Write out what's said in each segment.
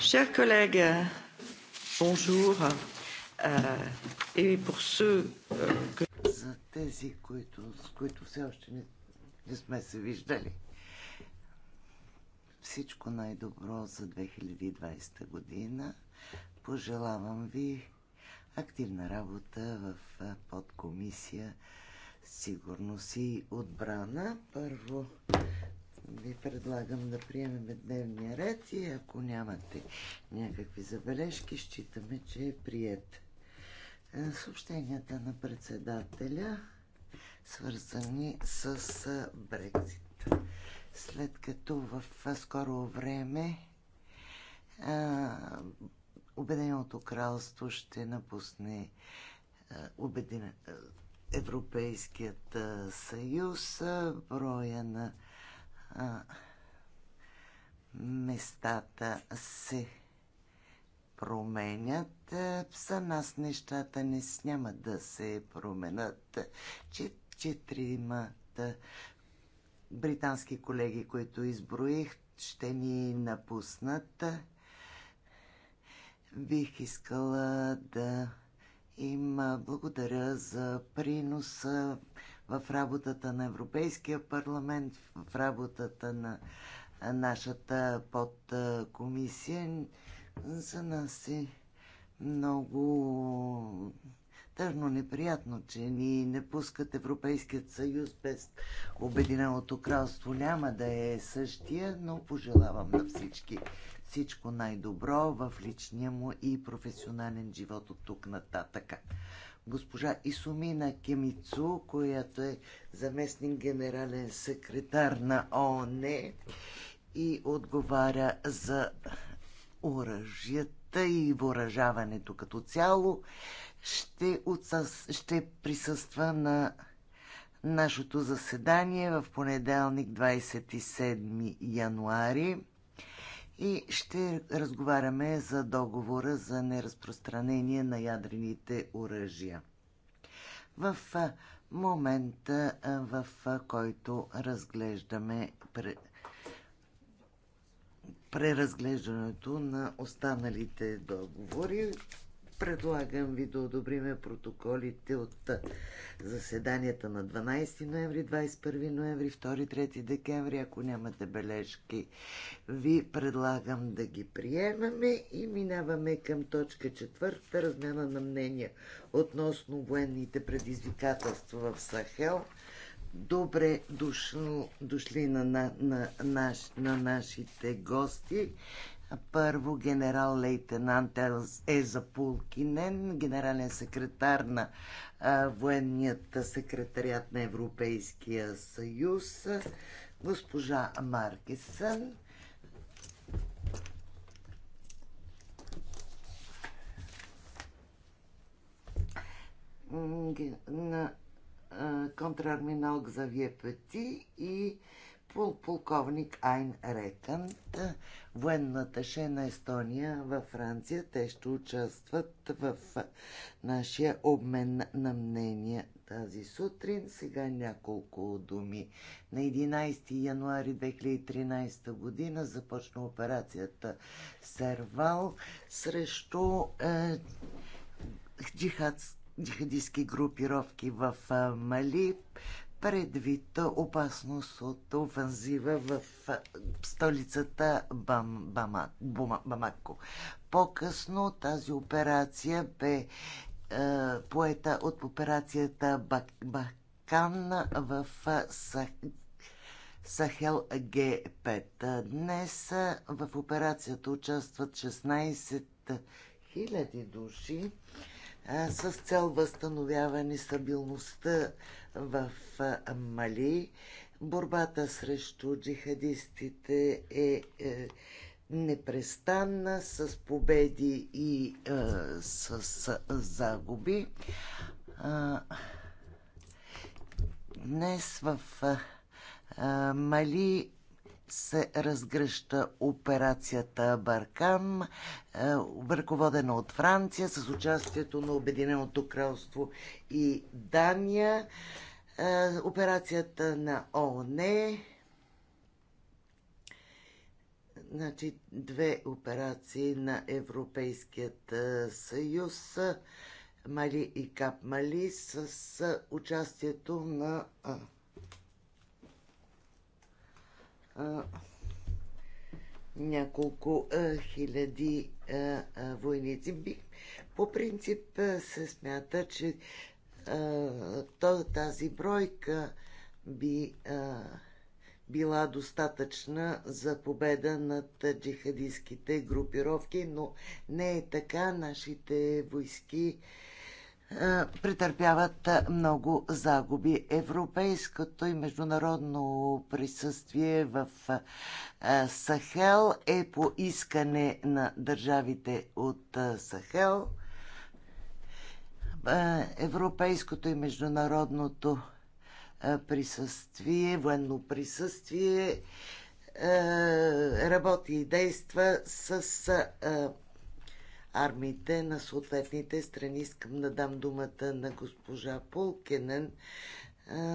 Chers collègues, bonjour. Euh, et pour ceux euh, que... За тези, които, с които все още не, не сме се виждали, всичко най-добро за 2020 година. Пожелавам ви активна работа в подкомисия сигурност и отбрана. Първо ви предлагам да приемем дневния ред и ако нямате някакви забележки, считаме, че е прият. Е, съобщенията на председателя, свързани с е, Брекзит. След като в е, скоро време Обединеното кралство ще напусне Европейският съюз, броя на местата се променят. Е, за нас нещата не няма да се променят. Четиримата британски колеги, които изброих, ще ни напуснат. Бих искала да им благодаря за приноса, в работата на Европейския парламент, в работата на нашата подкомисия. За нас е много тъжно неприятно, че ни не пускат Европейският съюз без Обединеното кралство. Няма да е същия, но пожелавам на всички всичко най-добро в личния му и професионален живот от тук нататък госпожа Исумина Кемицу, която е заместник генерален секретар на ООН и отговаря за оръжията и въоръжаването като цяло, ще, отсъс... ще присъства на нашето заседание в понеделник 27 януари и ще разговаряме за договора за неразпространение на ядрените оръжия. В момента, в който разглеждаме преразглеждането на останалите договори. Предлагам ви да одобриме протоколите от заседанията на 12 ноември, 21 ноември, 2, 3 декември. Ако нямате бележки, ви предлагам да ги приемаме и минаваме към точка 4 размяна на мнения относно военните предизвикателства в Сахел. Добре дошло, дошли на, на, на, наш, на нашите гости. Първо генерал лейтенант Еза е Пулкинен, генерален секретар на военният секретариат на Европейския съюз, госпожа Маркесън. на контрарминал Гзавие Пети и полковник Айн Рекант, военната ше е на Естония във Франция. Те ще участват в нашия обмен на мнения тази сутрин. Сега няколко думи. На 11 януари 2013 година започна операцията Сервал срещу е, джихадски джихадистски групировки в е, Мали предвид опасност от офанзива в столицата Бам, Бамак, Бума, Бамако. По-късно тази операция бе е, поета от операцията Бак, Бакан в Сах, Сахел Г5. Днес в операцията участват 16 000 души с цел възстановяване стабилността в Мали. Борбата срещу джихадистите е, е непрестанна, с победи и е, с, с загуби. А, днес в а, Мали се разгръща операцията Баркан, е, ръководена от Франция, с участието на Обединеното кралство и Дания, е, операцията на ООН, значи две операции на Европейският е, съюз, Мали и Кап Мали, с участието на а, няколко а, хиляди а, а, войници. Би, по принцип а, се смята, че а, тази бройка би а, била достатъчна за победа над джихадистските групировки, но не е така. Нашите войски а, е, претърпяват много загуби. Европейското и международно присъствие в е, Сахел е по искане на държавите от е, Сахел. Европейското и международното присъствие, военно присъствие, работи и действа с армиите на съответните страни. Искам да дам думата на госпожа Полкенен,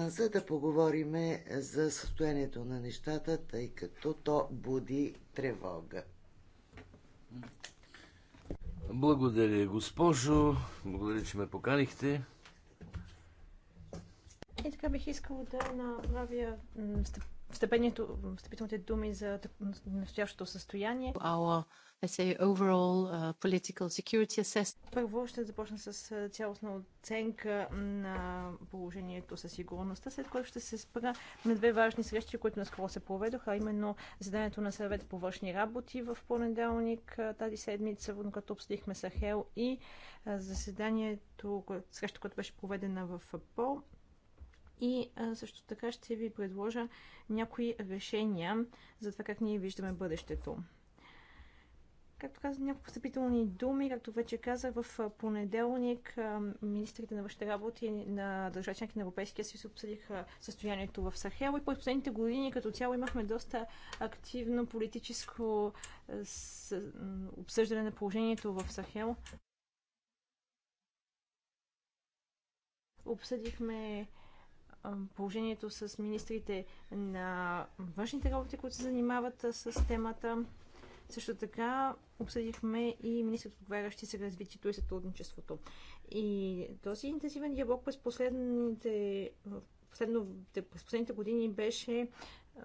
за да поговорим за състоянието на нещата, тъй като то буди тревога. Благодаря, госпожо. Благодаря, че ме поканихте. И така бих искала да направя степенето, встъпителните думи за настоящото състояние. Our Uh, Първо ще започна с цялостна оценка на положението със сигурността, след което ще се спра на две важни срещи, които наскоро се проведоха, а именно заданието на съвет по външни работи в понеделник тази седмица, в като обсъдихме Сахел и заседанието, среща, която беше проведена в Пол. И също така ще ви предложа някои решения за това как ние виждаме бъдещето. Както казах, няколко встъпителни думи, както вече казах, в понеделник министрите на външните работи на държавите на Европейския съюз обсъдиха състоянието в Сахел и през последните години като цяло имахме доста активно политическо обсъждане на положението в Сахел. Обсъдихме положението с министрите на външните работи, които се занимават с темата. Също така обсъдихме и министрите отговарящи се развитието и сътрудничеството. И този интензивен диалог през последните, последно, през последните години беше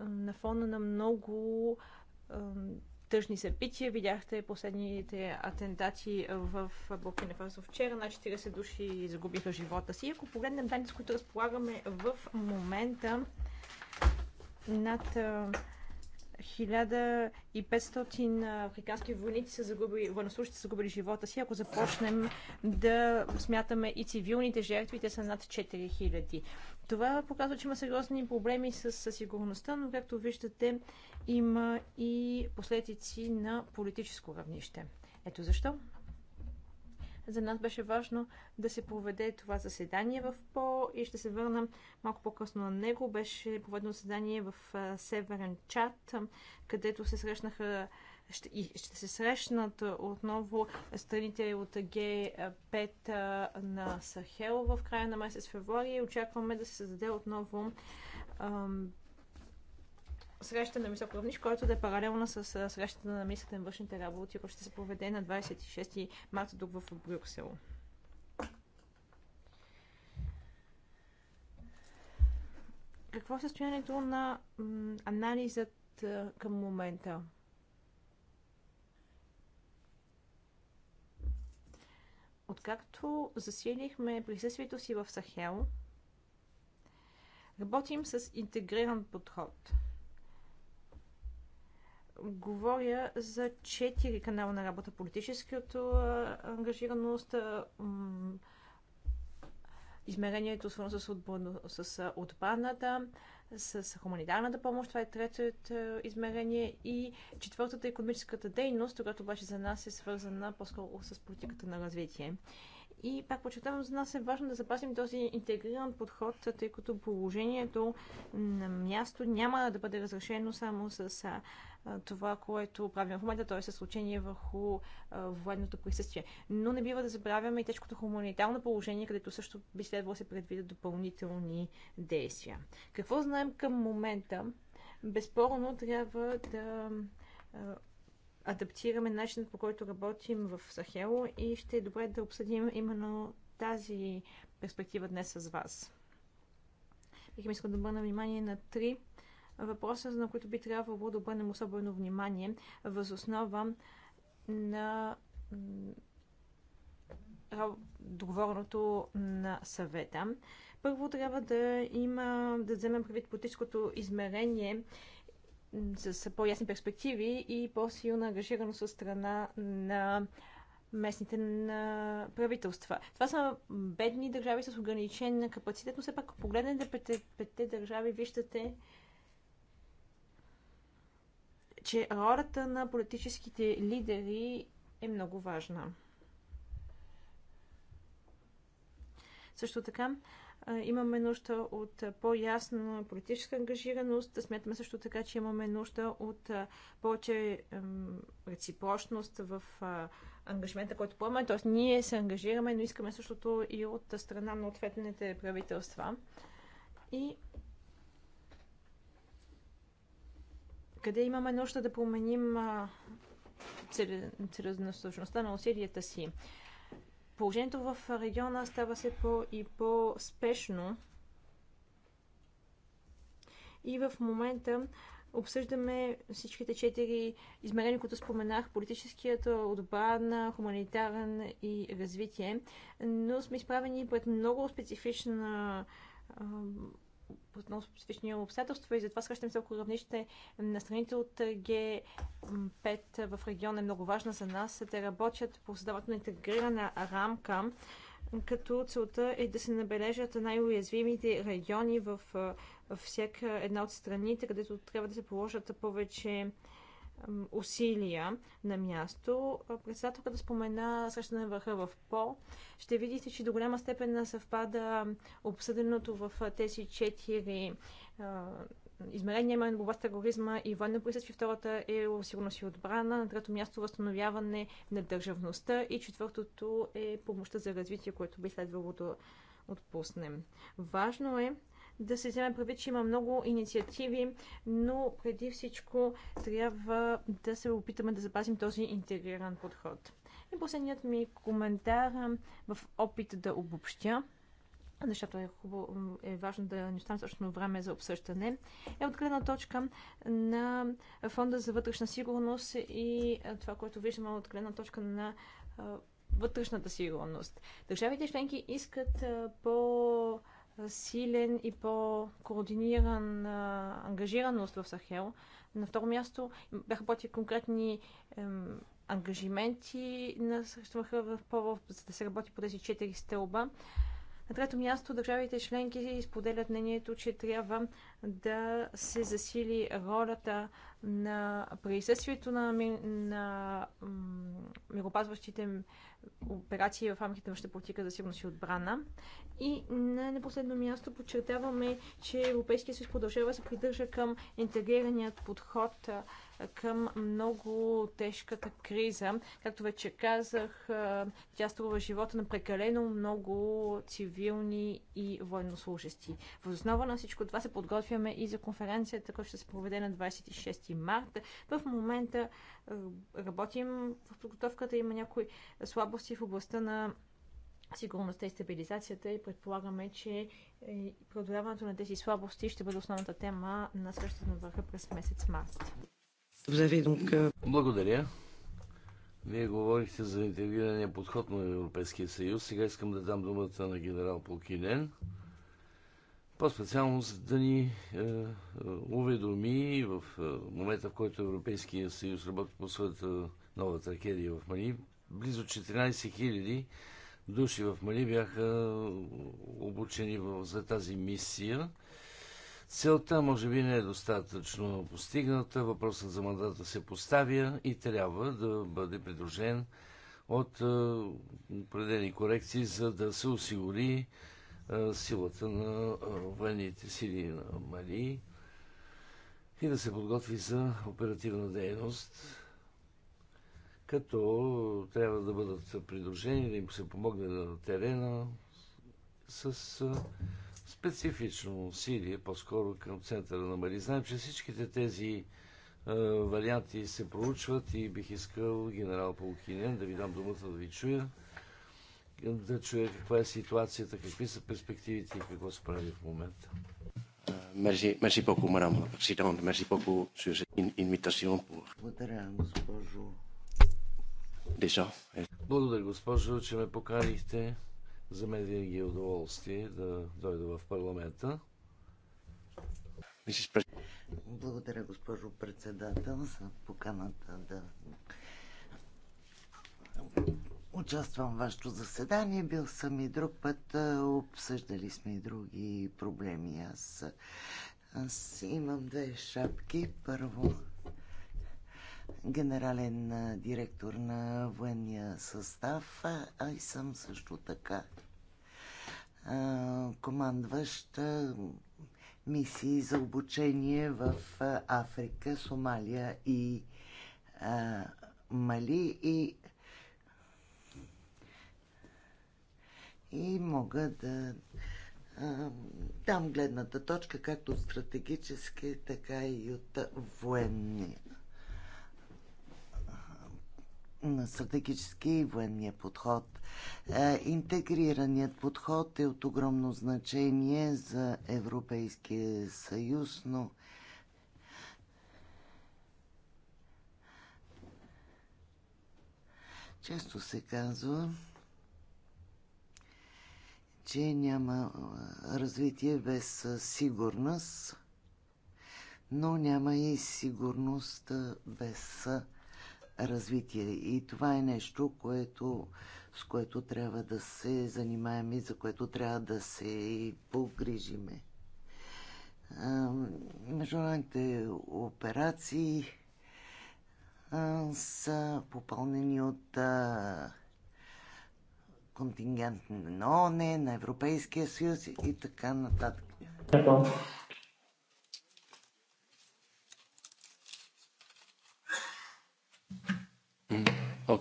на фона на много тъжни събития. Видяхте последните атентати в Буркина Фасо вчера. На 40 души загубиха живота си. Ако погледнем данните, с които разполагаме в момента, над 1500 африкански войници са загубили, военнослужащи са загубили живота си. Ако започнем да смятаме и цивилните жертви, те са над 4000. Това показва, че има сериозни проблеми с, с сигурността, но както виждате, има и последици на политическо равнище. Ето защо за нас беше важно да се проведе това заседание в ПО и ще се върна малко по-късно на него. Беше проведено заседание в Северен чат, където се срещнаха и ще се срещнат отново страните от Г5 на Сахел в края на месец февруари. Очакваме да се създаде отново Срещата на високо равнище, която да е паралелна с срещата на министрите на външните работи, която ще се проведе на 26 марта тук в Брюксел. Какво е състоянието на анализът към момента? Откакто засилихме присъствието си в Сахел, работим с интегриран подход – Говоря за четири канала на работа. Политическото ангажираност, измерението свързано с, отборно, с отбраната, с хуманитарната помощ, това е третото измерение и четвъртата економическата дейност, която обаче за нас е свързана по-скоро с политиката на развитие. И пак подчертавам, за нас е важно да запазим този интегриран подход, тъй като положението на място няма да бъде разрешено само с това, което правим в момента, т.е. с учение върху военното присъствие. Но не бива да забравяме и тежкото хуманитарно положение, където също би следвало да се предвидят допълнителни действия. Какво знаем към момента? Безспорно трябва да адаптираме начинът по който работим в Сахело и ще е добре да обсъдим именно тази перспектива днес с вас. Бихме искал да обърна внимание на три въпроса, на които би трябвало да обърнем особено внимание въз основа на договорното на съвета. Първо трябва да има, да вземем предвид политическото измерение с по-ясни перспективи и по-силна ангажираност от страна на местните на правителства. Това са бедни държави с ограничен капацитет, но все пак погледнете петте държави, виждате, че ролята на политическите лидери е много важна. Също така, имаме нужда от по-ясна политическа ангажираност. Смятаме също така, че имаме нужда от повече реципрочност в ангажимента, който поемаме. Тоест, ние се ангажираме, но искаме същото и от страна на ответните правителства. И къде имаме нужда да променим целенасочността на усилията си. Положението в региона става все по- и по-спешно. И в момента обсъждаме всичките четири измерения, които споменах, политическият, отбран, хуманитарен и развитие, но сме изправени пред много специфична на специфични обстоятелства и затова срещам около равнище на страните от Г5 в региона е много важна за нас. Те работят по създаването на интегрирана рамка, като целта е да се набележат най-уязвимите региони в всяка една от страните, където трябва да се положат повече усилия на място. Председателка да спомена срещане на върха в ПО. Ще видите, че до голяма степен съвпада обсъденото в тези четири измерения, на борба с тероризма и военна присъщи. Втората е сигурност и отбрана. На трето място възстановяване на държавността. И четвъртото е помощта за развитие, което би следвало да отпуснем. Важно е да се вземе предвид, че има много инициативи, но преди всичко трябва да се опитаме да запазим този интегриран подход. И последният ми коментар в опит да обобщя защото е, хубаво, е важно да не остане същото време за обсъждане, е от гледна точка на Фонда за вътрешна сигурност и това, което виждаме от гледна точка на вътрешната сигурност. Държавите членки искат по силен и по-координиран ангажираност в Сахел. На второ място бяха по конкретни ем, ангажименти на срещу в, в, за да се работи по тези четири стълба. На трето място, държавите членки споделят мнението, че трябва да се засили ролята на присъствието на, на миропазващите операции в рамките на политика за сигурност и отбрана. И на последно място подчертаваме, че Европейския съюз продължава да се придържа към интегрираният подход към много тежката криза. Както вече казах, тя струва живота на прекалено много цивилни и военнослужащи. В основа на всичко това се подготвяме и за конференцията, която ще се проведе на 26 марта. В момента работим в подготовката. Има някои слабости в областта на сигурността и стабилизацията и предполагаме, че е, преодоляването на тези слабости ще бъде основната тема на срещата на върха през месец март. Е, Благодаря. Вие говорихте за интегрирания подход на Европейския съюз. Сега искам да дам думата на генерал Полкинен. По-специално за да ни е, е, уведоми в е, момента, в който Европейския съюз работи по своята нова трагедия в Мали. Близо 14 000 души в Мали бяха обучени в, за тази мисия Целта може би не е достатъчно постигната, въпросът за мандата се поставя и трябва да бъде придружен от е, определени корекции, за да се осигури е, силата на е, военните сили на Мали и да се подготви за оперативна дейност, като трябва да бъдат придружени, да им се помогне на терена с специфично усилие, по-скоро към центъра на Мари. Знаем, че всичките тези е, варианти се проучват и бих искал генерал Полкинен да ви дам думата да ви чуя, да чуя каква е ситуацията, какви са перспективите и какво се прави в момента. Мерси, мерси поку, мадам Сидон, Мерси поку, сюз инвитацион. Благодаря, госпожо. Благодаря, госпожо, че ме поканихте. За мен винаги е удоволствие да дойда в парламента. Благодаря, госпожо председател, за поканата да участвам в вашето заседание. Бил съм и друг път, обсъждали сме и други проблеми. Аз, аз имам две шапки. Първо, генерален директор на военния състав, а и съм също така командващ мисии за обучение в Африка, Сомалия и а, Мали и и мога да а, дам гледната точка както от стратегически, така и от военни на стратегически и военния подход. Е, интегрираният подход е от огромно значение за Европейския съюз, но често се казва, че няма е, развитие без е, сигурност, но няма и сигурност без развитие. И това е нещо, което, с което трябва да се занимаем и за което трябва да се погрижиме. Международните операции са попълнени от контингент на ОНЕ, на Европейския съюз и така нататък.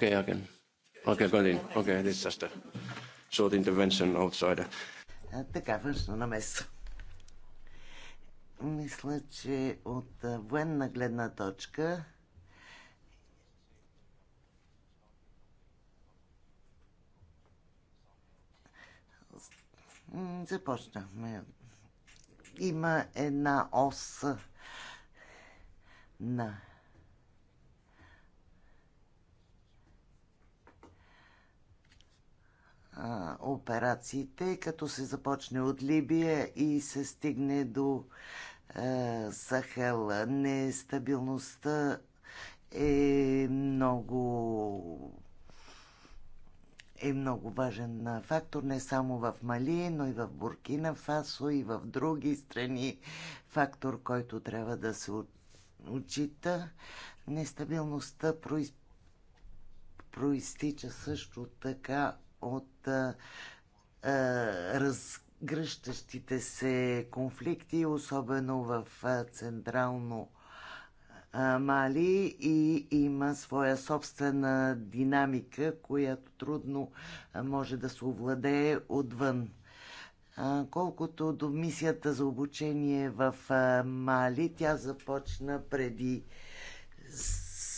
Okay, I can. Okay, got it. Okay, this is just a short intervention outside. А, така, външна намеса. Мисля, че от военна гледна точка започнахме. Има една ос на а, операциите, като се започне от Либия и се стигне до а, Сахел. Нестабилността е много е много важен фактор не само в Мали, но и в Буркина Фасо и в други страни. Фактор, който трябва да се отчита. Нестабилността произ... проистича също така от а, а, разгръщащите се конфликти, особено в а, Централно а, Мали и има своя собствена динамика, която трудно а, може да се овладее отвън. А, колкото до мисията за обучение в а, Мали, тя започна преди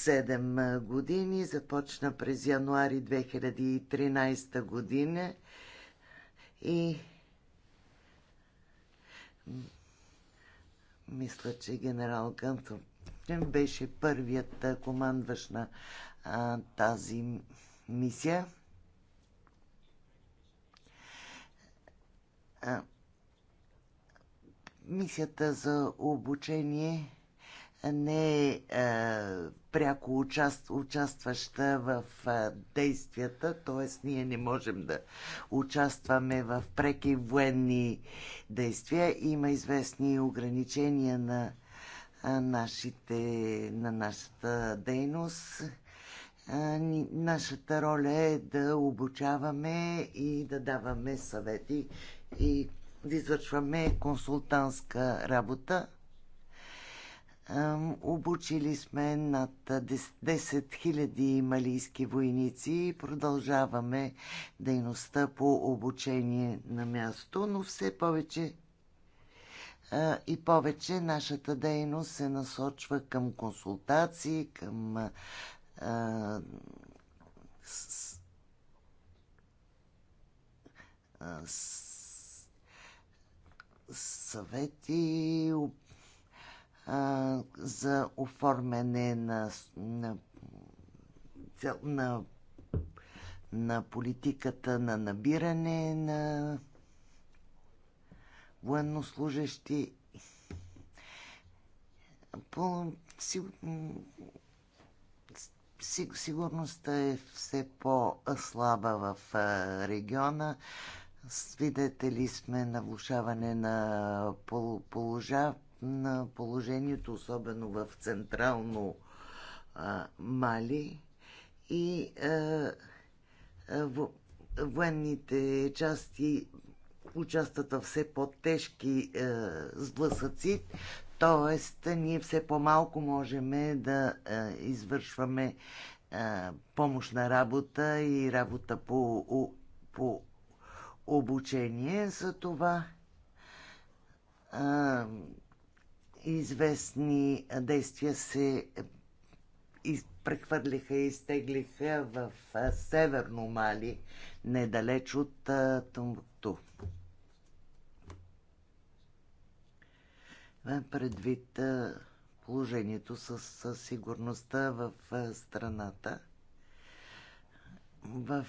7 години. Започна през януари 2013 година и мисля, че генерал Гънтон беше първият командващ на а, тази мисия. А, мисията за обучение не е, е пряко участ, участваща в а, действията, т.е. ние не можем да участваме в преки военни действия. Има известни ограничения на, а, нашите, на нашата дейност. А, ни, нашата роля е да обучаваме и да даваме съвети и да извършваме консултантска работа Обучили сме над 10 000 малийски войници и продължаваме дейността по обучение на място, но все повече и повече нашата дейност се насочва към консултации, към съвети, за оформяне на, на, на, на политиката на набиране на военнослужащи по сигурността е все по-слаба в региона. Свидетели сме на влушаване на на положението, особено в централно а, Мали и а, в, военните части участват в все по-тежки е, сблъсъци, т.е. ние все по-малко можем да а, извършваме а, помощна работа и работа по, у, по обучение. За това известни действия се прехвърлиха и изтеглиха в Северно Мали, недалеч от Тумбукту. Предвид положението с сигурността в страната. В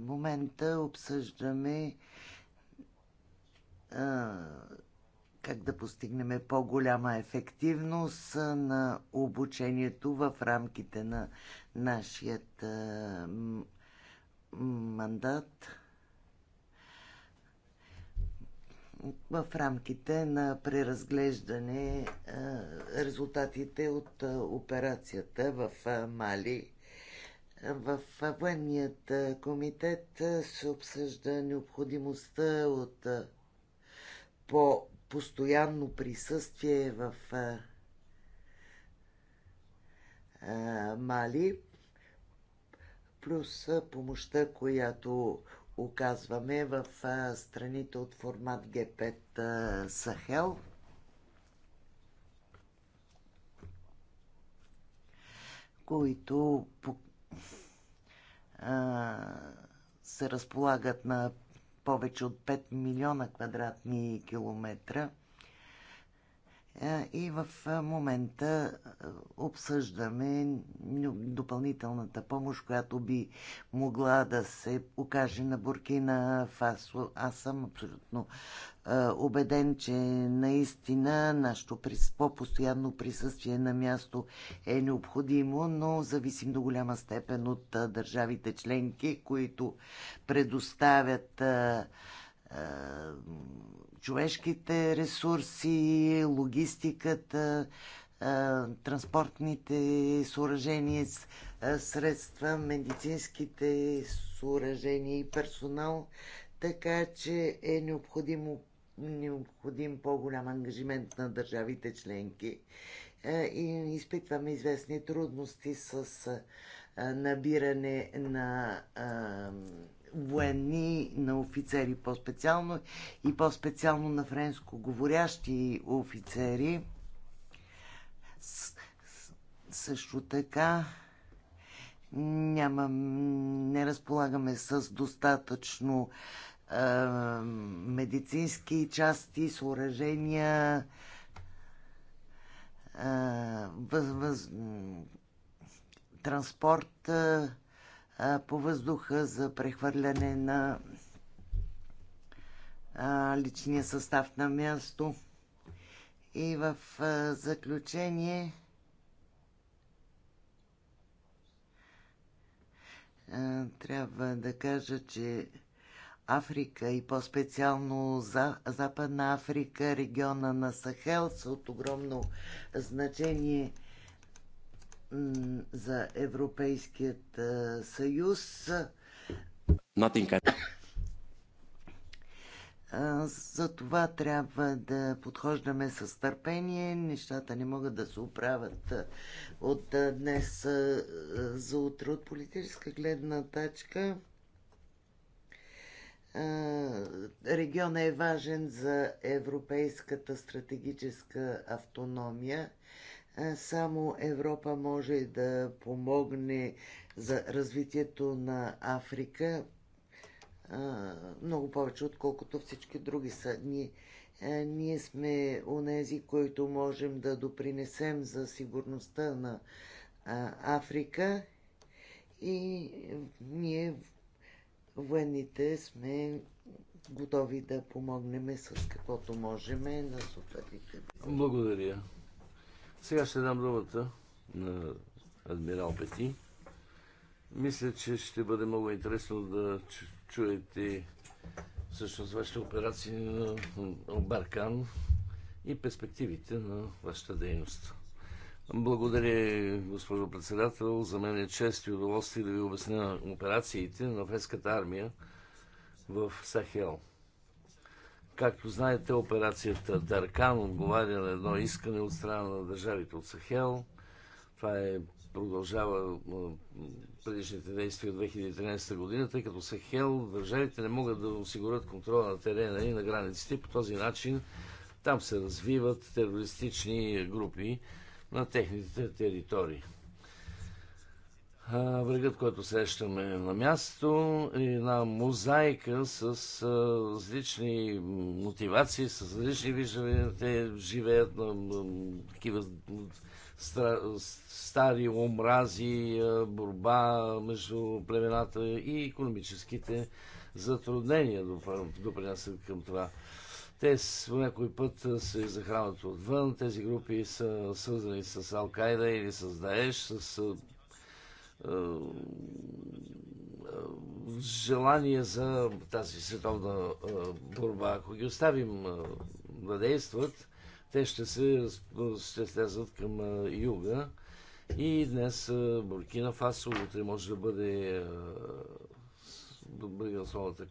момента обсъждаме как да постигнем по-голяма ефективност на обучението в рамките на нашият мандат в рамките на преразглеждане резултатите от операцията в Мали. В военният комитет се обсъжда необходимостта от по постоянно присъствие в а, а, Мали, плюс помощта, която оказваме в а, страните от формат G5 а, Сахел. които по, а, се разполагат на повече от 5 милиона квадратни километра – е, и в е, момента е, обсъждаме допълнителната помощ, която би могла да се окаже на Буркина Фасо. Аз съм абсолютно убеден, че наистина нашето по-постоянно присъствие на място е необходимо, но зависим до голяма степен от държавите членки, които предоставят човешките ресурси, логистиката, транспортните съоръжения, средства, медицинските съоръжения и персонал, така че е необходимо, необходим по-голям ангажимент на държавите членки. И изпитваме известни трудности с набиране на военни, на офицери по-специално и по-специално на френско говорящи офицери. също така няма, не разполагаме с достатъчно е, медицински части, съоръжения, е, въз, въз, транспорт. Е, по въздуха за прехвърляне на личния състав на място. И в заключение трябва да кажа, че Африка и по-специално за Западна Африка, региона на Сахел са от огромно значение – за Европейският съюз. за това трябва да подхождаме с търпение. Нещата не могат да се оправят от днес за утре. От политическа гледна тачка региона е важен за европейската стратегическа автономия само Европа може да помогне за развитието на Африка много повече, отколкото всички други са. Ние, ние сме онези, които можем да допринесем за сигурността на Африка и ние военните сме готови да помогнем с каквото можем на съответните. Благодаря. Сега ще дам думата на адмирал Пети. Мисля, че ще бъде много интересно да чуете всъщност вашите операции на Баркан и перспективите на вашата дейност. Благодаря, госпожо председател. За мен е чест и удоволствие да ви обясня операциите на френската армия в Сахел. Както знаете, операцията Даркан отговаря на едно искане от страна на държавите от Сахел. Това е, продължава предишните действия от 2013 година, тъй като Сахел държавите не могат да осигурят контрола на терена и на границите. По този начин там се развиват терористични групи на техните територии врагът, който срещаме на място, е една мозайка с различни мотивации, с различни виждания. Те живеят на такива стари омрази, борба между племената и економическите затруднения допринасят към това. Те по някой път се захранват отвън. Тези групи са свързани с Алкайда или с Даеш, с желание за тази световна борба. Ако ги оставим да действат, те ще се ще към юга. И днес Буркина Фасо, утре може да бъде да бъде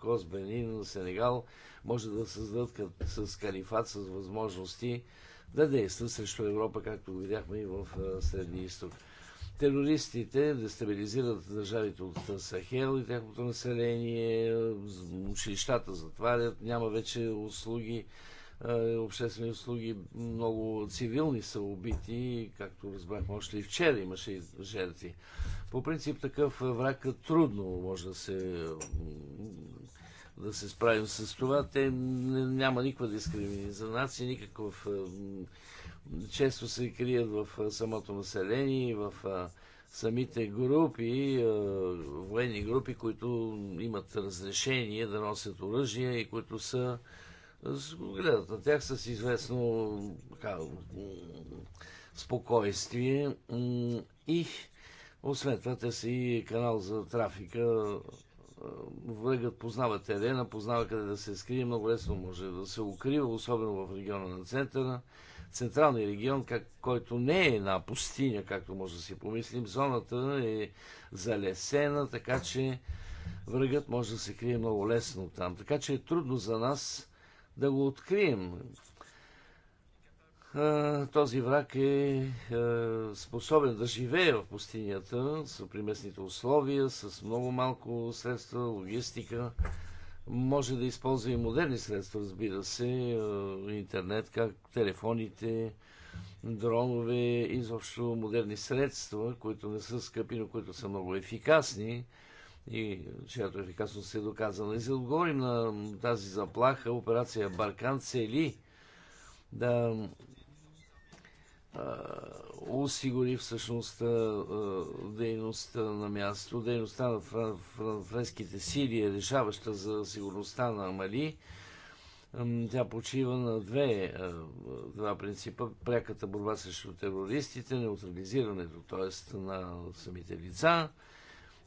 кост, Бенин, Сенегал, може да създадат с калифат, с възможности да действат срещу Европа, както видяхме и в Средния изток терористите дестабилизират държавите от Сахел и тяхното население, училищата затварят, няма вече услуги, обществени услуги, много цивилни са убити, както разбрахме още и вчера имаше и жертви. По принцип такъв враг е трудно може да се да се справим с това. Те няма никаква дискриминация, никакъв често се крият в самото население, в самите групи, военни групи, които имат разрешение да носят оръжия, и които са гледат на тях с известно така, спокойствие и освен това те са и канал за трафика. Врагът познава терена, познава къде да се скрие, много лесно може да се укрива, особено в региона на центъра централния регион, как, който не е една пустиня, както може да си помислим. Зоната е залесена, така че врагът може да се крие много лесно там. Така че е трудно за нас да го открием. Този враг е способен да живее в пустинята с приместните условия, с много малко средства, логистика. Може да използва и модерни средства, разбира се, е, интернет, как телефоните, дронове, изобщо модерни средства, които не са скъпи, но които са много ефикасни и чиято ефикасност е доказана. И за да отговорим на тази заплаха, операция Баркан цели да осигури всъщност дейността на място, дейността на френските сили е решаваща за сигурността на Мали. Тя почива на две два принципа. Пряката борба срещу терористите, неутрализирането, т.е. на самите лица,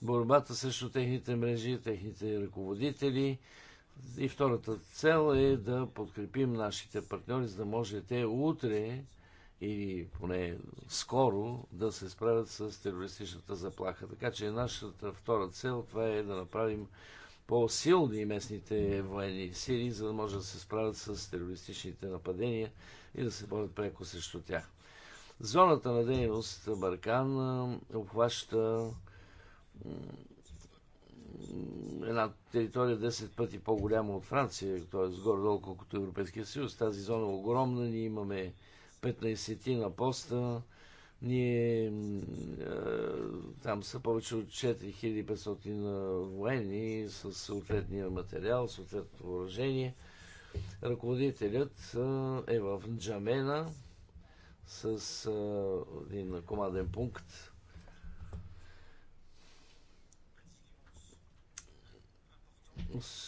борбата срещу техните мрежи, техните ръководители, и втората цел е да подкрепим нашите партньори, за да може те утре или поне скоро да се справят с терористичната заплаха. Така че нашата втора цел това е да направим по-силни местните военни сили, за да може да се справят с терористичните нападения и да се борят преко срещу тях. Зоната на дейност Баркан обхваща една територия 10 пъти по-голяма от Франция, т.е. горе-долу колкото Европейския съюз. Тази зона е огромна, ние имаме 15 на поста. Ние там са повече от 4500 военни с съответния материал, съответното въоръжение. Ръководителят е в Джамена с един команден пункт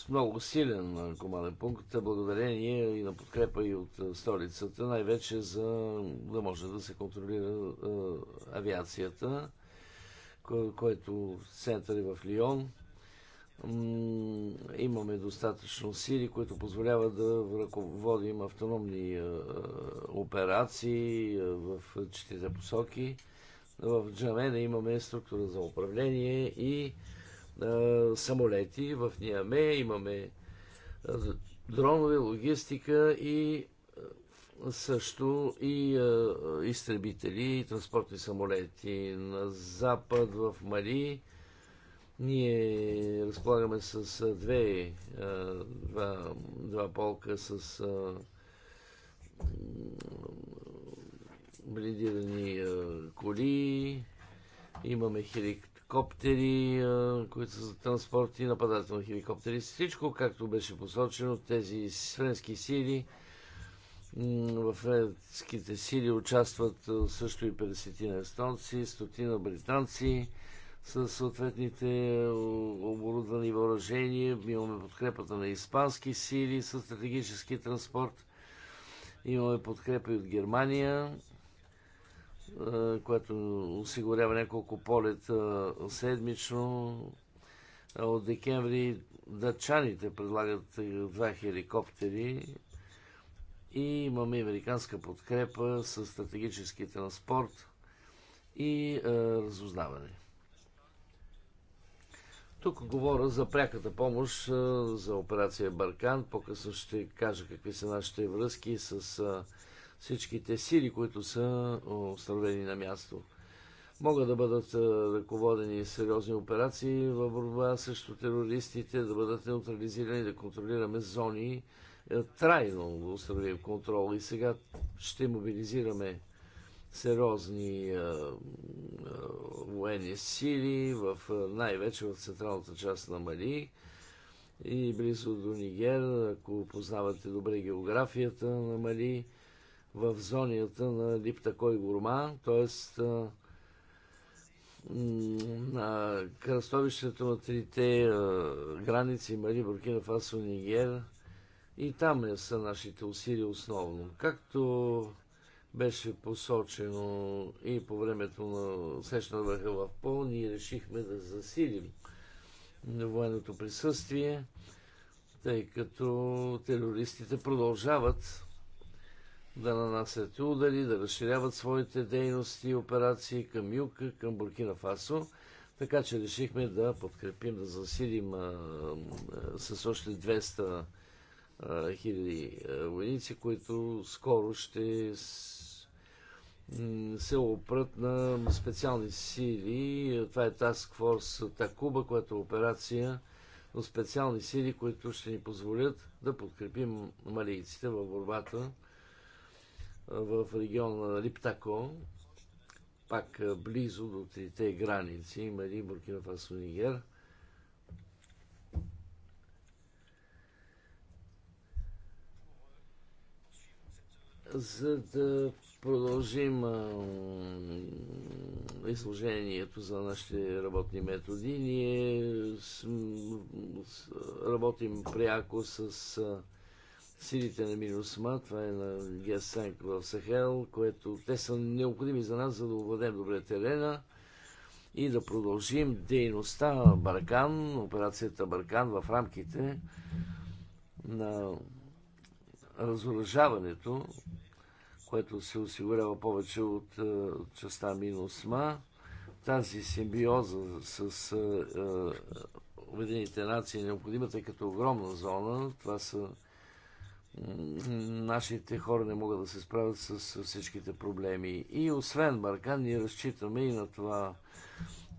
много силен команден пункт, благодарение и на подкрепа и от столицата, най-вече за да може да се контролира авиацията, който което център е в Лион. имаме достатъчно сили, които позволяват да ръководим автономни операции в четирите посоки. В Джамена имаме структура за управление и самолети в Ниаме, имаме дронове, логистика и също и е, изтребители, и транспортни самолети. На запад в Мали ние разполагаме с две, два, два полка с е, блидирани коли, имаме хелик, коптери, които са за транспорт и нападателни хеликоптери. Всичко, както беше посочено, тези френски сили, в френските сили участват също и 50 на естонци, стотина британци с съответните оборудвани въоръжения. Имаме подкрепата на испански сили с стратегически транспорт. Имаме подкрепа и от Германия е, което осигурява няколко полета е, седмично. От декември дъчаните предлагат е, два хеликоптери и имаме американска подкрепа с стратегически транспорт и разузнаване. Тук говоря за пряката помощ за операция Баркан. По-късно ще кажа какви са нашите връзки с всичките сили, които са установени на място. Могат да бъдат ръководени сериозни операции в борба срещу терористите, да бъдат неутрализирани, да контролираме зони, трайно да установим контрол. И сега ще мобилизираме сериозни а, а, военни сили, в, най-вече в централната част на Мали и близо до Нигер, ако познавате добре географията на Мали в зонията на Липтакой Гурма, т.е. на кръстовището на трите граници Мали, Буркина, Фасо, Нигер. И там е, са нашите усилия основно. Както беше посочено и по времето на срещна върха в Пол, ние решихме да засилим военното присъствие, тъй като терористите продължават да нанасят удари, да разширяват своите дейности и операции към юг, към Буркина Фасо. Така че решихме да подкрепим, да засилим а, а, с още 200 а, хиляди войници, които скоро ще с, се опрат на специални сили. Това е Task Force Такуба, която е операция на специални сили, които ще ни позволят да подкрепим малийците в борбата в региона на Липтако, пак близо до трите граници, има и Буркина Фасо Нигер. За да продължим изложението за нашите работни методи, ние работим пряко с силите на Минусма, това е на Гесенк в Сахел, което те са необходими за нас, за да овладем добре терена и да продължим дейността Баркан, операцията Баркан в рамките на разоръжаването, което се осигурява повече от е, частта Минусма. Тази симбиоза с е, е, Обединените нации е необходима, тъй като огромна зона. Това са нашите хора не могат да се справят с всичките проблеми. И освен Маркан, ние разчитаме и на това,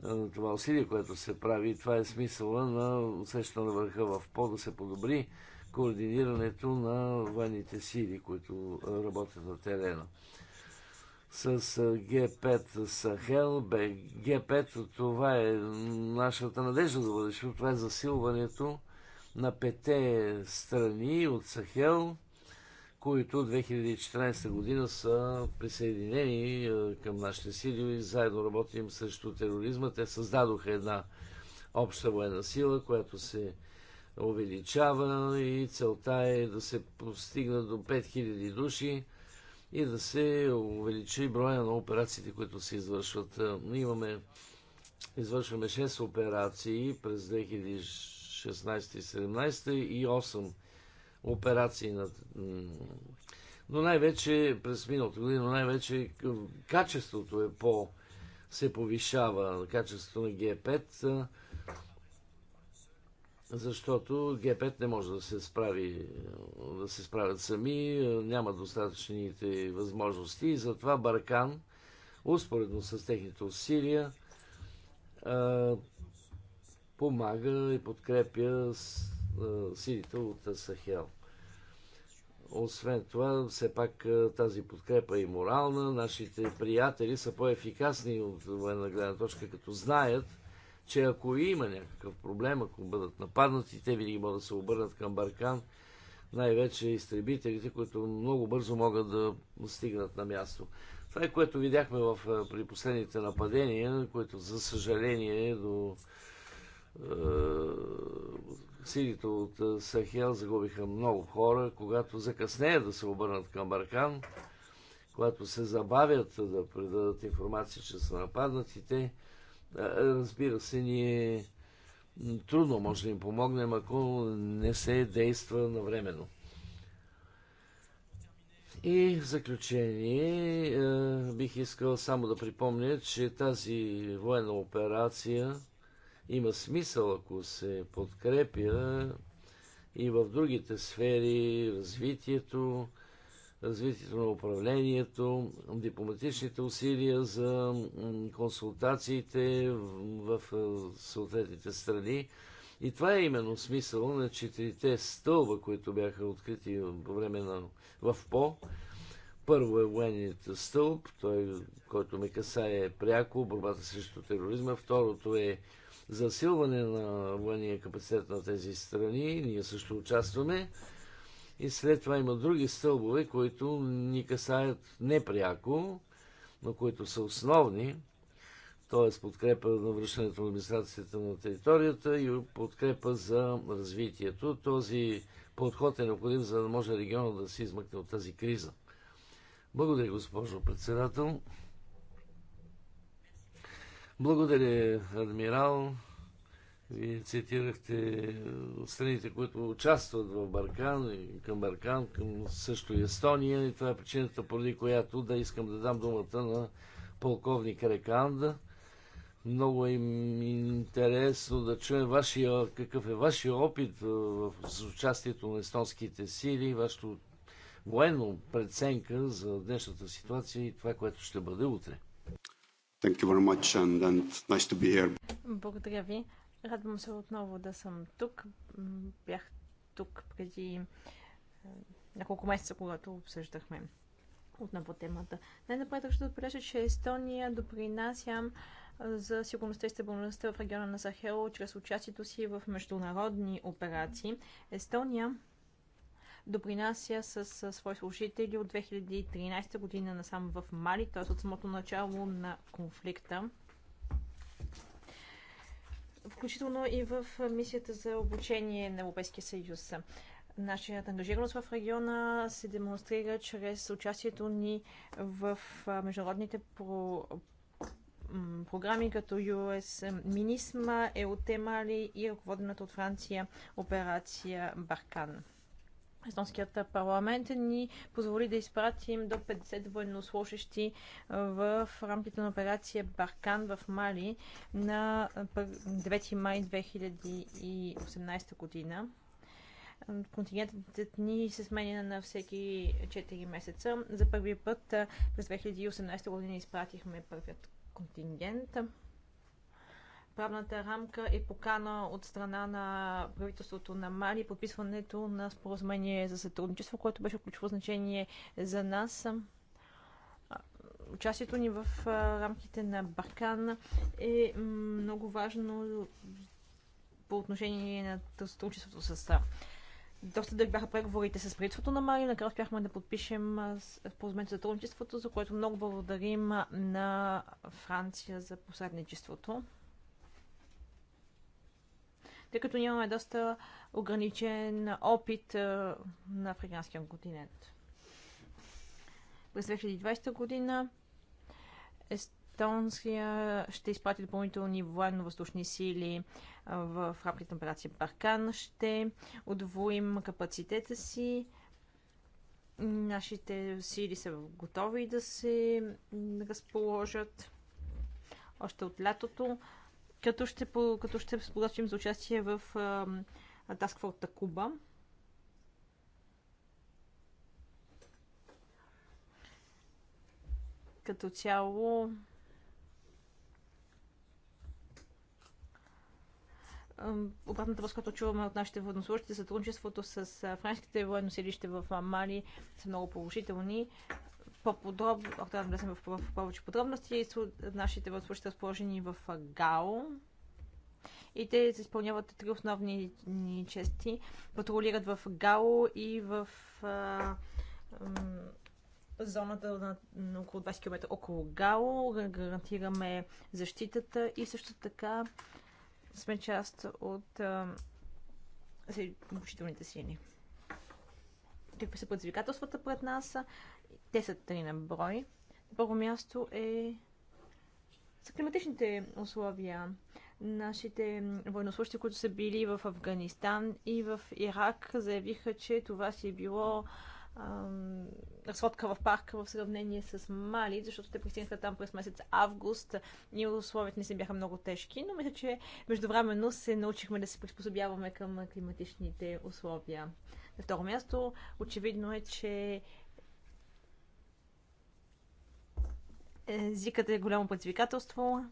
е, на това усилие, което се прави. това е смисъла на усещане на върха в ПО да се подобри координирането на военните сили, които е, работят на терена. С е, Г5 Сахел, Г5 това е нашата надежда за бъдещето, това е засилването на пете страни от Сахел, които 2014 година са присъединени е, към нашите сили и заедно работим срещу тероризма. Те създадоха една обща военна сила, която се увеличава и целта е да се постигна до 5000 души и да се увеличи броя на операциите, които се извършват. Е, ние имаме, извършваме 6 операции през 16 и 17 и 8 операции на но най-вече през миналото година, но най-вече качеството е по... се повишава, качеството на г 5 защото г 5 не може да се справи, да се справят сами, няма достатъчните възможности и затова Баркан, успоредно с техните усилия, помага и подкрепя силите от Сахел. Освен това, все пак тази подкрепа е морална. Нашите приятели са по-ефикасни от военна гледна точка, като знаят, че ако има някакъв проблем, ако бъдат нападнати, те винаги могат да се обърнат към Баркан, най-вече изтребителите, които много бързо могат да стигнат на място. Това е което видяхме в, при последните нападения, което за съжаление до е, Сидите от е, Сахел загубиха много хора, когато закъснеят да се обърнат към Баркан, когато се забавят да предадат информация, че са нападнати, те, е, разбира се, ние трудно може да им помогнем, ако не се действа навременно. И в заключение бих искал само да припомня, че тази военна операция има смисъл, ако се подкрепя и в другите сфери развитието, развитието на управлението, дипломатичните усилия за консултациите в съответните страни. И това е именно смисъл на четирите стълба, които бяха открити по време на в ПО. Първо е военният стълб, той, който ме касае пряко, борбата срещу тероризма. Второто е засилване на военния капацитет на тези страни. Ние също участваме. И след това има други стълбове, които ни касаят непряко, но които са основни, т.е. подкрепа на връщането на администрацията на територията и подкрепа за развитието. Този подход е необходим, за да може региона да се измъкне от тази криза. Благодаря, госпожо председател. Благодаря, адмирал. Вие цитирахте страните, които участват в Баркан, към Баркан, към също и Естония. И това е причината, поради която да искам да дам думата на полковник Реканда. Много е интересно да чуем вашия, какъв е вашия опит в участието на естонските сили, вашето военно преценка за днешната ситуация и това, което ще бъде утре. Thank you very much and, and nice to be here. Благодаря ви. Радвам се отново да съм тук. Бях тук преди е, няколко месеца, когато обсъждахме отново темата. Най-напред ще отбележа, че Естония допринася за сигурността и стабилността в региона на Сахел чрез участието си в международни операции. Естония допринася с свои служители от 2013 година насам в Мали, т.е. от самото начало на конфликта. Включително и в мисията за обучение на Европейския съюз. Нашият ангажираност в региона се демонстрира чрез участието ни в международните про... програми като US Минисма, ЕОТЕМАЛИ и ръководената от Франция операция Баркан. Естонският парламент ни позволи да изпратим до 50 военнослужащи е, в рамките на операция Баркан в Мали на 9 е, май 2018 година. Е, контингентът ни се сменя на всеки 4 месеца. За първи път през 2018 година изпратихме първият контингент правната рамка е покана от страна на правителството на Мали подписването на споразумение за сътрудничество, което беше ключово значение за нас. Участието ни в рамките на Баркан е много важно по отношение на сътрудничеството с доста дълги бяха преговорите с правителството на Мали. Накрая успяхме да подпишем споразумението за сътрудничеството, за което много благодарим на Франция за посредничеството тъй като нямаме доста ограничен опит на африканския континент. През 2020 година Естонския ще изпрати допълнителни военно-въздушни сили в рамките на операция Баркан. Ще удвоим капацитета си. Нашите сили са готови да се разположат още от лятото като ще, като ще споразумим за участие в Таскфорта Куба. Като цяло обратната връзка, която чуваме от нашите военнослужащи, сътрудничеството с френските военно в Мали са много положителни по-подробно, да влезем в, в, в повече подробности, нашите възможности разположени в ГАО. И те се изпълняват три основни ни чести. Патрулират в ГАО и в а, зоната на, на около 20 км около ГАО. Гарантираме защитата и също така сме част от обучителните сини. Какви са предизвикателствата пред нас? Те са три на брой. На първо място е са климатичните условия. Нашите военнослужащи, които са били в Афганистан и в Ирак, заявиха, че това си е било ам, разходка в парка в сравнение с Мали, защото те пристигнаха там през месец август и условията не се бяха много тежки, но мисля, че междувременно се научихме да се приспособяваме към климатичните условия. На второ място, очевидно е, че Езикът е голямо предизвикателство.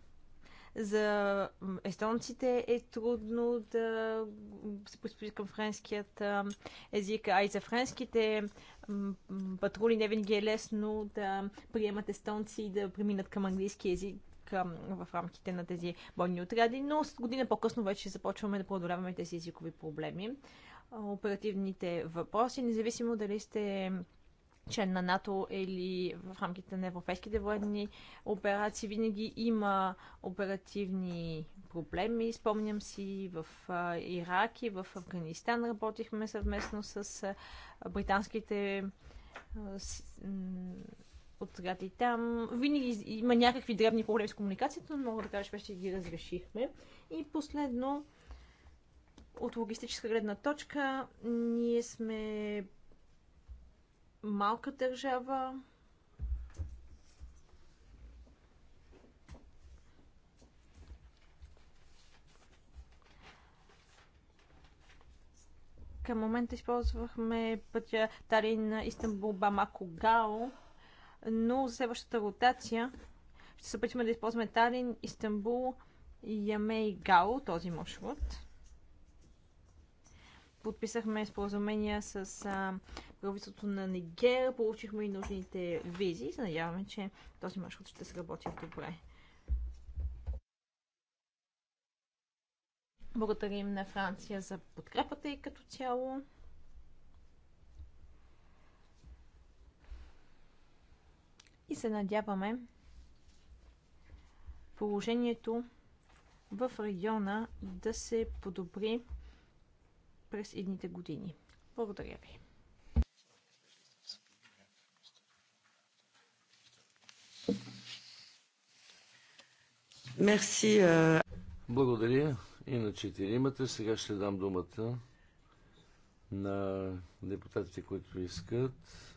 За естонците е трудно да се приспособи към френският език, а и за френските патрули не винаги е лесно да приемат естонци и да преминат към английски език в рамките на тези бойни отряди, но с година по-късно вече започваме да преодоляваме тези езикови проблеми. Оперативните въпроси, независимо дали сте член на НАТО или в рамките на европейските военни операции винаги има оперативни проблеми. Спомням си в Ирак и в Афганистан работихме съвместно с британските отряди там. Винаги има някакви дребни проблеми с комуникацията, но мога да кажа, че ги разрешихме. И последно, от логистическа гледна точка, ние сме малка държава. Към момента използвахме пътя Тарин Истанбул, Бамако, Гао, но за следващата ротация ще се опитваме да използваме Тарин, Истанбул, Яме и Гао, този маршрут. Подписахме споразумения с правителството на Нигер, получихме и нужните визи и се надяваме, че този маршрут ще се работи добре. Благодарим на Франция за подкрепата и като цяло. И се надяваме положението в региона да се подобри през едните години. Благодаря ви. Мерси. Euh. Благодаря и на четиримата. Сега ще дам думата на депутатите, които искат.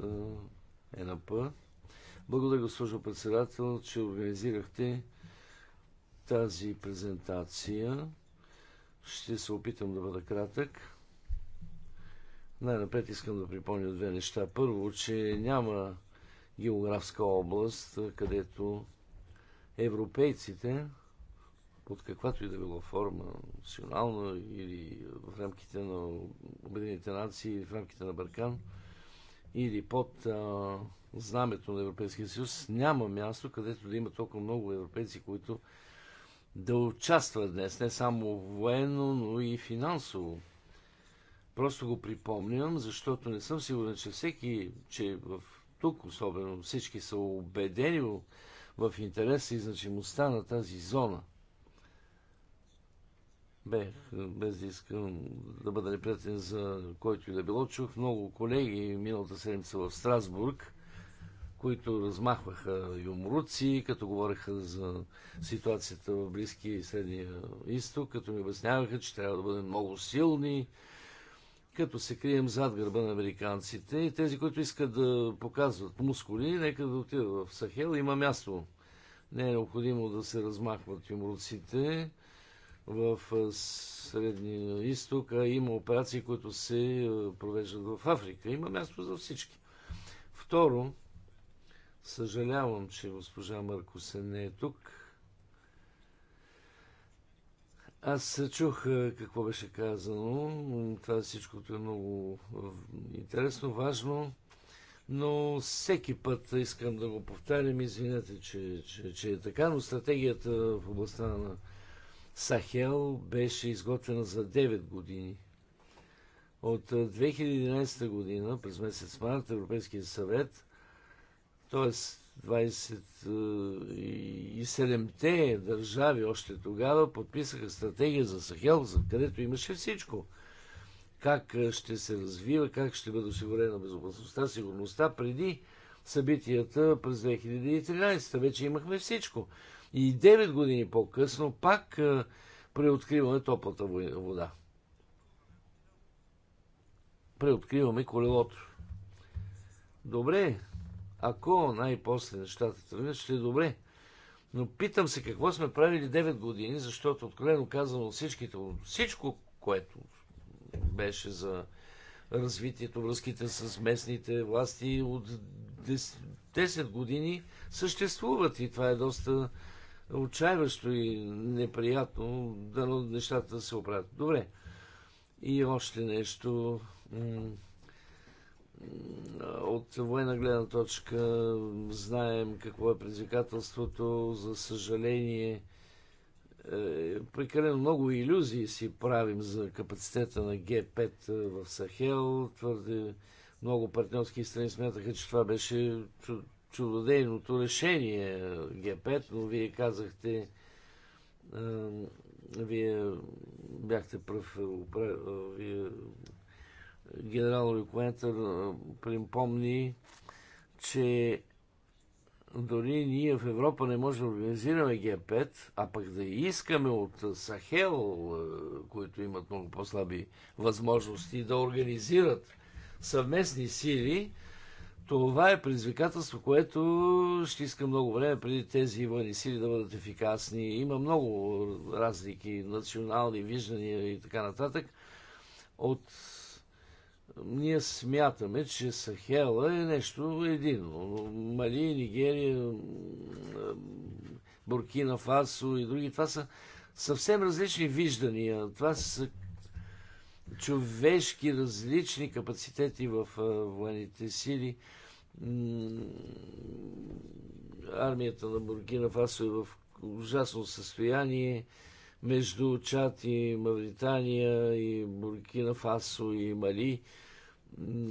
ЕНП. Благодаря, госпожо председател, че организирахте тази презентация. Ще се опитам да бъда кратък. Най-напред искам да припомня две неща. Първо, че няма географска област, където европейците под каквато и да било форма, национална или в рамките на Обединените нации, в рамките на Баркан, или под а, знамето на Европейския съюз, няма място, където да има толкова много европейци, които да участват днес, не само военно, но и финансово. Просто го припомням, защото не съм сигурен, че всеки, че в тук особено всички са убедени в интереса и значимостта на тази зона. Бех, без да искам да бъда неприятен за който и да било, чух много колеги миналата седмица в Страсбург, които размахваха юмруци, като говореха за ситуацията в Близкия и Средния изток, като ми обясняваха, че трябва да бъдем много силни, като се крием зад гърба на американците и тези, които искат да показват мускули, нека да отидат в Сахел. Има място. Не е необходимо да се размахват юморците в Средния изток, а има операции, които се провеждат в Африка. Има място за всички. Второ, съжалявам, че госпожа Маркосен не е тук аз чух какво беше казано. Това всичкото е много интересно, важно, но всеки път искам да го повтарям. Извинете, че, че, че е така, но стратегията в областта на Сахел беше изготвена за 9 години. От 2011 година, през месец март, Европейския съвет, т.е. 27-те държави още тогава подписаха стратегия за Сахел, за където имаше всичко. Как е, ще се развива, как ще бъде осигурена безопасността, сигурността преди събитията през 2013. Вече имахме всичко. И 9 години по-късно пак е, преоткриваме топлата вода. Преоткриваме колелото. Добре, ако най-после нещата тръгнат, ще е добре. Но питам се какво сме правили 9 години, защото откровено казано от всичките, от всичко, което беше за развитието, връзките с местните власти от 10, 10 години съществуват и това е доста отчаиващо и неприятно да нещата се оправят. Добре. И още нещо. От военна гледна точка знаем какво е предизвикателството. За съжаление, е, прекалено много иллюзии си правим за капацитета на Г5 е, в Сахел. Твърде много партньорски страни смятаха, че това беше чудодейното решение Г5, но вие казахте, е, вие бяхте прав, вие генерал Рюквентър припомни, че дори ние в Европа не можем да организираме Г5, а пък да искаме от Сахел, които имат много по-слаби възможности, да организират съвместни сили, това е предизвикателство, което ще иска много време преди тези военни сили да бъдат ефикасни. Има много разлики, национални виждания и така нататък. От ние смятаме, че Сахела е нещо едино. Мали, Нигерия, Буркина, Фасо и други. Това са съвсем различни виждания. Това са човешки различни капацитети в военните сили. Армията на Буркина Фасо е в ужасно състояние между Чат и Мавритания и Буркина Фасо и Мали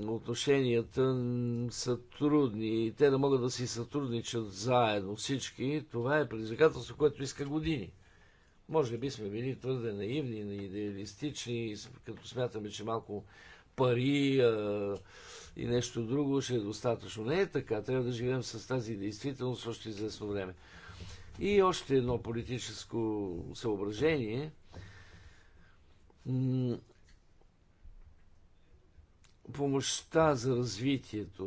отношенията са трудни и те да могат да си сътрудничат заедно всички, това е предизвикателство, което иска години. Може би сме били твърде наивни, идеалистични, като смятаме, че малко пари а, и нещо друго ще е достатъчно. Не е така. Трябва да живеем с тази действителност още известно време. И още едно политическо съображение помощта за развитието,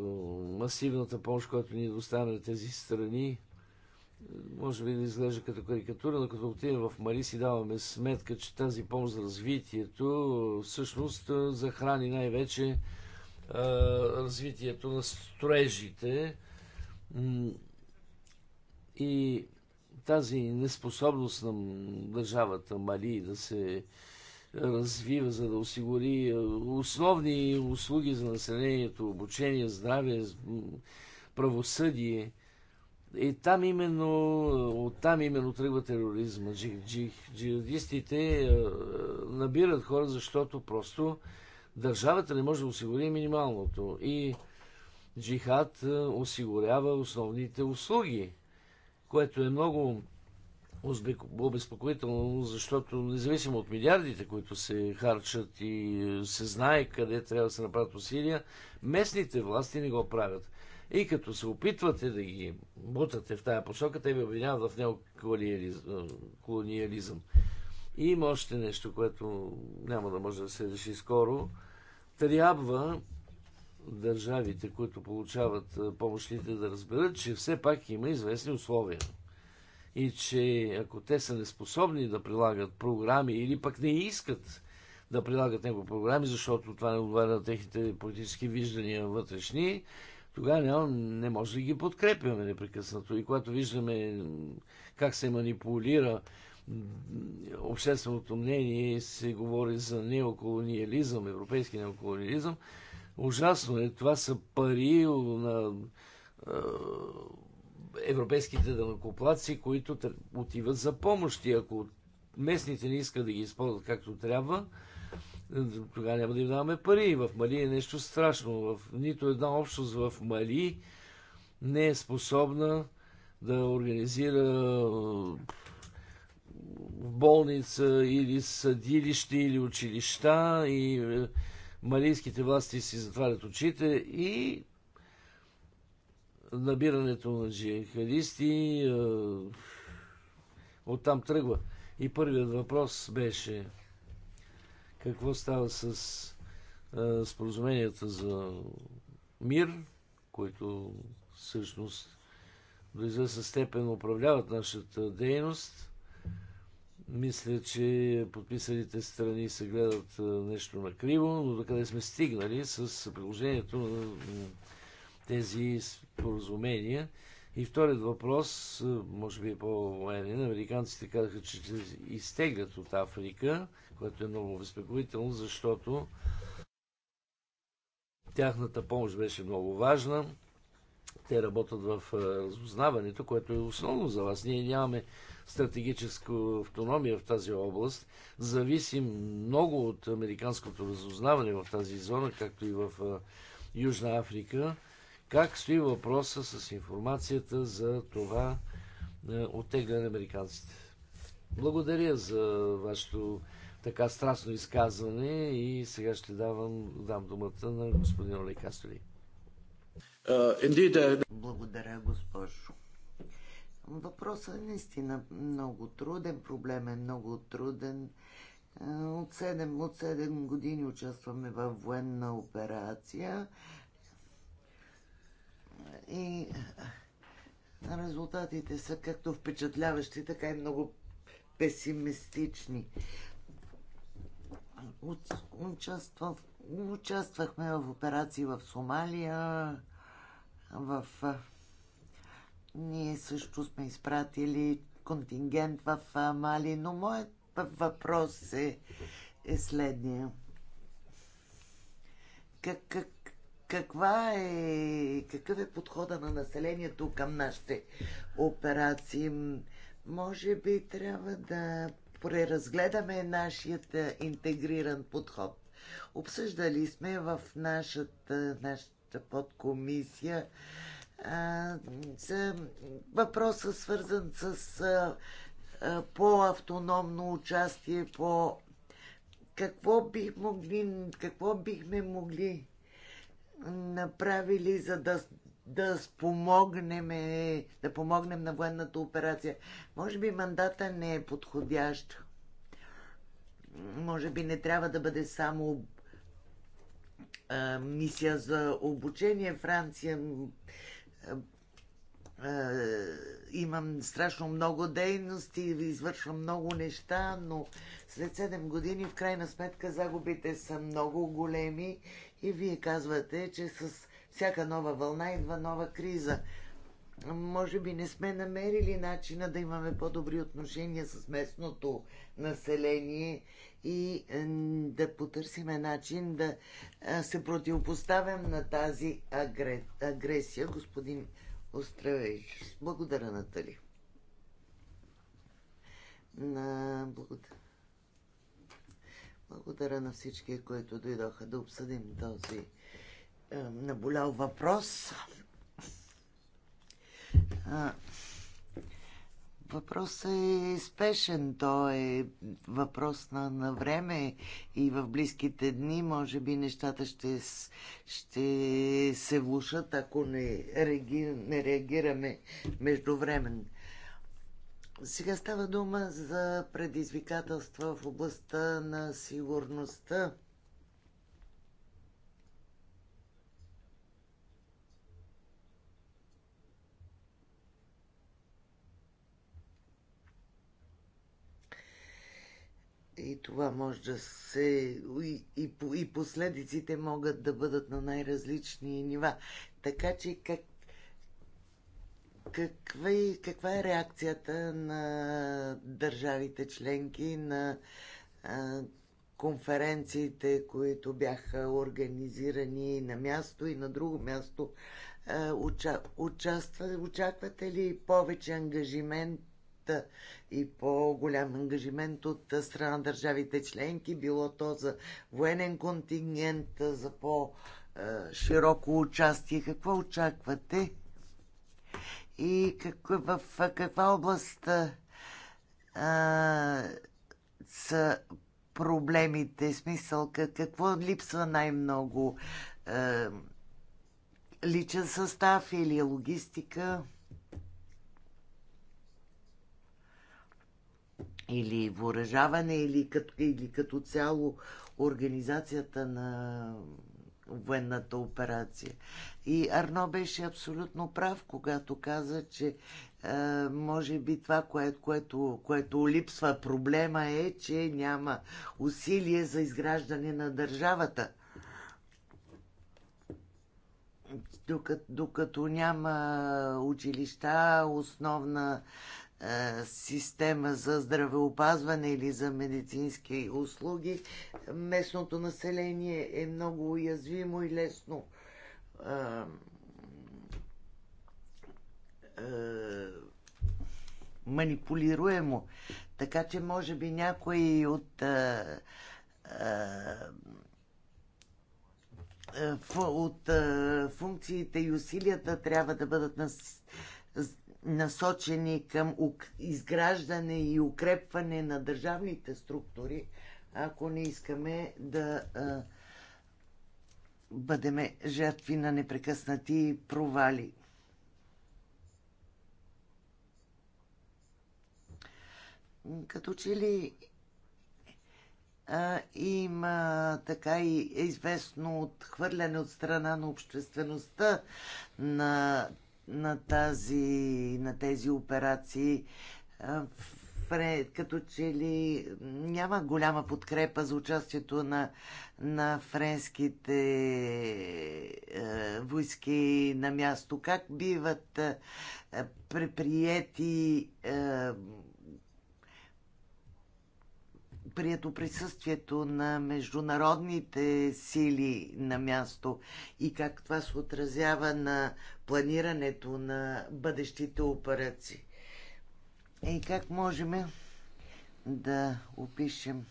масивната помощ, която ни доставя на тези страни, може би да изглежда като карикатура, но като отидем в Мали си даваме сметка, че тази помощ за развитието всъщност захрани най-вече развитието на строежите и тази неспособност на държавата Мали да се е, развива, за да осигури е, основни услуги за населението, обучение, здраве, правосъдие. И там именно, е, оттам именно тръгва тероризма. Джихадистите набират хора, защото просто държавата не може да осигури минималното. И джихад осигурява основните услуги, което е много обезпокоително, защото независимо от милиардите, които се харчат и е, се знае къде трябва да се направят усилия, местните власти не го правят. И като се опитвате да ги бутате в тая посока, те ви обвиняват в неоколониализъм. Е, и има още нещо, което няма да може да се реши скоро. Трябва държавите, които получават е, помощите, да разберат, че все пак има известни условия и че ако те са неспособни да прилагат програми или пък не искат да прилагат някои програми, защото това не отговаря на техните политически виждания вътрешни, тогава не, не може да ги подкрепяме непрекъснато. И когато виждаме как се манипулира общественото мнение, и се говори за неоколониализъм, европейски неоколониализъм, ужасно е. Това са пари на европейските данакоплаци, които отиват за помощи. Ако местните не искат да ги използват както трябва, тогава няма да им даваме пари. В Мали е нещо страшно. В нито една общност в Мали не е способна да организира болница или съдилище или училища и е, малийските власти си затварят очите и набирането на джихадисти. Е, оттам тръгва. И първият въпрос беше какво става с е, споразуменията за мир, които всъщност до известна степен управляват нашата дейност. Мисля, че подписаните страни се гледат е, нещо накриво, но докъде сме стигнали с приложението на тези споразумения? И вторият въпрос, е, може би е по-военен, американците казаха, че ще изтеглят от Африка, което е много безпокоително, защото тяхната помощ беше много важна. Те работят в е, разузнаването, което е основно за вас. Ние нямаме стратегическа автономия в тази област. Зависим много от американското разузнаване в тази зона, както и в е, Южна Африка как стои въпроса с информацията за това е, оттегляне на американците. Благодаря за вашето така страстно изказване и сега ще давам, дам думата на господин Олей Кастоли. Е, е, Благодаря, госпожо. Въпросът е наистина много труден, проблем е много труден. От 7, от 7 години участваме във военна операция и резултатите са както впечатляващи, така и много песимистични. Участвах, участвахме в операции в Сомалия, в... Ние също сме изпратили контингент в Мали, но моят въпрос е, е следния. Как, как, каква е, какъв е подхода на населението към нашите операции. Може би трябва да преразгледаме нашият интегриран подход. Обсъждали сме в нашата, нашата подкомисия а, за въпроса свързан с а, а, по-автономно участие, по какво, бих могли, какво бихме могли направили, за да, да спомогнем, е, да помогнем на военната операция. Може би мандата не е подходящ. Може би не трябва да бъде само а, мисия за обучение. Франция а, а, имам страшно много дейности, извършвам много неща, но след 7 години в крайна сметка загубите са много големи и вие казвате, че с всяка нова вълна идва нова криза. Може би не сме намерили начина да имаме по-добри отношения с местното население и е, да потърсиме начин да е, се противопоставям на тази агресия, господин Остравеч. Благодаря, Натали. На... Благодаря. Благодаря на всички, които дойдоха да обсъдим този е, наболял въпрос. А, въпросът е спешен, то е въпрос на, на време и в близките дни може би нещата ще, ще се влушат, ако не, реаги, не реагираме междувременно. Сега става дума за предизвикателства в областта на сигурността. и това може да се... И, и, и последиците могат да бъдат на най-различни нива. Така че как, каква, и, каква е реакцията на държавите членки на конференциите, които бяха организирани на място и на друго място? уча, участва, очаквате ли повече ангажимент и по-голям ангажимент от страна на държавите членки, било то за военен контингент, за по- широко участие. Какво очаквате и как, в каква област а, са проблемите? Смисъл, какво липсва най-много? личен състав или логистика? Или въоръжаване, или като, или като цяло организацията на военната операция. И Арно беше абсолютно прав, когато каза, че е, може би това, кое, което, което липсва проблема е, че няма усилие за изграждане на държавата. Докато, докато няма училища, основна система за здравеопазване или за медицински услуги, местното население е много уязвимо и лесно а, а, манипулируемо. Така че, може би, някои от а, от функциите и усилията трябва да бъдат насочени към изграждане и укрепване на държавните структури, ако не искаме да а, бъдеме жертви на непрекъснати провали. Като че ли а, има така и известно отхвърляне от страна на обществеността на на, тази, на тези операции като че ли няма голяма подкрепа за участието на, на френските е, войски на място. Как биват е, преприяти е, прието присъствието на международните сили на място и как това се отразява на планирането на бъдещите операции. И как можем да опишем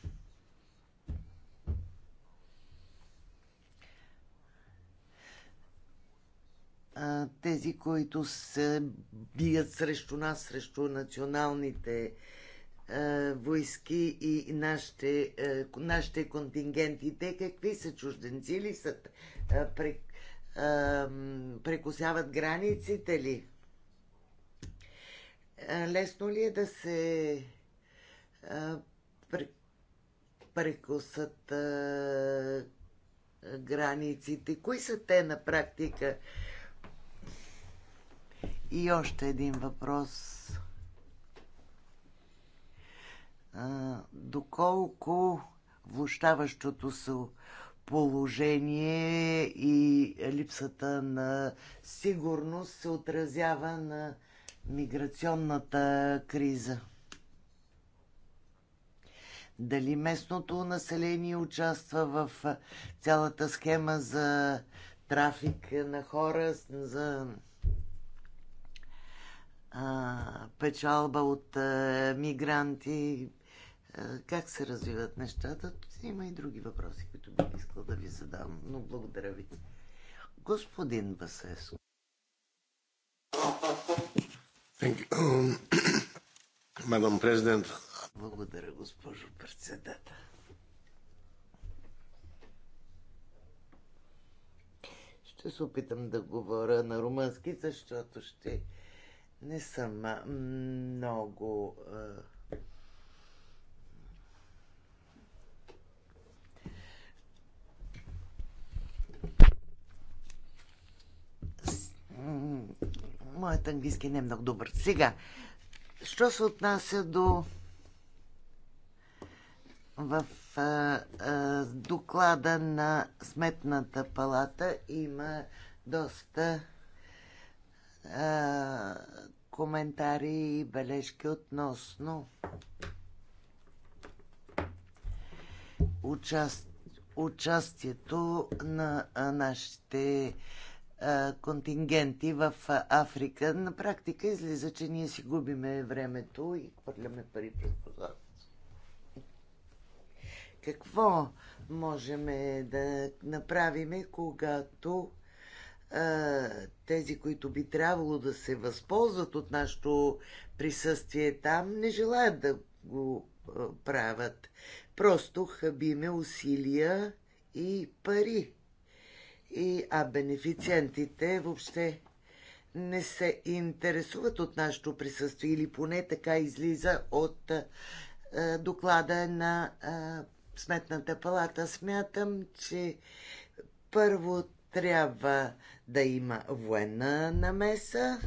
тези, които се бият срещу нас, срещу националните е, войски и нашите, е, нашите контингенти. Те какви са чужденци ли са? Е, прекусяват границите ли? лесно ли е да се прекусат границите? Кои са те на практика? И още един въпрос – доколко влощаващото се положение и липсата на сигурност се отразява на миграционната криза. Дали местното население участва в цялата схема за трафик на хора, за а, печалба от а, мигранти, как се развиват нещата. Има и други въпроси, които бих искал да ви задам, но благодаря ви. Господин Басеско. Мадам президент. Um, благодаря, госпожо председател. Ще се опитам да говоря на румънски, защото ще не съм много. Uh... моят английски не е много добър. Сега, що се отнася до в а, а, доклада на Сметната палата има доста а, коментари и бележки относно участ... участието на нашите контингенти в Африка. На практика излиза, че ние си губиме времето и хвърляме пари през прозореца. Какво можем да направим, когато тези, които би трябвало да се възползват от нашето присъствие там, не желаят да го правят. Просто хабиме усилия и пари и а бенефициентите въобще не се интересуват от нашето присъствие или поне така излиза от е, доклада на е, Сметната палата. Смятам, че първо трябва да има военна намеса.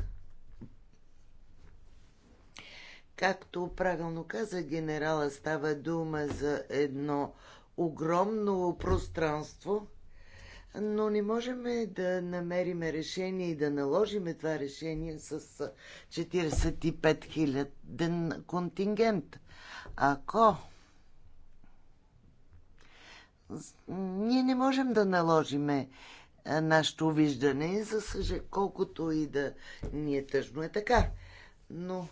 Както правилно каза генерала, става дума за едно огромно пространство – но не можем да намерим решение и да наложим това решение с 45 хиляден контингент. Ако ние не можем да наложим нашето виждане, за съже, колкото и да ни е тъжно е така. Но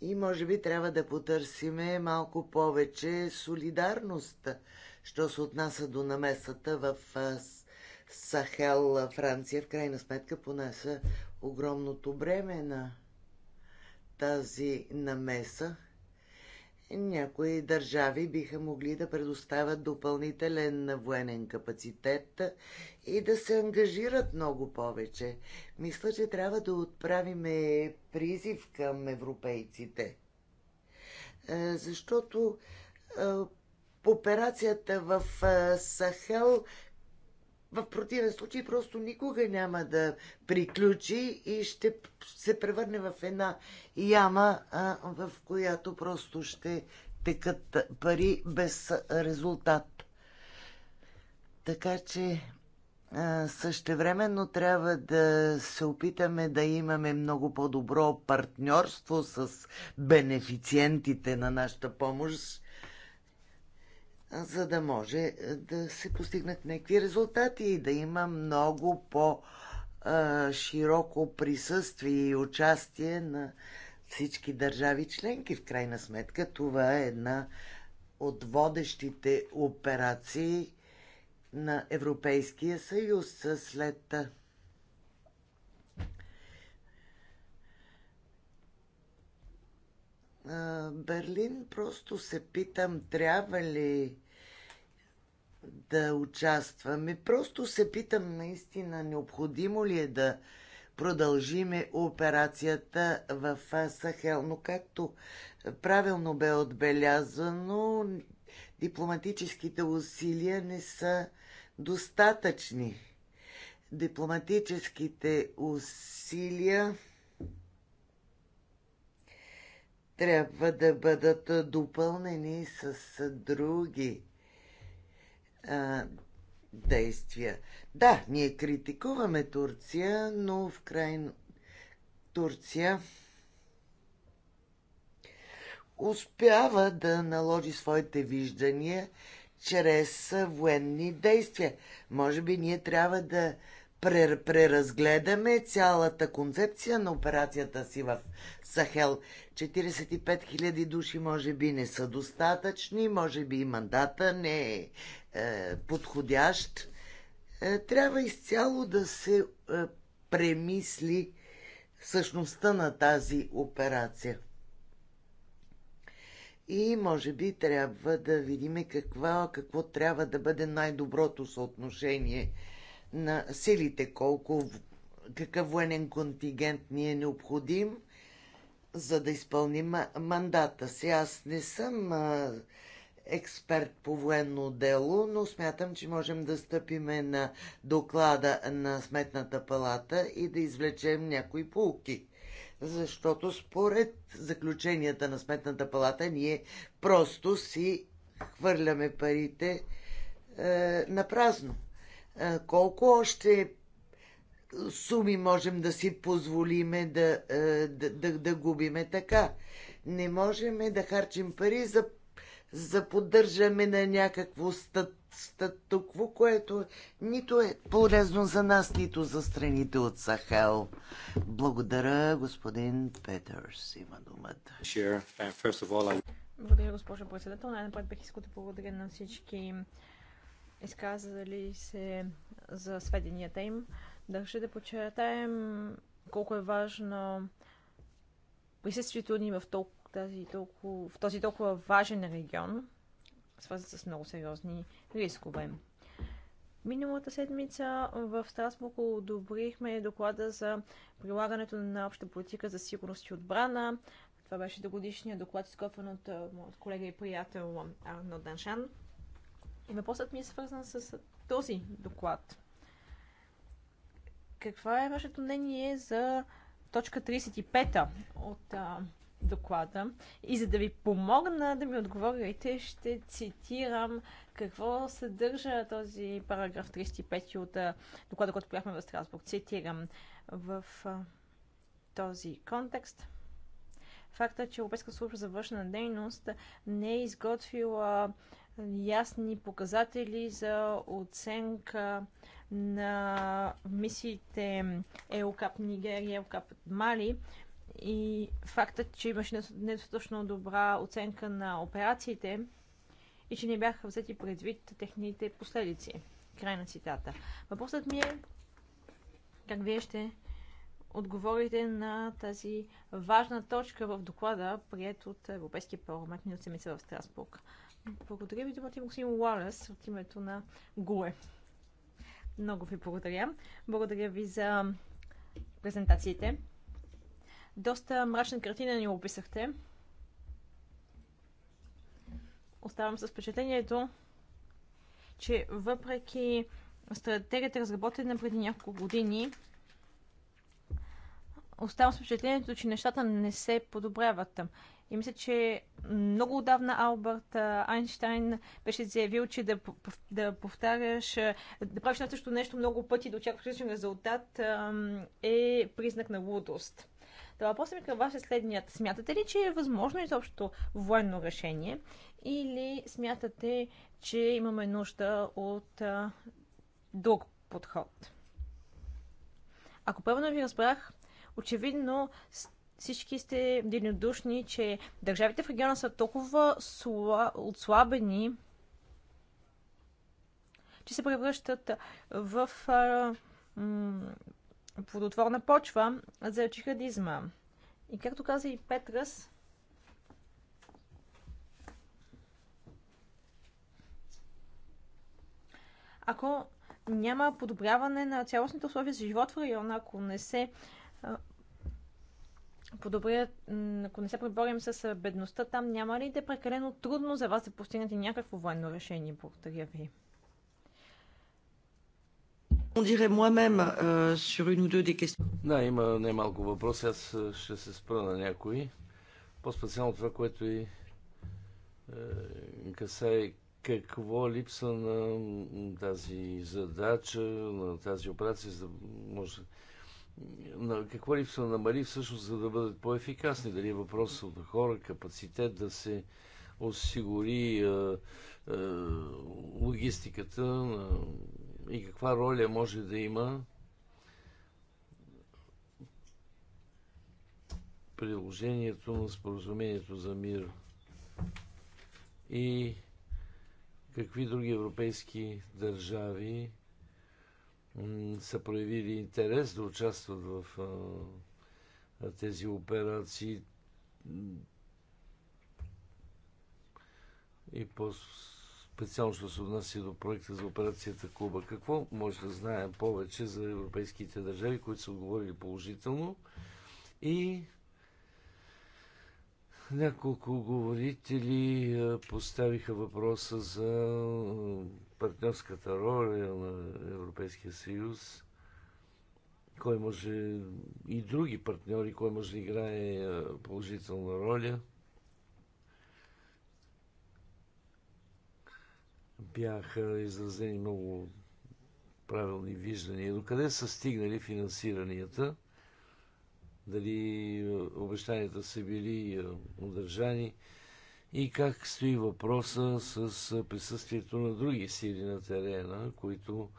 и може би трябва да потърсиме малко повече солидарност, що се отнася до намесата в Сахел, Франция, в крайна сметка понася огромното бреме на тази намеса. Някои държави биха могли да предоставят допълнителен военен капацитет и да се ангажират много повече. Мисля, че трябва да отправиме призив към европейците. Е, защото е, операцията в е, Сахел в противен случай просто никога няма да приключи и ще се превърне в една яма, в която просто ще текат пари без резултат. Така че Същевременно трябва да се опитаме да имаме много по-добро партньорство с бенефициентите на нашата помощ, за да може е, да се постигнат някакви резултати и да има много по-широко е, присъствие и участие на всички държави членки. В крайна сметка това е една от водещите операции на Европейския съюз след е, Берлин, просто се питам, трябва ли да участваме. Просто се питам наистина, необходимо ли е да продължиме операцията в Сахел. Но както правилно бе отбелязано, дипломатическите усилия не са достатъчни. Дипломатическите усилия трябва да бъдат допълнени с други а, действия. Да, ние критикуваме Турция, но в крайна Турция успява да наложи своите виждания чрез военни действия. Може би ние трябва да преразгледаме цялата концепция на операцията си в Сахел. 45 000 души може би не са достатъчни, може би и мандата не е, е подходящ. Е, трябва изцяло да се е, премисли същността на тази операция. И може би трябва да видим какво, какво трябва да бъде най-доброто съотношение на силите, колко, какъв военен контингент ни е необходим – за да изпълним мандата си. Аз не съм експерт по военно дело, но смятам, че можем да стъпиме на доклада на Сметната палата и да извлечем някои полки. Защото според заключенията на Сметната палата ние просто си хвърляме парите е, на празно. Е, колко още суми можем да си позволиме да, е, да, да, да губиме така. Не можем да харчим пари за, за поддържане на някакво стат, статукво, което нито е полезно за нас, нито за страните от Сахел. Благодаря, господин Петърс. Има думата. Uh, благодаря, госпожо председател. Най-напред бих искал да благодаря на всички изказали се за сведенията им. Държа да подчертаем колко е важно присъствието ни в, тол- тази, толкова, в този толкова важен регион, свързан с много сериозни рискове. Миналата седмица в Страсбург одобрихме доклада за прилагането на обща политика за сигурност и отбрана. Това беше догодишният доклад, изготвен от моят колега и приятел Арно Даншан. И въпросът ми е свързан с този доклад. Какво е вашето мнение за точка 35 от а, доклада? И за да ви помогна да ми отговорите, ще цитирам какво съдържа този параграф 35 от а, доклада, който бяхме в Страсбург. Цитирам в а, този контекст факта, че Европейска служба за външна дейност не е изготвила ясни показатели за оценка на мисиите ЕОКАП Нигерия, ЕОКАП Мали и фактът, че имаше недостатъчно добра оценка на операциите и че не бяха взети предвид техните последици. Край на цитата. Въпросът ми е как вие ще отговорите на тази важна точка в доклада, прият от Европейския парламент миналата в Страсбург. Благодаря ви, думата господин Уалес от името на ГУЕ. Много ви благодаря. Благодаря ви за презентациите. Доста мрачна картина ни описахте. Оставам с впечатлението, че въпреки стратегията, разработена преди няколко години, оставам с впечатлението, че нещата не се подобряват. И мисля, че много отдавна Алберт Айнштайн беше заявил, че да, да повтаряш, да правиш на също нещо много пъти да очакваш различен резултат е признак на лудост. Това въпрос ми към вас е следният. Смятате ли, че е възможно изобщо военно решение или смятате, че имаме нужда от а, друг подход? Ако правилно ви разбрах, очевидно всички сте единодушни, че държавите в региона са толкова отслабени, че се превръщат в а, плодотворна почва за чихадизма. И както каза и Петрас, ако няма подобряване на цялостните условия за живот в района, ако не се подобрят, ако не се преборим с бедността, там няма ли да е прекалено трудно за вас да постигнете някакво военно решение? Благодаря ви. Euh, да, има немалко въпроси. Аз ще се спра на някои. По-специално това, което и е, касае какво липса на тази задача, на тази операция, за да може на какво липсва намали всъщност, за да бъдат по-ефикасни. Дали е въпрос от хора, капацитет да се осигури а, а, логистиката а, и каква роля може да има приложението на споразумението за мир и какви други европейски държави са проявили интерес да участват в тези операции и по-специално, що се отнася до проекта за операцията Куба. Какво може да знаем повече за европейските държави, които са отговорили положително и няколко говорители поставиха въпроса за партньорската роля на Европейския съюз, кой може и други партньори, кой може да играе положителна роля. Бяха изразени много правилни виждания. До къде са стигнали финансиранията? Дали обещанията са били удържани? и как стои въпроса с присъствието на други сили на терена, които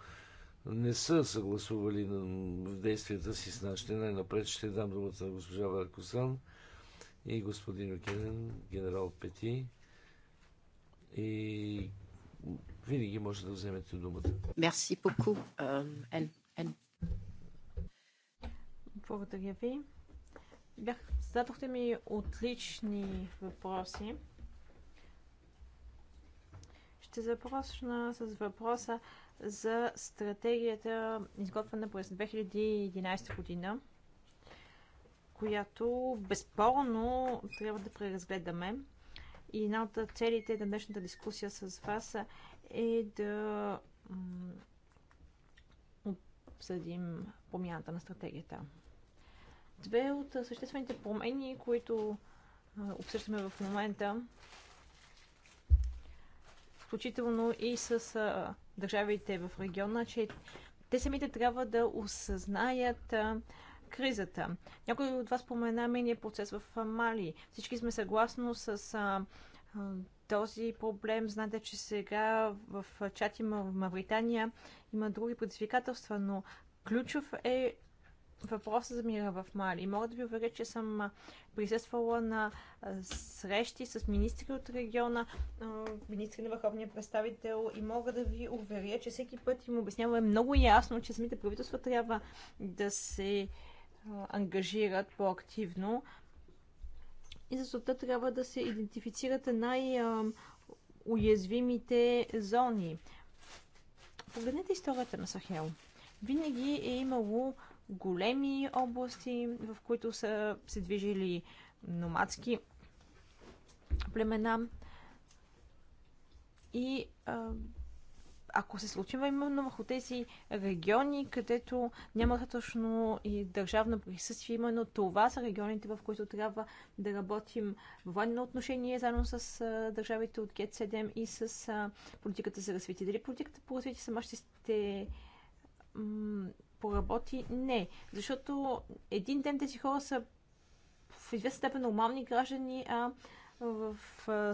не са съгласували в действията си с нашите. Най-напред ще дам думата на госпожа Варкосан и господин Окенен, генерал Пети. И винаги може да вземете думата. Мерси поку, euh, Благодаря ви. Бях, зададохте ми отлични въпроси. Ще започна с въпроса за стратегията, изготвена през 2011 година, която безспорно трябва да преразгледаме. И една от целите на днешната дискусия с вас е да обсъдим промяната на стратегията. Две от съществените промени, които обсъждаме в момента, включително и с държавите в региона, че те самите трябва да осъзнаят кризата. Някой от вас спомена миния процес в Мали. Всички сме съгласно с този проблем. Знаете, че сега в чати в Мавритания има други предизвикателства, но ключов е въпроса за мира в Мали. Мога да ви уверя, че съм присъствала на срещи с министри от региона, министри на върховния представител и мога да ви уверя, че всеки път им обясняваме много ясно, че самите правителства трябва да се ангажират по-активно. И за сутта трябва да се идентифицират най-уязвимите зони. Погледнете историята на Сахел. Винаги е имало големи области, в които са се движили номадски племена. И ако се случва именно върху тези региони, където няма точно и държавно присъствие, именно това са регионите, в които трябва да работим в военно отношение, заедно с държавите от ГЕТ-7 и с политиката за развитие. Дали политиката по развитие сама ще сте поработи? Не. Защото един ден тези хора са в известна степен нормални граждани, а в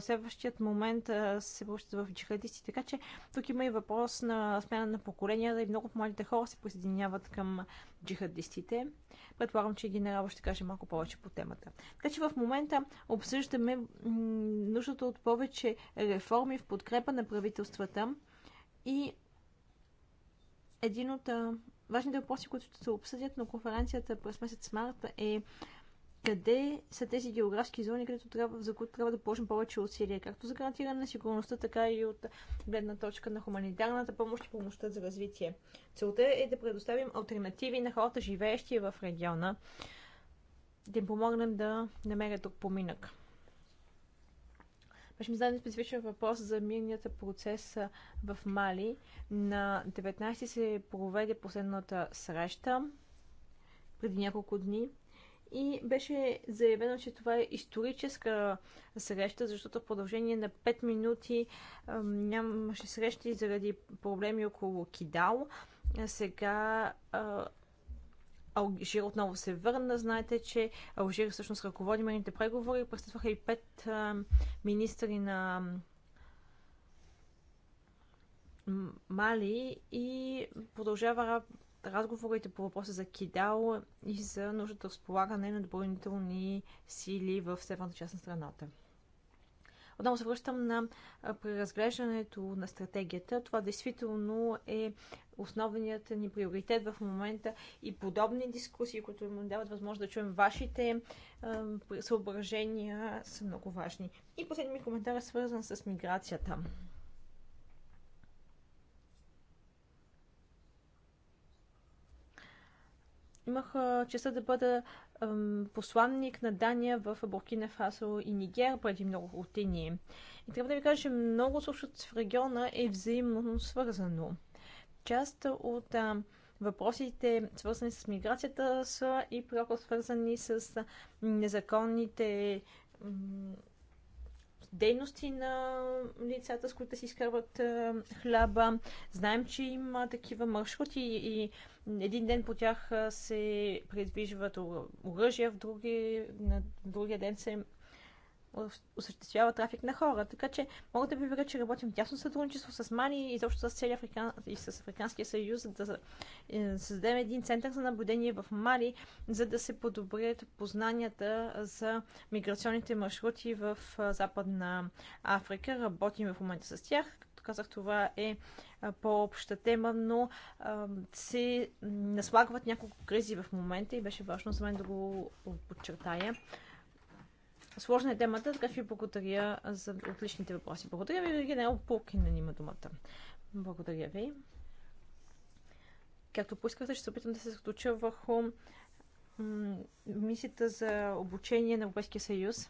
следващият момент се връщат в джихадисти. Така че тук има и въпрос на смяна на поколенията и много от младите хора се присъединяват към джихадистите. Предполагам, че генерал ще каже малко повече по темата. Така че в момента обсъждаме нуждата от повече реформи в подкрепа на правителствата и един от Важните въпроси, които ще се обсъдят на конференцията през месец март е къде са тези географски зони, където трябва, за които трябва да положим повече усилия, както за гарантиране на сигурността, така и от гледна точка на хуманитарната помощ и помощта за развитие. Целта е да предоставим альтернативи на хората, живеещи в региона, да им помогнем да намерят друг поминък. Беше ми зададен специфичен въпрос за мирният процес в Мали. На 19 се проведе последната среща преди няколко дни и беше заявено, че това е историческа среща, защото в продължение на 5 минути нямаше срещи заради проблеми около Кидал. Сега Алжир отново се върна. Знаете, че Алжир всъщност ръководи мирните преговори. Присъстваха и пет министри на Мали и продължава разговорите по въпроса за Кидал и за нуждата разполагане на допълнителни сили в северната част на страната. Отново се връщам на преразглеждането на стратегията. Това действително е основният ни приоритет в момента и подобни дискусии, които им дават възможност да чуем вашите съображения, са много важни. И последният ми коментар е свързан с миграцията. имах честа да бъда посланник на Дания в Буркина Фасо и Нигер преди много години. И трябва да ви кажа, че много случат в региона е взаимно свързано. Част от ем, въпросите, свързани с миграцията, са и пряко свързани с незаконните дейности на лицата, с които си изкарват хляба. Знаем, че има такива маршрути и един ден по тях се предвижват оръжия, в други, на другия ден се осъществява трафик на хора. Така че мога да ви уверя, че работим в тясно сътрудничество с Мали и заобщо с целия Африкан... и с Африканския съюз, за да е, създадем един център за наблюдение в Мали, за да се подобрят познанията за миграционните маршрути в Западна Африка. Работим в момента с тях. Както казах, това е по-обща тема, но а, се наслагват няколко кризи в момента и беше важно за мен да го подчертая. Сложна е темата, така че ви благодаря за отличните въпроси. Благодаря ви, генерал Пулкин има думата. Благодаря ви. Както поискахте, ще се опитам да се заключа върху мисията за обучение на Европейския съюз.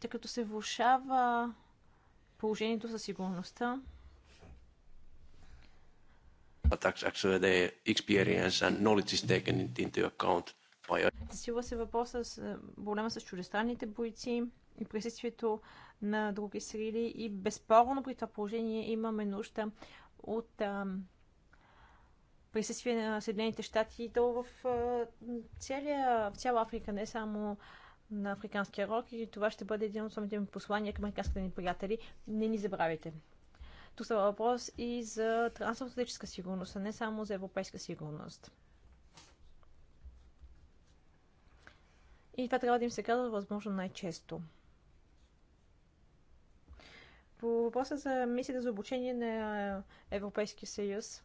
Тъй като се влушава положението със сигурността, but actually the experience and knowledge is taken into account by... Засилва се въпроса с е, проблема с чуждестранните бойци и присъствието на други сили, и безспорно при това положение имаме нужда от е, присъствие на Съединените щати и то в, е, целия, в цяла Африка, не само на африканския рок и това ще бъде един от основните ми послания към американските ни приятели. Не ни забравяйте. Тук става въпрос и за трансатлантическа сигурност, а не само за европейска сигурност. И това трябва да им се казва възможно най-често. По въпроса за мисията за обучение на Европейския съюз,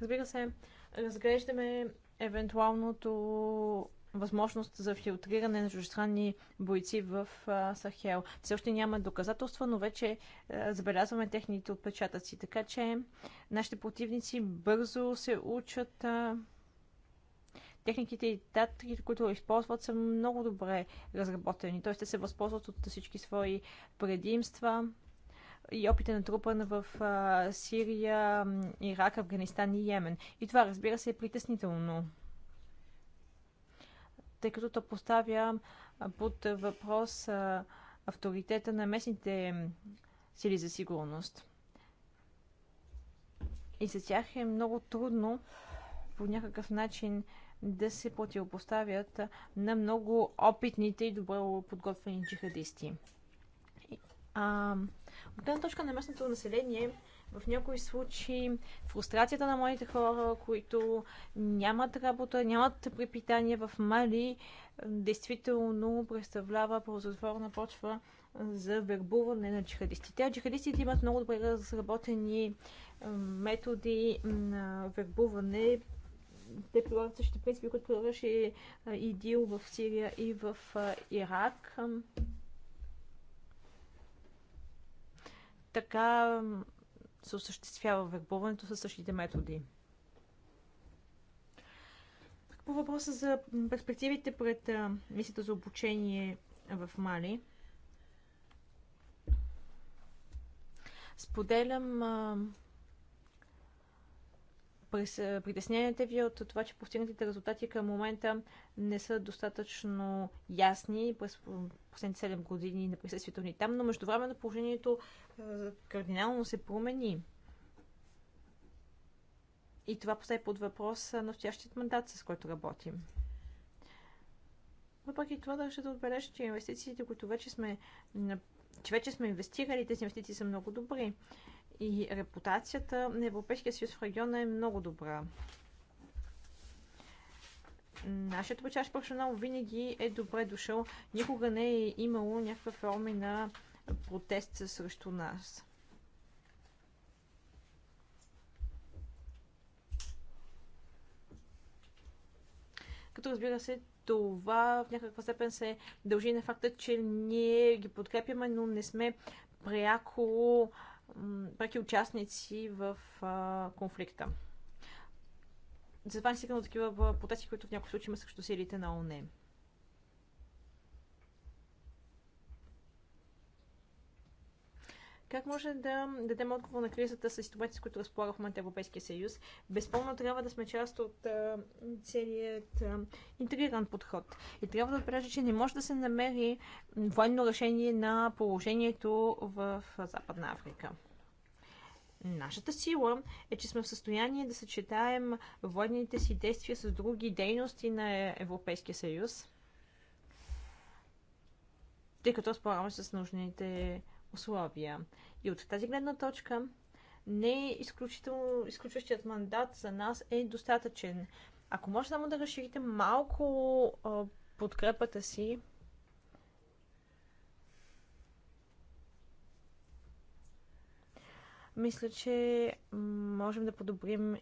Разбира се, разглеждаме евентуалното възможност за филтриране на чуждестранни бойци в Сахел. Все още няма доказателства, но вече забелязваме техните отпечатъци. Така че нашите противници бързо се учат. Техниките и татриките, които използват, са много добре разработени. Тоест, те се възползват от всички свои предимства и опита на трупа в Сирия, Ирак, Афганистан и Йемен. И това, разбира се, е притеснително тъй като то поставя под въпрос авторитета на местните сили за сигурност. И за тях е много трудно по някакъв начин да се противопоставят на много опитните и добре подготвени джихадисти. А, от една точка на местното население, в някои случаи фрустрацията на моите хора, които нямат работа, нямат препитание в Мали, действително представлява ползотворна почва за вербуване на джихадистите. А джихадистите имат много добре разработени методи на вербуване. Те прилагат същите принципи, които прилагаше ИДИЛ в Сирия и в Ирак. Така се осъществява вербуването със същите методи. По въпроса за перспективите пред мисията за обучение в Мали, споделям Притесненията ви от това, че постигнатите резултати към момента не са достатъчно ясни през последните 7 години на присъствието ни там, но междувременно положението е, кардинално се промени. И това постави под въпрос на е, настоящият мандат, с който работим. Въпреки това държа да отбележа, че инвестициите, които вече сме, че вече сме инвестирали, тези инвестиции са много добри и репутацията на Европейския съюз в региона е много добра. Нашият обучаващ персонал винаги е добре дошъл. Никога не е имало някаква форма на протест срещу нас. Като разбира се, това в някаква степен се дължи на факта, че ние ги подкрепяме, но не сме пряко преки участници в а, конфликта. Затова не стигна до такива протести, които в някои случаи има срещу силите на ОНЕ. Как може да дадем отговор на кризата с инструментите, с които разполага в момента Европейския съюз? Безпълно трябва да сме част от а, целият а, интегриран подход. И трябва да отбележа, че не може да се намери военно решение на положението в Западна Африка. Нашата сила е, че сме в състояние да съчетаем военните си действия с други дейности на Европейския съюз, тъй като спораме с нужните условия. И от тази гледна точка не е изключително, изключващият мандат за нас е достатъчен. Ако може само да разширите малко а, подкрепата си, мисля, че можем да подобрим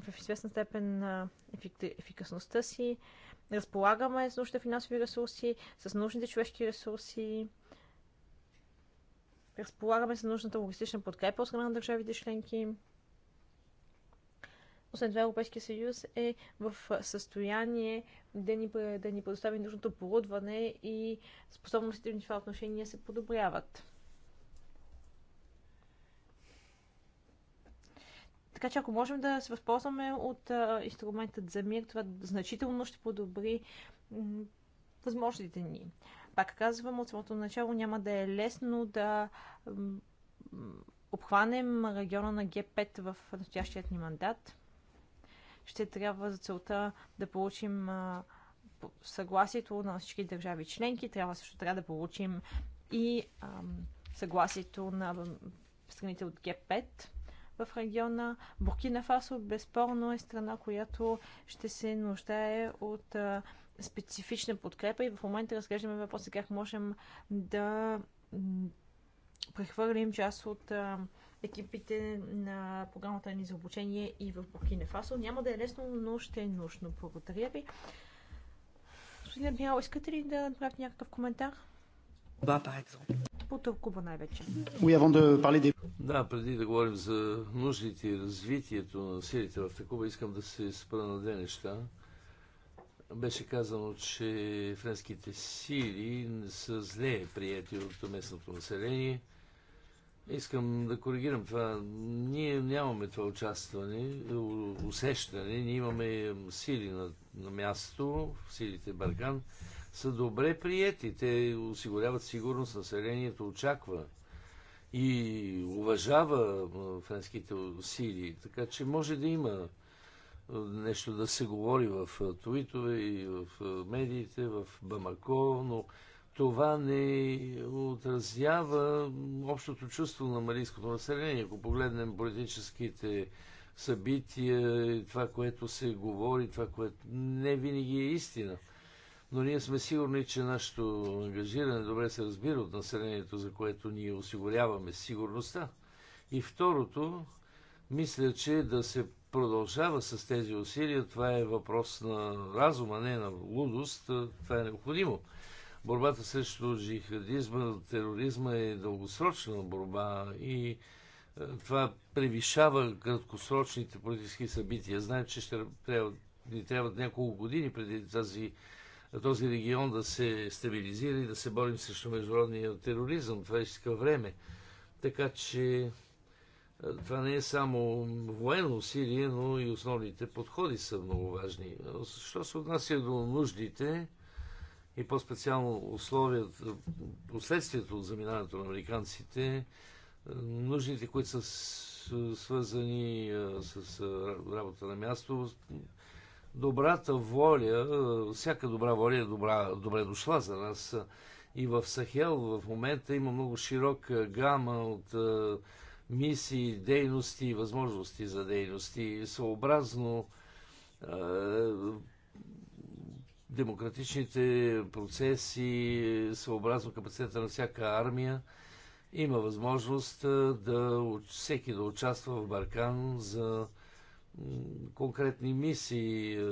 в известна степен ефик... ефикасността си. Разполагаме с нужните финансови ресурси, с нужните човешки ресурси разполагаме с нужната логистична подкрепа от страна на държавите членки. Освен това, Европейския съюз е в състояние да ни, да ни предостави нужното оборудване и способностите в това отношение се подобряват. Така че ако можем да се възползваме от а, инструментът за мир, това значително ще подобри възможностите ни. Пак казвам, от самото начало няма да е лесно да обхванем региона на Г5 в настоящият ни мандат. Ще трябва за целта да получим съгласието на всички държави членки. Трябва също трябва да получим и съгласието на страните от Г5 в региона. Буркина Фасо безспорно е страна, която ще се нуждае от специфична подкрепа и в момента разглеждаме въпроса как можем да прехвърлим част от екипите на програмата ни за обучение и в Буркина Фасо. Няма да е лесно, но ще е нужно. Благодаря ви. Господин Адмирал, искате ли да направите някакъв коментар? Да, par exemple. По най-вече. Да, преди да говорим за нуждите и развитието на силите в Такуба, искам да се спра на две неща беше казано, че френските сили са зле прияти от местното население. Искам да коригирам това. Ние нямаме това участване, усещане. Ние имаме сили на, на място, силите Баркан, са добре приети. Те осигуряват сигурност, населението очаква и уважава френските сили. Така че може да има нещо да се говори в твитове и в медиите, в Бамако, но това не отразява общото чувство на малийското население. Ако погледнем политическите събития, това, което се говори, това, което не винаги е истина. Но ние сме сигурни, че нашето ангажиране добре се разбира от населението, за което ние осигуряваме сигурността. И второто, мисля, че е да се продължава с тези усилия. Това е въпрос на разум, а не на лудост. Е, това е необходимо. Борбата срещу джихадизма, тероризма е дългосрочна борба и е, това превишава краткосрочните политически събития. Знаем, че ще трябва, ни трябват няколко години преди тази, този регион да се стабилизира и да се борим срещу международния тероризъм. Това е иска време. Така че е, това не е само военно усилие, но и основните подходи са много важни. Е, що се отнася до нуждите и по-специално условията, е, последствието от заминаването на американците, нуждите, които са свързани с работа на място, добрата воля, всяка добра воля е добра, добре дошла за нас. И в Сахел в момента има много широка гама от мисии, дейности и възможности за дейности, съобразно е, демократичните процеси, съобразно капацитета на всяка армия, има възможност е, да всеки да участва в Баркан за конкретни мисии, е,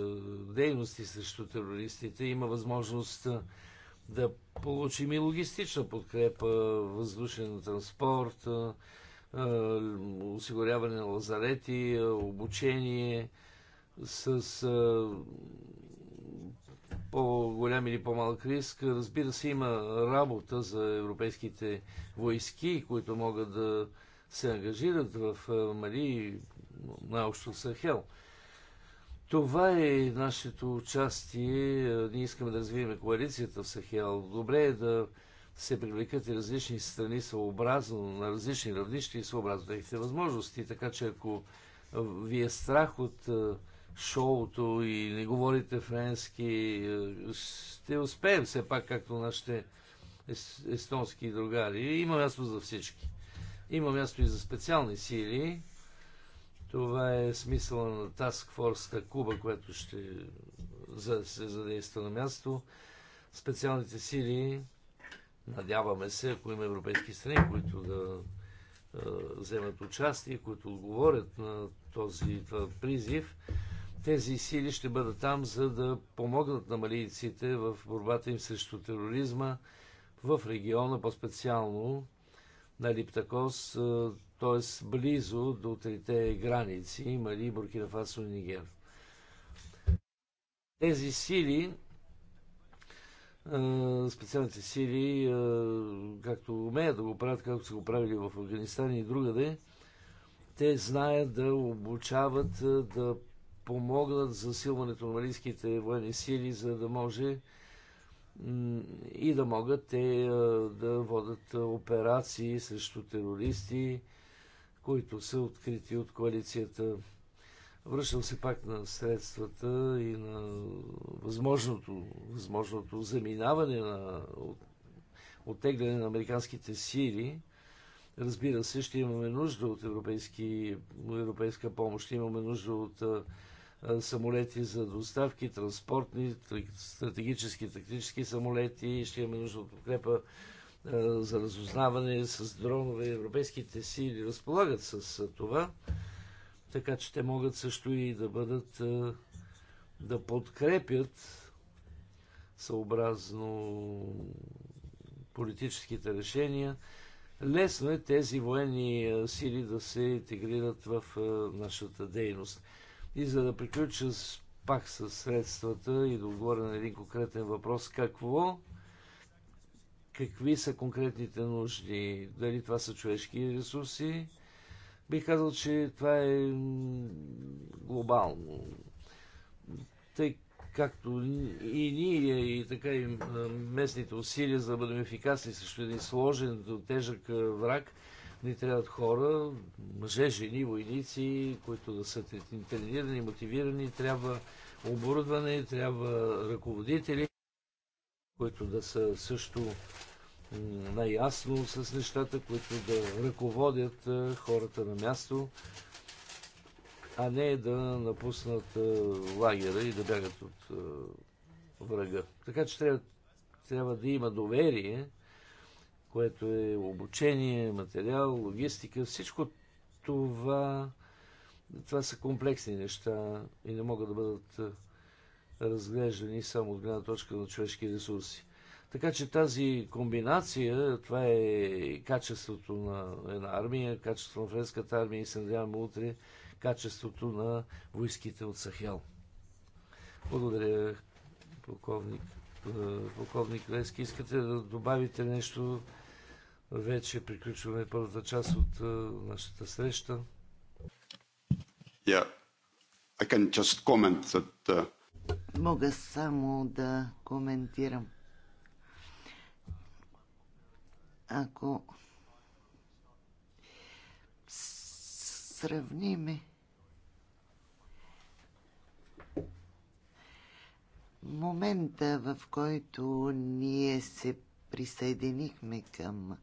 дейности срещу терористите. Има възможност е, да получим и логистична подкрепа, въздушен транспорт, осигуряване на лазарети, обучение с по-голям или по-малък риск. Разбира се, има работа за европейските войски, които могат да се ангажират в Мали и най-общо Сахел. Това е нашето участие. Ние искаме да развием коалицията в Сахел. Добре е да се привлекат и различни страни съобразно на различни равнища и съобразно техните възможности. Така че ако ви е страх от е, шоуто и не говорите френски, е, ще успеем все пак, както нашите естонски другари. Има място за всички. Има място и за специални сили. Това е смисъла на Task Force Куба, която ще се задейства на място. Специалните сили Надяваме се, ако има европейски страни, които да вземат участие, които отговорят на този призив, тези сили ще бъдат там, за да помогнат на малийците в борбата им срещу тероризма в региона, по-специално на Липтакос, т.е. близо до трите граници, Мали, Буркина Фасо и Нигер. Тези сили специалните сили, както умеят да го правят, както са го правили в Афганистан и другаде, те знаят да обучават, да помогнат за силването на малийските военни сили, за да може и да могат те да водят операции срещу терористи, които са открити от коалицията Връщам се пак на средствата и на възможното, възможното заминаване на оттегляне на американските сили. Разбира се, ще имаме нужда от европейски, европейска помощ, ще имаме нужда от а, самолети за доставки, транспортни, стратегически, тактически самолети, ще имаме нужда от подкрепа за разузнаване с дронове. Европейските сили разполагат с това така че те могат също и да бъдат е, да подкрепят съобразно политическите решения. Лесно е тези военни е, сили да се интегрират в е, нашата дейност. И за да приключа с, пак с средствата и да отговоря на един конкретен въпрос, какво какви са конкретните нужди, дали това са човешки ресурси, Бих казал, че това е глобално. Тъй както и ние, и така и местните усилия за да бъдем ефикасни срещу един сложен, тежък враг, ни трябват хора, мъже, жени, войници, които да са тренирани, мотивирани, трябва оборудване, трябва ръководители, които да са също наясно с нещата, които да ръководят хората на място, а не да напуснат лагера и да бягат от врага. Така че трябва, трябва да има доверие, което е обучение, материал, логистика, всичко това, това са комплексни неща и не могат да бъдат разглеждани само от гледна точка на човешки ресурси. Така че тази комбинация, това е качеството на една армия, качеството на френската армия и се надяваме утре качеството на войските от Сахел. Благодаря, полковник. Е, полковник Лески, искате да добавите нещо? Вече приключваме първата част от е, нашата среща. Yeah. I can just comment that, uh... Мога само да коментирам Ако сравниме момента, в който ние се присъединихме към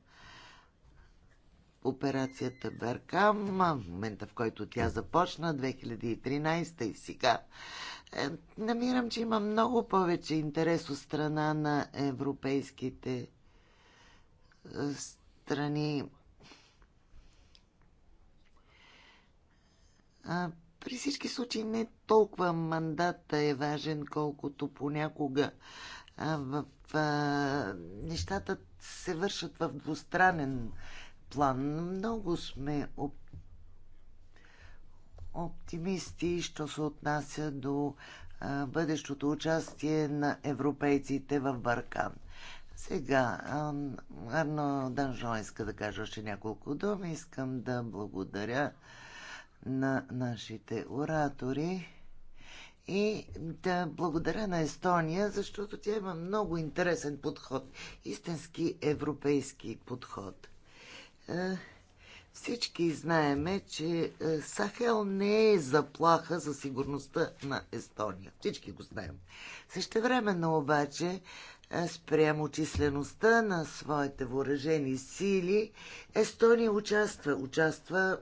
операцията Беркам, момента в който тя започна, 2013 и сега, е, намирам, че има много повече интерес от страна на европейските страни. А, при всички случаи не толкова мандата е важен, колкото понякога а, в, а, нещата се вършат в двустранен план. Много сме оп... оптимисти, що се отнася до бъдещото участие на европейците в Баркан. Сега, Арно Данжо иска да кажа още няколко думи. Искам да благодаря на нашите оратори и да благодаря на Естония, защото тя има много интересен подход. Истински европейски подход. Е, всички знаеме, че е, Сахел не е заплаха за сигурността на Естония. Всички го знаем. Същевременно обаче спрямо числеността на своите въоръжени сили, Естония участва, участва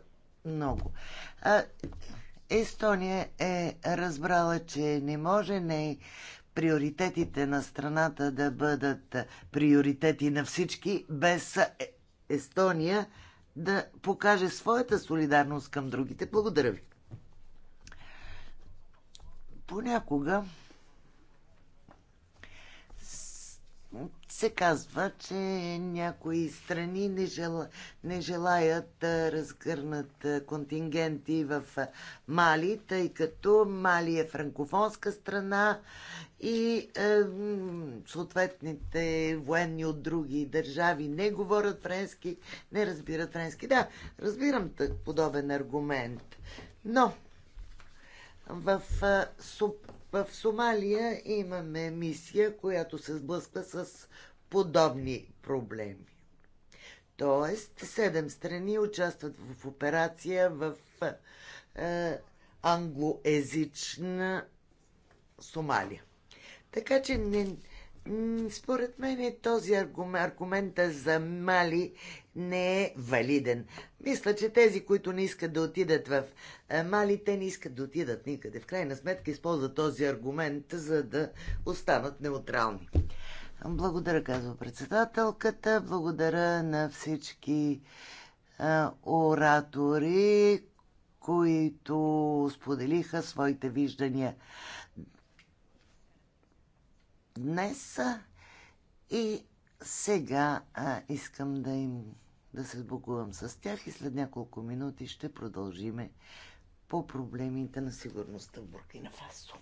много. А, Естония е разбрала, че не може не приоритетите на страната да бъдат приоритети на всички, без Естония да покаже своята солидарност към другите. Благодаря ви. Понякога се казва, че някои страни не, жела, не желаят да разгърнат контингенти в Мали, тъй като Мали е франкофонска страна и е, съответните военни от други държави не говорят френски, не разбират френски. Да, разбирам так, подобен аргумент. Но в е, в Сомалия имаме мисия, която се сблъсква с подобни проблеми. Тоест, седем страни участват в операция в е, англоезична Сомалия. Така че, не, според мен, е този аргумент, аргумента за Мали не е валиден. Мисля, че тези, които не искат да отидат в е, Мали, те не искат да отидат никъде. В крайна сметка използват този аргумент, за да останат неутрални. Благодаря, казва председателката. Благодаря на всички а, е, оратори, които споделиха своите виждания днес. И сега а, искам да им да се сбогувам с тях и след няколко минути ще продължиме по проблемите на сигурността в Буркина Фасо.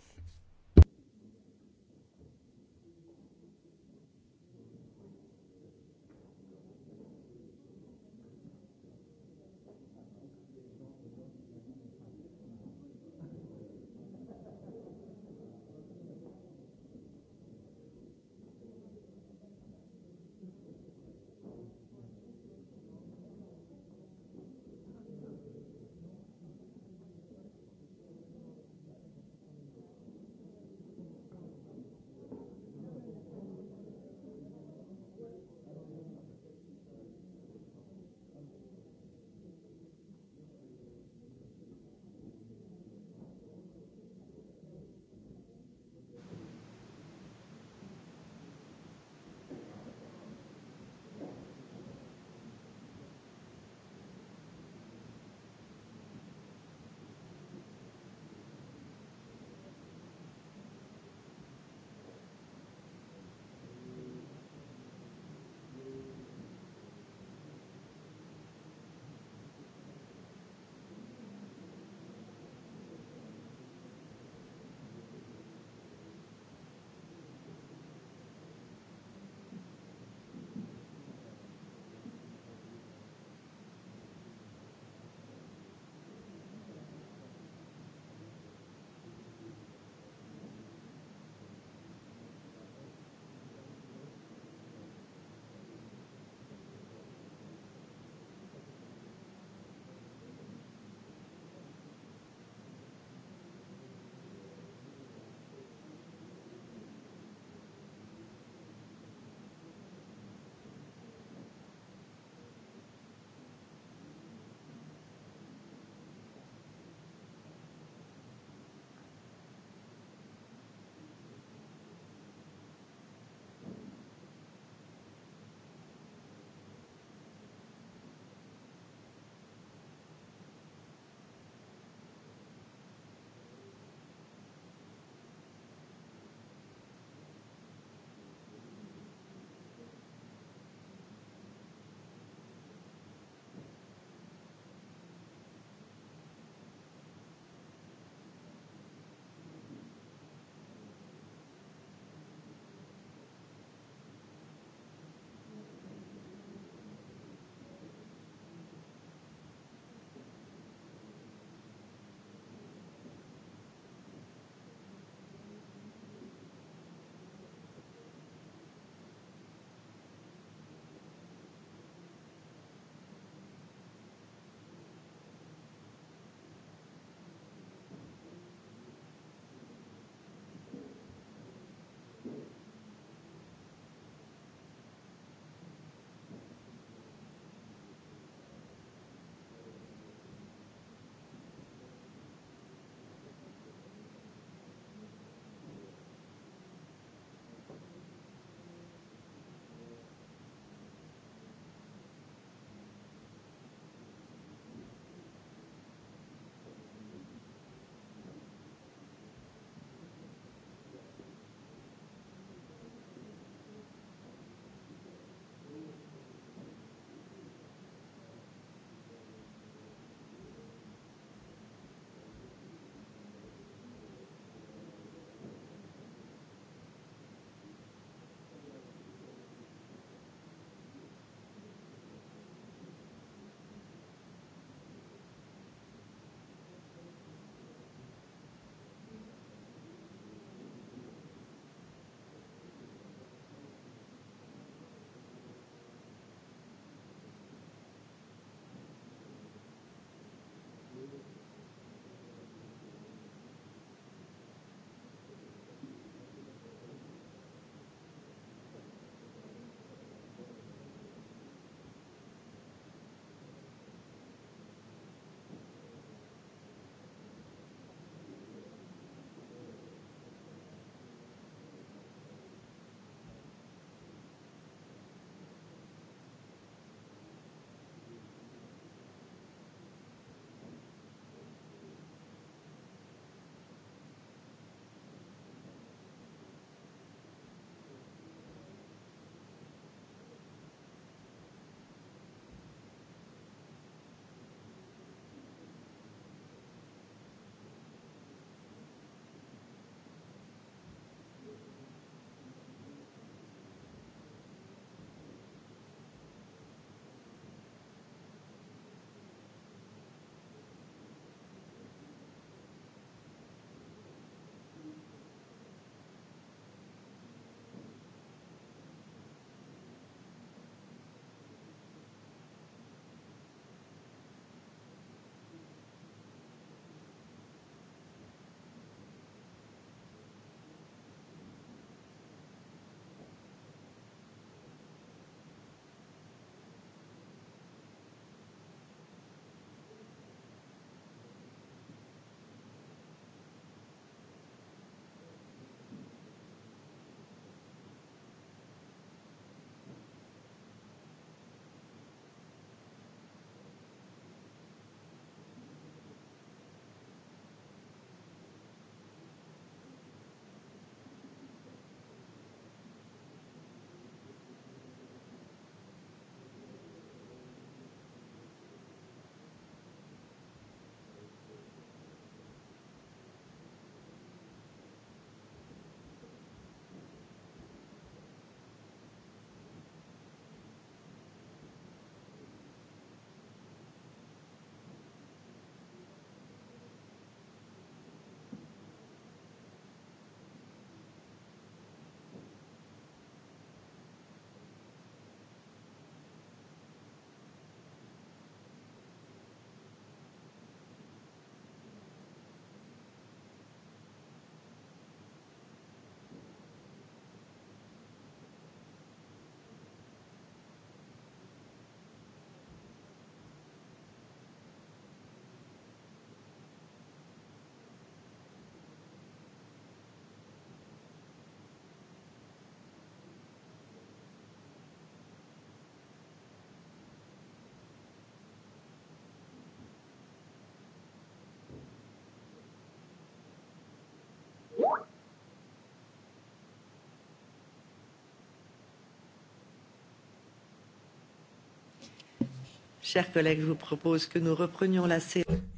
И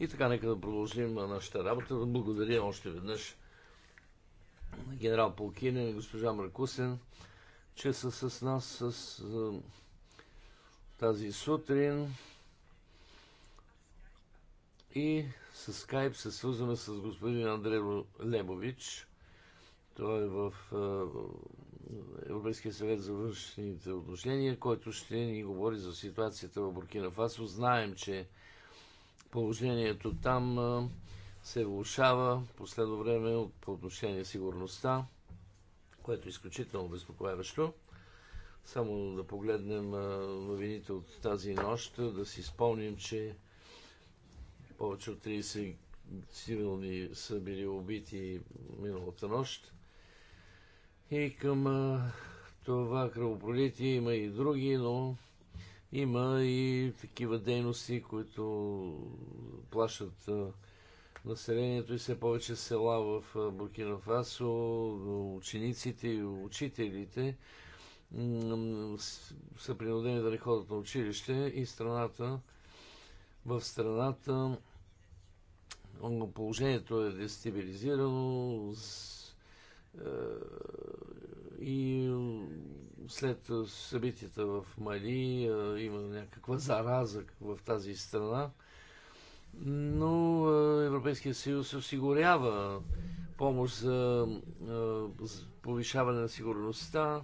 така, нека да продължим нашата работа. Да благодаря още веднъж на генерал Полкинен и госпожа Маркусен, че са с нас с е, тази сутрин и с скайп се свързваме с господин Андрей Лебович. Той е в е, Европейския съвет за външните отношения, който ще ни говори за ситуацията в Буркина Фасо. Знаем, че положението там се влушава последно време по отношение сигурността, което е изключително безпокояващо. Само да погледнем новините от тази нощ, да си спомним, че повече от 30 цивилни са били убити миналата нощ. И към това кръвопролитие има и други, но има и такива дейности, които плашат населението и все повече села в Буркина Фасо, учениците и учителите са принудени да не ходят на училище и страната в страната положението е дестабилизирано, и след събитията в Мали има някаква зараза в тази страна, но Европейския съюз осигурява помощ за повишаване на сигурността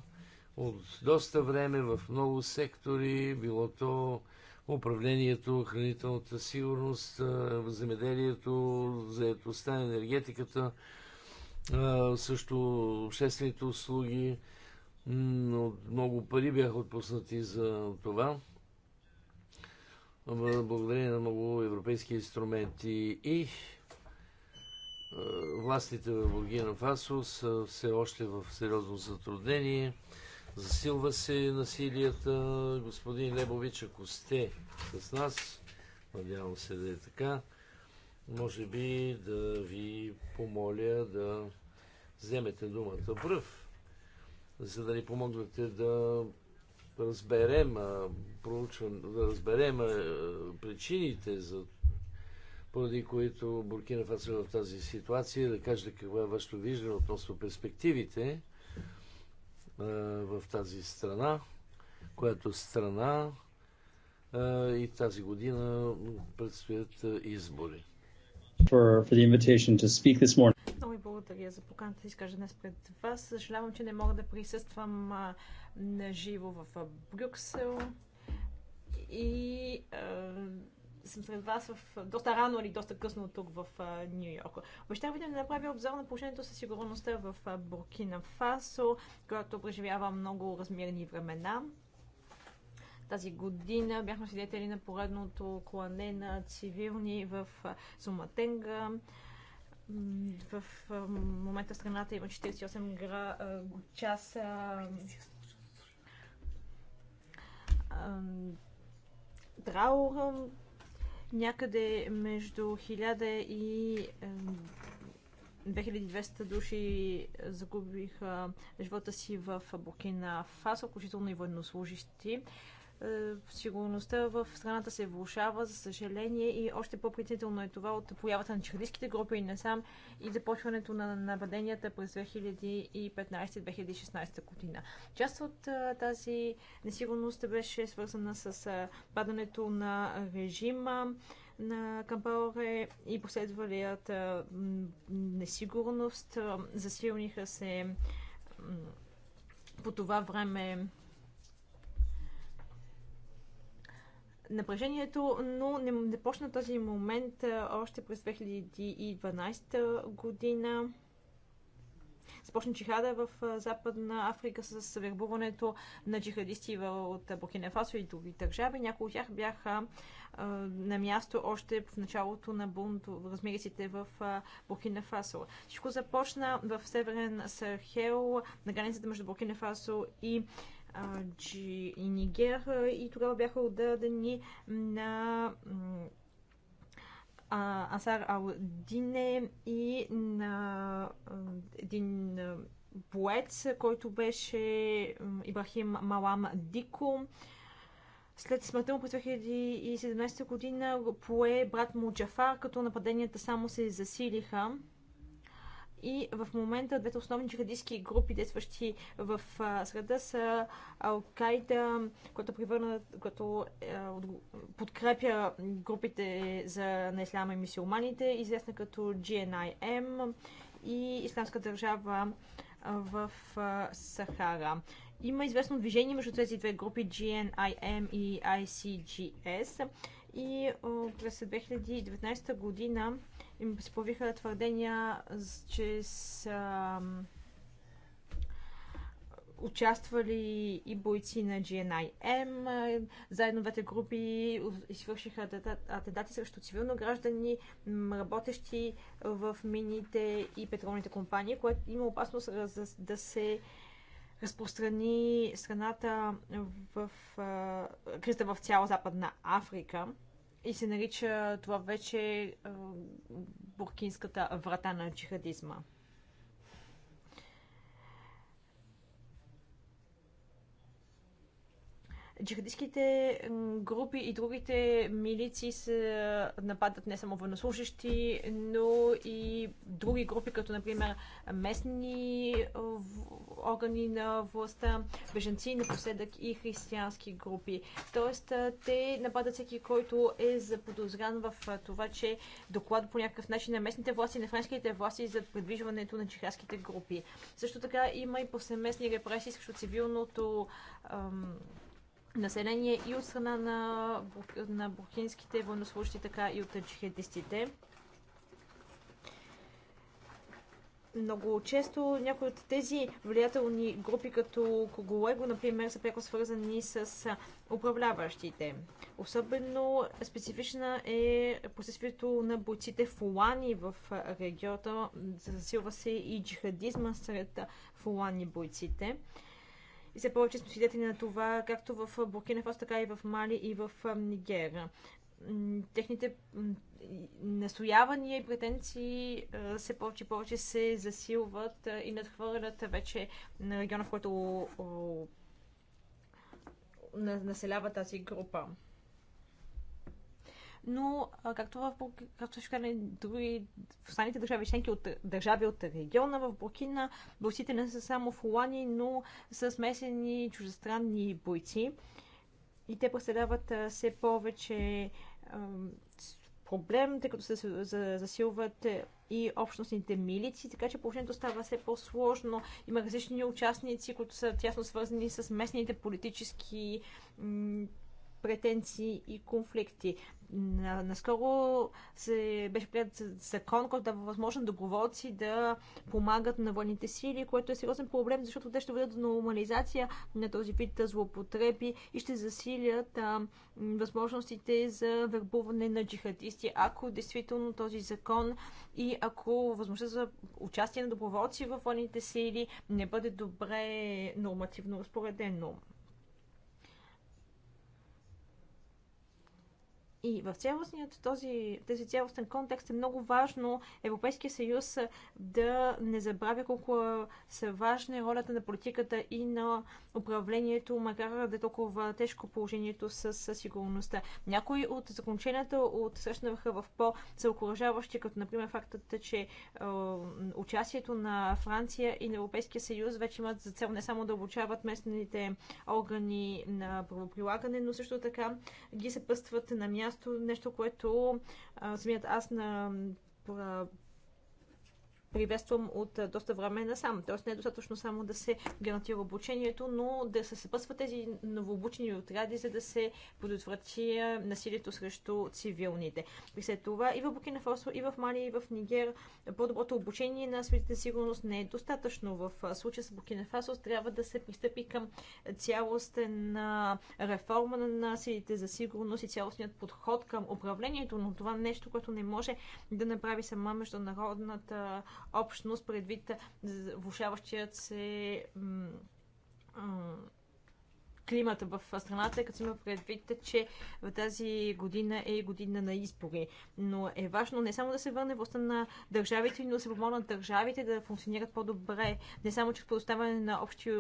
от доста време в много сектори, било то управлението, хранителната сигурност, земеделието, заедостта, енергетиката – също обществените услуги, много пари бяха отпуснати за това. Благодарение на много европейски инструменти и властите в Бургина Фасо са все още в сериозно затруднение. Засилва се насилията. Господин Лебович, ако сте с нас, надявам се да е така, може би да ви помоля да вземете думата пръв, за да ни помогнете да разберем, проучвам, да разберем причините, за, поради които Буркина Фасо е в тази ситуация, да кажете какво е вашето виждане относно перспективите в тази страна, която страна и тази година предстоят избори for, for the invitation to speak this morning. Много ви благодаря за поканата да изкажа днес пред вас. Съжалявам, че не мога да присъствам на живо в Брюксел. И а, съм сред вас в доста рано или доста късно тук в Нью Йорк. Обещах ви да направя обзор на положението със сигурността в Буркина Фасо, която преживява много размерени времена. Тази година бяхме свидетели на поредното клане на цивилни в Суматенга. В момента страната има 48 гра... часа траура някъде между 1000 и 2200 души загубиха живота си в Буркина Фасо, включително и военнослужащи. Е, сигурността в страната се влушава, за съжаление, и още по-притеснително е това от появата на чехлийските групи и сам и започването на нападенията през 2015-2016 година. Част от е, тази несигурност беше свързана с е, падането на режима на Кампалре и последвалият несигурност. Засилниха се по това време напрежението, но не, не почна този момент още през 2012 година. Започна чихада в Западна Африка с вербуването на джихадисти от Буркина Фасо и други държави. Някои от тях бяха а, на място още в началото на бунто, размериците в Буркина Фасо. Всичко започна в Северен Сахел, на границата между Буркина Фасо и Джи и Нигер и тогава бяха отдадени на Асар Алдине и на един боец, който беше Ибрахим Малам Дико. След смъртта му през 2017 година пое брат му Джафар, като нападенията само се засилиха. И в момента двете основни джихадистски групи, действащи в среда, са Ал-Кайда, която, превърна, която е, подкрепя групите за на ислама и мисиоманите, известна като GNIM и Исламска държава в Сахара. Има известно движение между тези две групи GNIM и ICGS и през 2019 година им се повиха твърдения, че са участвали и бойци на GNIM. Заедно двете групи извършиха атентати срещу цивилно граждани, работещи в мините и петролните компании, което има опасност да се разпространи страната в кризата в цяла Западна Африка и се нарича това вече буркинската врата на джихадизма. джихадистските групи и другите милиции се нападат не само военнослужащи, но и други групи, като например местни органи на властта, беженци, напоследък и християнски групи. Тоест, те нападат всеки, който е заподозран в това, че доклад по някакъв начин на местните власти, на френските власти за предвижването на джихадските групи. Също така има и повсеместни репресии срещу цивилното население и от страна на, на бурхинските военнослужащи, така и от джихадистите. много често някои от тези влиятелни групи, като Коголего, например, са пряко свързани с управляващите. Особено специфична е присъствието на бойците фулани в региона. Засилва се и джихадизма сред фулани бойците и все повече сме свидетели на това, както в Буркина Фас, така и в Мали и в Нигера. Техните настоявания и претенции все повече и повече се засилват и надхвърлят вече на региона, в който населява тази група но както в както ще кажа, други в останалите държави, членки от държави от региона, в Буркина бойците не са само фулани, но са смесени чуждестранни бойци и те представляват все повече проблем, тъй като се засилват е, и общностните милици, така че положението става все по-сложно. Има различни участници, които са тясно свързани с местните политически претенции и конфликти. Наскоро се беше прият закон, който дава възможност договорци да помагат на военните сили, което е сериозен проблем, защото те ще ведат до нормализация на този вид злоупотреби и ще засилят а, възможностите за вербуване на джихадисти, ако действително този закон и ако възможността за участие на доброволци в военните сили не бъде добре нормативно разпоредено. И в цялостният този, този цялостен контекст е много важно Европейския съюз да не забравя колко са важни ролята на политиката и на управлението, макар да е толкова тежко положението с, сигурността. Някои от заключенията от срещна в по са като например фактът, че е, участието на Франция и на Европейския съюз вече имат за цел не само да обучават местните органи на правоприлагане, но също така ги съпъстват на място място нещо, което а, самият аз на приветствам от доста време насам. Тоест не е достатъчно само да се гарантира обучението, но да се съпъсва тези новообучени отряди, за да се предотврати насилието срещу цивилните. И след това и в Букина Фосо, и в Мали, и в Нигер по-доброто обучение на силите сигурност не е достатъчно. В случая с Букина Фасо трябва да се пристъпи към цялостен реформа на насилите за сигурност и цялостният подход към управлението, но това нещо, което не може да направи сама международната общност предвид влушаващият се климата в страната, като има предвид, че в тази година е година на избори. Но е важно не само да се върне властта на държавите, но да се помогнат държавите да функционират по-добре, не само чрез предоставяне на общи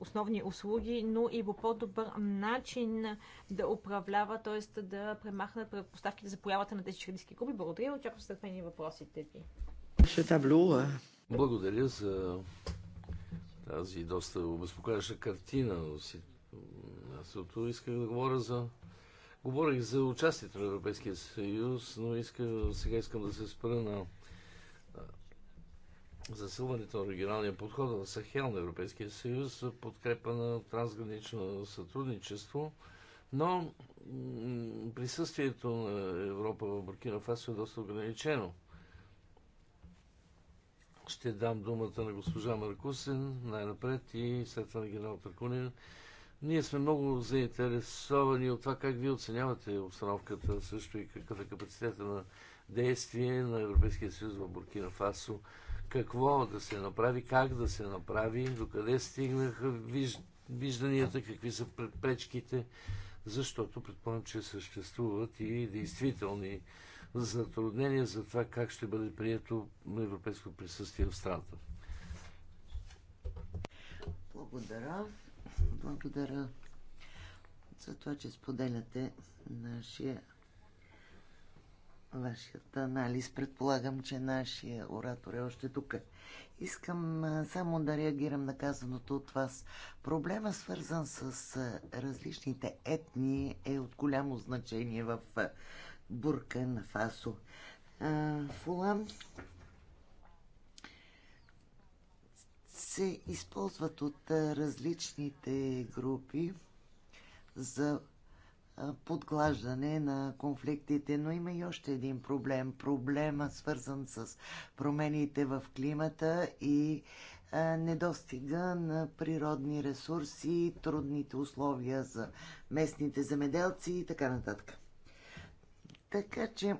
основни услуги, но и по по-добър начин да управлява, т.е. да премахнат предпоставките за появата на тези чрезки групи. Благодаря, очаквам с въпросите ви ce табло. Euh. Благодаря за тази доста обезпокояща картина. Аз исках да говоря за... Говорих за участието на Европейския съюз, но иска, сега искам да се спра на засилването на оригиналния подход в Сахел на Европейския съюз за подкрепа на трансгранично сътрудничество, но присъствието на Европа в Буркина Фасо е доста ограничено. Ще дам думата на госпожа Маркусен най-напред и след това на генерал Търкунин. Ние сме много заинтересовани от това как вие оценявате обстановката, също и какъв е капацитета на действие на Европейския съюз в Буркина Фасо. Какво да се направи, как да се направи, докъде стигнаха вижданията, какви са предпречките, защото предполагам, че съществуват и действителни затруднения за това как ще бъде прието на европейско присъствие в страната. Благодаря. Благодаря за това, че споделяте нашия вашият анализ. Предполагам, че нашия оратор е още тук. Искам само да реагирам на казаното от вас. Проблема, свързан с различните етни, е от голямо значение в Бурка на Фасо. Фулам се използват от различните групи за подглаждане на конфликтите, но има и още един проблем. Проблема свързан с промените в климата и недостига на природни ресурси, трудните условия за местните земеделци и така нататък. Така че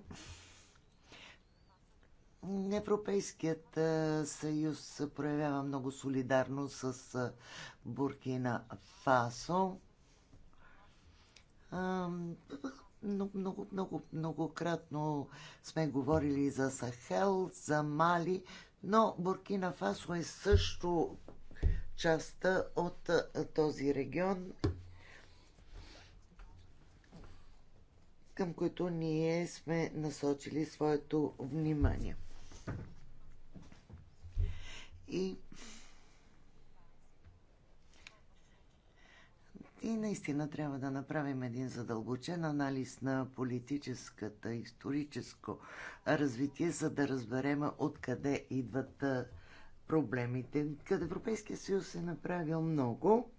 Европейският съюз проявява много солидарност с Буркина Фасо. Много, много, много, многократно сме говорили за Сахел, за Мали, но Буркина Фасо е също частта от този регион към които ние сме насочили своето внимание. И И наистина трябва да направим един задълбочен анализ на политическата, историческо развитие, за да разберем откъде идват проблемите. Къде Европейския съюз е направил много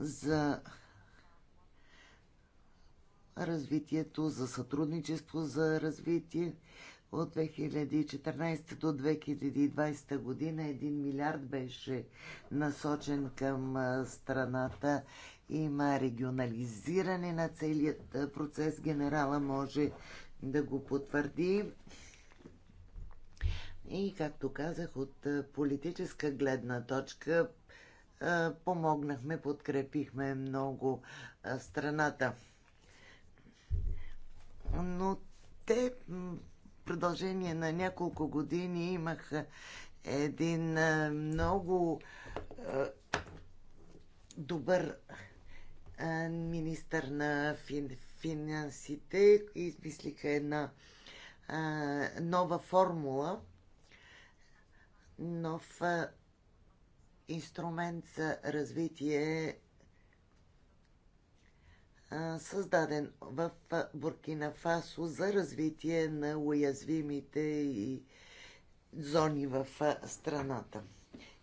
за развитието, за сътрудничество, за развитие от 2014 до 2020 година 1 милиард беше насочен към страната. Има регионализиране на целият процес. Генерала може да го потвърди. И, както казах, от политическа гледна точка помогнахме, подкрепихме много страната но те в продължение на няколко години имаха един много добър министър на финансите измислиха една нова формула, нов инструмент за развитие създаден в Буркина Фасо за развитие на уязвимите и зони в страната.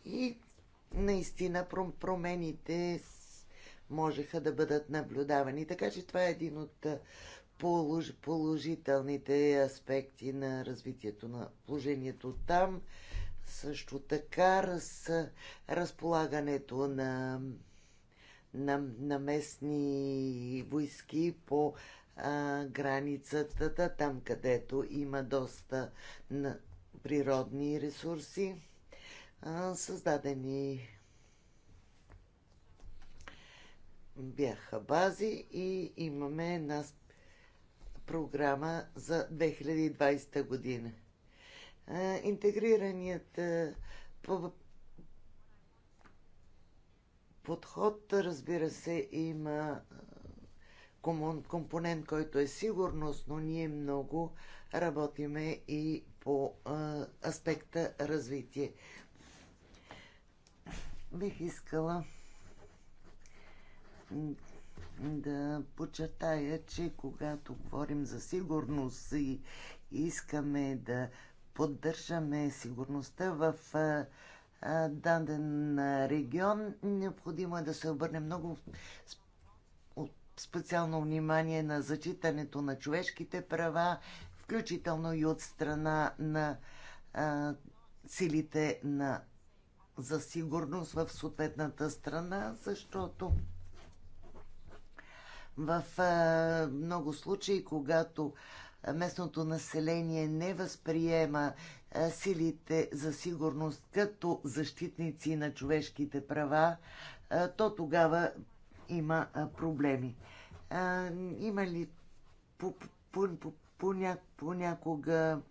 И наистина промените можеха да бъдат наблюдавани. Така че това е един от положителните аспекти на развитието на положението там. Също така раз, разполагането на на, на местни войски по а, границата, там където има доста на природни ресурси. А, създадени бяха бази и имаме една програма за 2020 година. Интегрираният подход. Разбира се, има компонент, който е сигурност, но ние много работиме и по аспекта развитие. Бих искала да подчертая, че когато говорим за сигурност и искаме да поддържаме сигурността в даден регион, необходимо е да се обърне много специално внимание на зачитането на човешките права, включително и от страна на силите на, за сигурност в съответната страна, защото в а, много случаи, когато местното население не възприема силите за сигурност като защитници на човешките права, то тогава има проблеми. Има ли понякога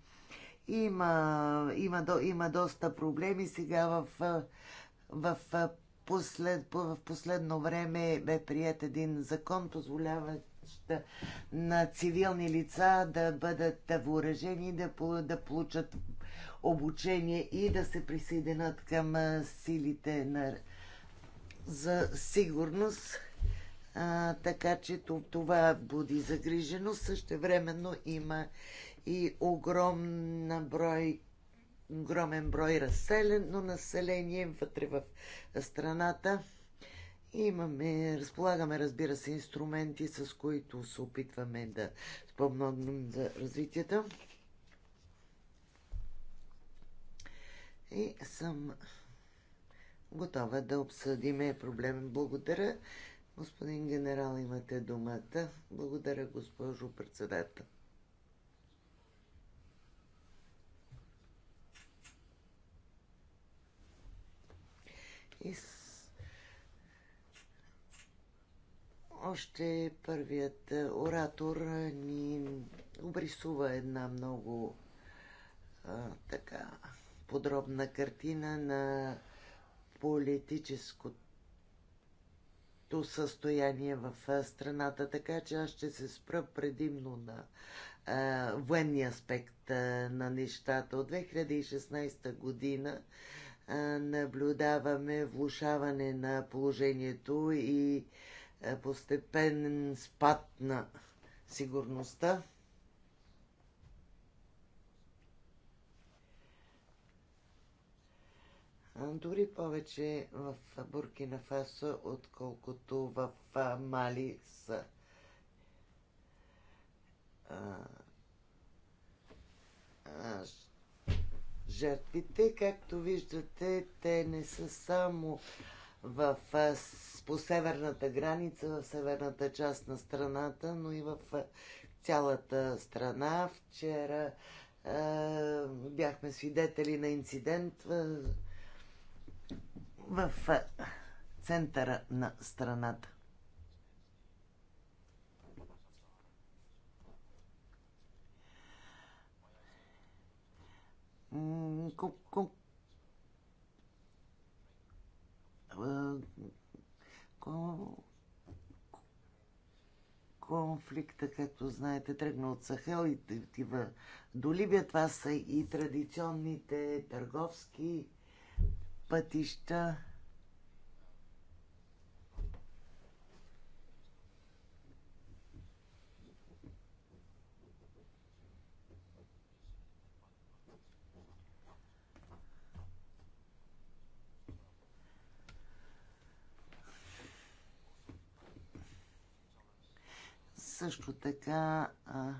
има, има, има доста проблеми сега в, в послед, в последно време бе прият един закон, позволяващ помощ на цивилни лица да бъдат въоръжени, да, да получат обучение и да се присъединят към силите на, за сигурност. А, така че това буди загрижено. времено има и огромна брой огромен брой разселено население вътре в страната. Имаме, разполагаме, разбира се, инструменти, с които се опитваме да спомогнем за развитията. И съм готова да обсъдиме проблем. Благодаря. Господин генерал, имате думата. Благодаря, госпожо председател. И Още първият е, оратор е, ни обрисува една много а, е, така подробна картина на политическото състояние в страната, така че аз ще се спра предимно на а, военния аспект а, на нещата. От 2016 година а, наблюдаваме влушаване на положението и а, е, постепенен спад на сигурността. дори повече в Буркина Фасо, отколкото в Мали са. жертвите, както виждате, те не са само в по северната граница, в северната част на страната, но и в цялата страна. Вчера е, бяхме свидетели на инцидент в, в центъра на страната. М- конфликта, както знаете, тръгна от Сахел и отива до Либия. Това са и традиционните търговски пътища. Също така а,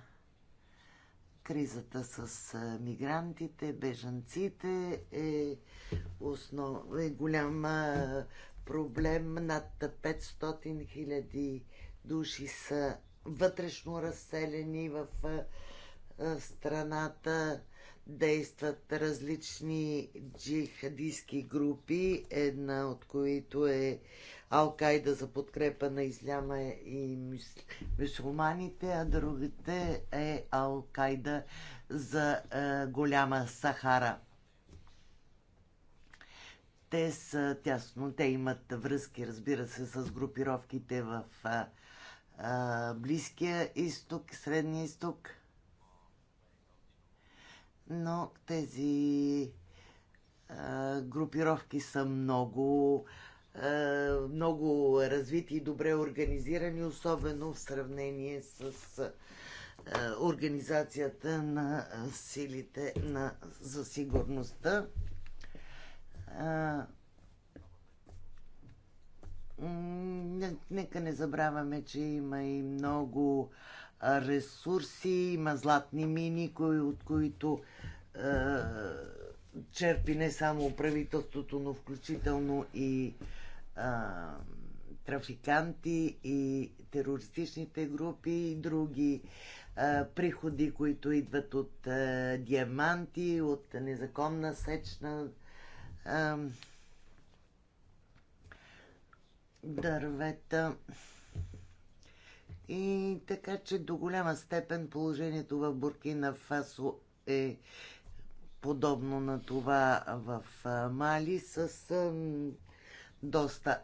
кризата с мигрантите, бежанците е, основ... е голям а, проблем. Над 500 хиляди души са вътрешно разселени в а, страната действат различни джихадистски групи, една от които е Алкайда за подкрепа на исляма и мусулманите, а другите е Алкайда за е, голяма Сахара. Те са тясно, те имат връзки, разбира се, с групировките в е, е, Близкия изток, Средния изток – но тези групировки са много, много развити и добре организирани, особено в сравнение с организацията на силите на, за сигурността. Нека не забравяме, че има и много а, ресурси, има златни мини, кои, от които е, черпи не само правителството, но включително и е, трафиканти и терористичните групи и други е, приходи, които идват от е, диаманти, от незаконна сечна Е, дървета. И така че до голяма степен положението в Буркина Фасо е подобно на това в Мали с доста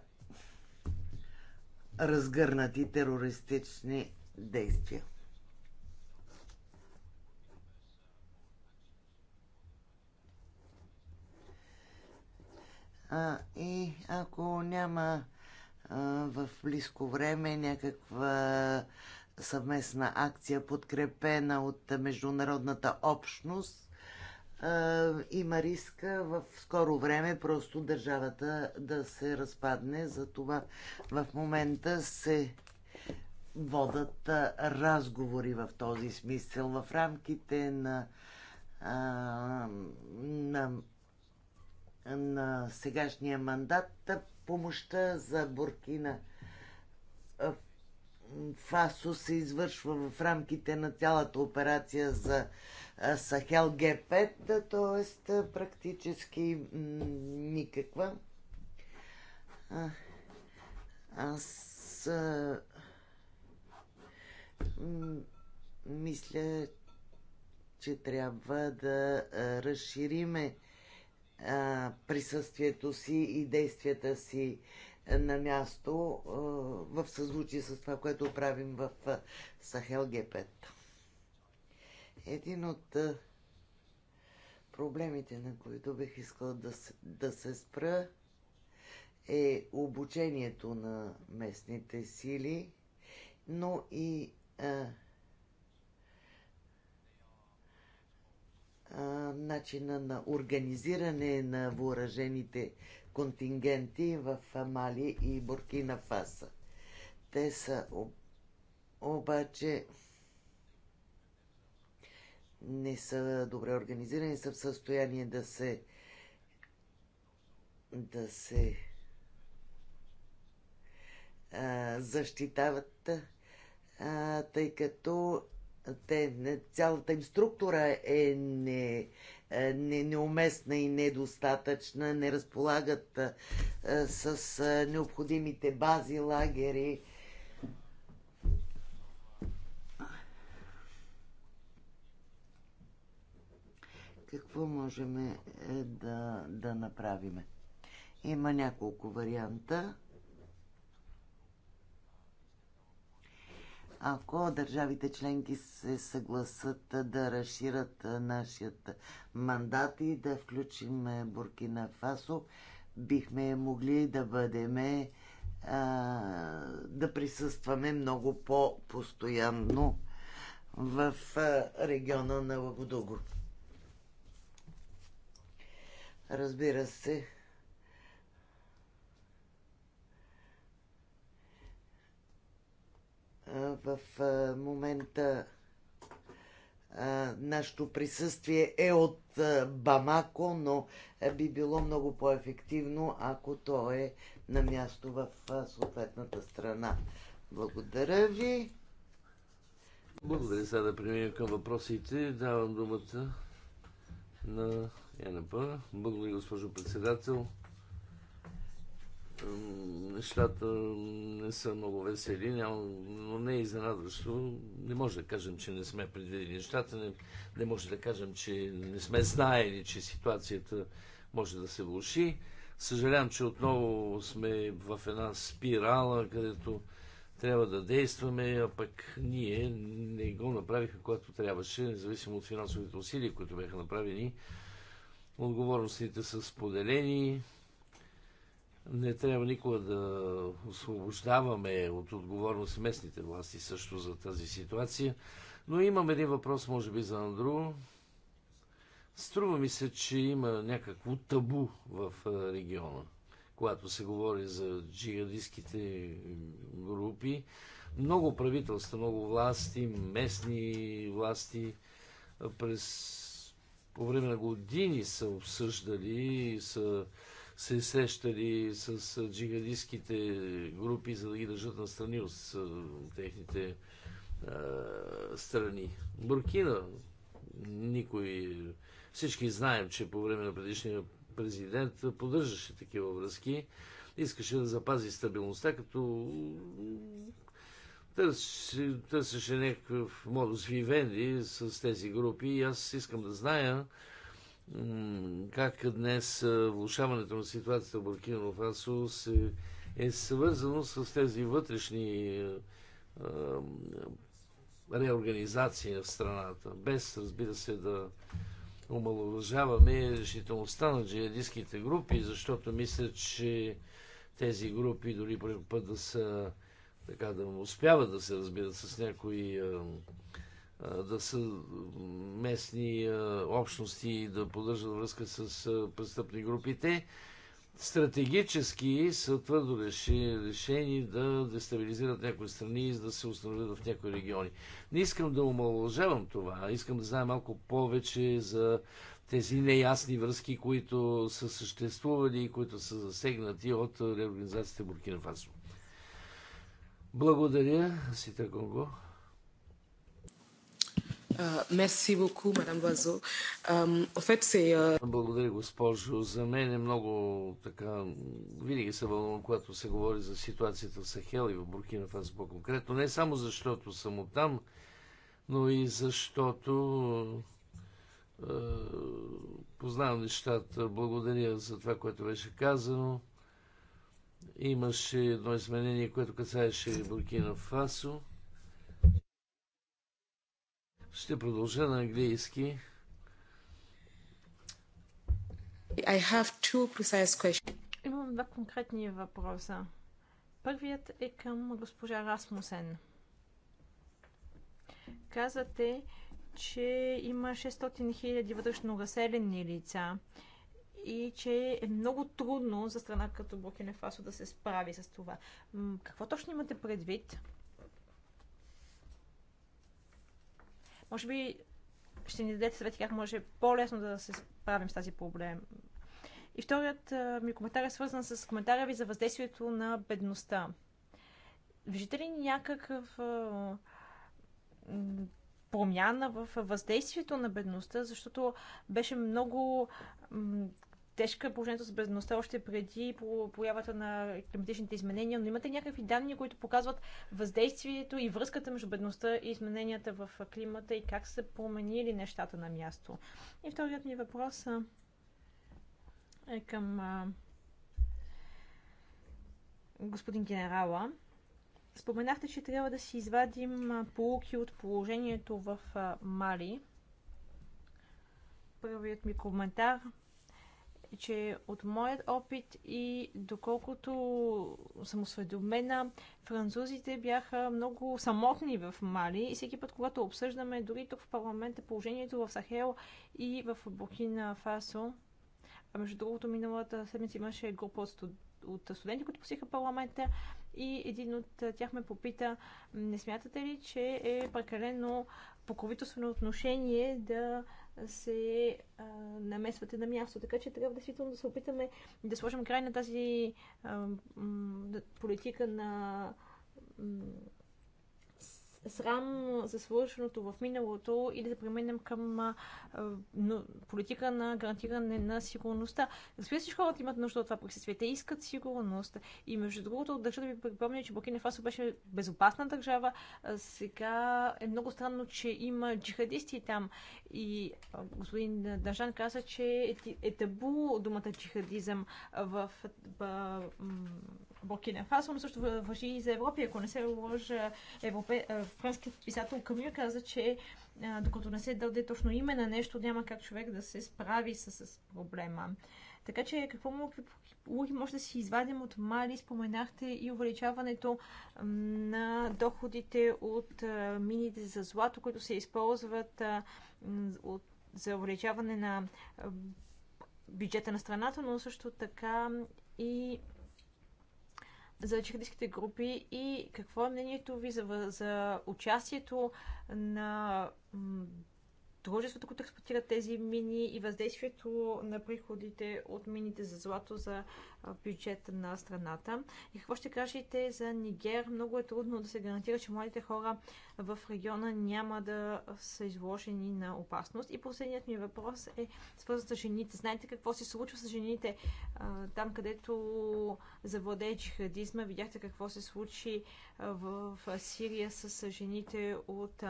разгърнати терористични действия. А, и ако няма в близко време някаква съвместна акция, подкрепена от международната общност, има риска в скоро време просто държавата да се разпадне. Затова в момента се водат разговори в този смисъл. В рамките на, на, на сегашния мандат помощта за Буркина Фасо се извършва в рамките на цялата операция за Сахел Г5, т.е. практически никаква. Аз мисля, че трябва да разшириме присъствието си и действията си на място в съзвучие с това, което правим в Сахел Г5. Един от проблемите, на които бих искала да се, да се спра, е обучението на местните сили, но и а, а, начина на организиране на въоръжените контингенти в Мали и Буркина Фаса. Те са обаче не са добре организирани, са в състояние да се да се а, защитават, а, тъй като те, цялата им структура е не, е, не, неуместна и недостатъчна, не разполагат а, е, с а, е, необходимите бази, лагери. Какво можем да, да направим? Има няколко варианта. ако държавите членки се съгласат да разширят нашият мандат и да включим Буркина Фасо, бихме могли да бъдеме да присъстваме много по-постоянно в региона на Лагодуго. Разбира се, в момента нашето присъствие е от Бамако, но би било много по-ефективно, ако то е на място в съответната страна. Благодаря ви. Благодаря. Сега да преминем към въпросите. Давам думата на ЕНП. Благодаря, госпожо председател нещата не са много весели, но не е изненадващо. Не може да кажем, че не сме предвидели нещата, не, не може да кажем, че не сме знаели, че ситуацията може да се влуши. Съжалявам, че отново сме в една спирала, където трябва да действаме, а пък ние не го направихме, когато трябваше, независимо от финансовите усилия, които бяха направени. Отговорностите са споделени, не трябва никога да освобождаваме от отговорност местните власти също за тази ситуация. Но имам един въпрос, може би, за Андро. Струва ми се, че има някакво табу в региона, когато се говори за джихадистските групи. Много правителства, много власти, местни власти през по време на години са обсъждали и са се срещали с джигадистските групи, за да ги държат на страни от техните страни. Буркина, никой, всички знаем, че по време на предишния президент поддържаше такива връзки. Искаше да запази стабилността, като търсеше, търсеше някакъв модус вивенди с тези групи и аз искам да зная как днес влушаването на ситуацията в Буркино Фасо се е свързано с тези вътрешни реорганизации в страната, без, разбира се, да омалуважаваме решителността на джиадистските групи, защото мисля, че тези групи дори път да са така да успяват да се разбират с някои да са местни общности, и да поддържат връзка с престъпни групите, стратегически са твърдо решени да дестабилизират някои страни и да се установят в някои региони. Не искам да омалважавам това, искам да знае малко повече за тези неясни връзки, които са съществували и които са засегнати от реорганизацията Буркина Фасо. Благодаря, Сита Конго. Мерси боку, мадам Благодаря, госпожо. За мен е много така... Винаги се вълнувам, когато се говори за ситуацията в Сахел и в Буркина Фасо по-конкретно. Не само защото съм от там, но и защото е, познавам нещата. Благодаря за това, което беше казано. Имаше едно изменение, което касаеше Буркина Фасо. Ще продължа на английски. I have two precise questions. Имам два конкретни въпроса. Първият е към госпожа Расмусен. Казвате, че има 600 000 вътрешно разселени лица и че е много трудно за страна като Буркина Фасо да се справи с това. Какво точно имате предвид? Може би ще ни дадете съвети как може по-лесно да се справим с тази проблем. И вторият ми коментар е свързан с коментара ви за въздействието на бедността. Виждате ли някакъв промяна в въздействието на бедността, защото беше много тежка е положението с бедността още преди появата на климатичните изменения, но имате някакви данни, които показват въздействието и връзката между бедността и измененията в климата и как са променили нещата на място. И вторият ми въпрос е към господин генерала. Споменахте, че трябва да си извадим полуки от положението в Мали. Първият ми коментар че от моят опит и доколкото съм осведомена, французите бяха много самотни в Мали и всеки път, когато обсъждаме дори тук в парламента положението в Сахел и в Бухина Фасо, а между другото миналата седмица имаше група от, студ... от студенти, които посиха парламента и един от тях ме попита, не смятате ли, че е прекалено покровителствено отношение да се а, намесвате на място. Така че трябва действително да се опитаме да сложим край на тази а, политика на срам за свършеното в миналото или да преминем към а, но, политика на гарантиране на сигурността. Разбира се, хората имат нужда от това присъствие. Те искат сигурност. И между другото, държа да ви припомня, че Буркина Фасо беше безопасна държава. А сега е много странно, че има джихадисти там. И а, господин Държан каза, че е, е табу думата джихадизъм в, в, в Буркина Фасо, но също въжи и за Европа. Ако не се лъжа, европе... Е, френският писател Камю каза, че е, докато не се даде точно име на нещо, няма как човек да се справи с, с проблема. Така че какво луки може да си извадим от Мали? Споменахте и увеличаването на доходите от е, мините за злато, които се използват от, за увеличаване на бюджета на страната, но също така и за чехидските групи и какво е мнението ви за, за участието на дружествата, които експлуатират тези мини и въздействието на приходите от мините за злато за бюджета на страната. И какво ще кажете за Нигер? Много е трудно да се гарантира, че младите хора в региона няма да са изложени на опасност. И последният ми въпрос е свързан с жените. Знаете какво се случва с жените там, където завладее джихадизма? Видяхте какво се случи в Сирия с жените от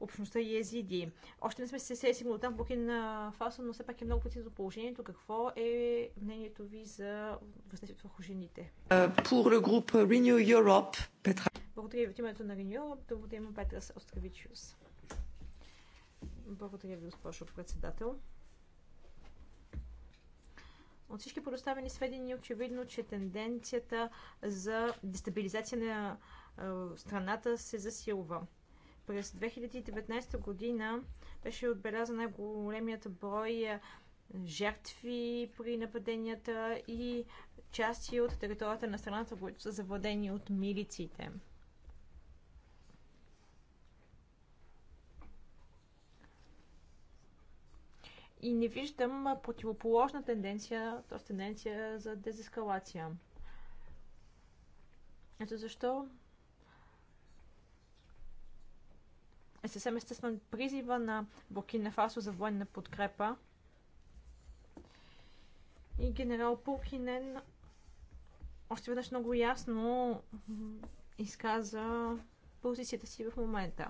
общността езиди. Още не сме се сесили от там Буркина Фасо, но все пак е много прецизно положението. Какво е мнението ви за въздействието върху жените? Е, group Renew Europe, Petra. Благодаря ви от името на Renew Europe. Добре, има Петра Остравичиус. Благодаря ви, госпожо председател. От всички предоставени сведения е очевидно, че тенденцията за дестабилизация на страната се засилва. През 2019 година беше отбелязан най-големият брой е, жертви при нападенията и части от територията на страната, които са завладени от милиците. И не виждам противоположна тенденция, т.е. тенденция за дезескалация. Ето защо е съвсем естествен призива на Буркина Фасо за военна подкрепа. И генерал Пулхинен още веднъж много ясно изказа позицията си в момента.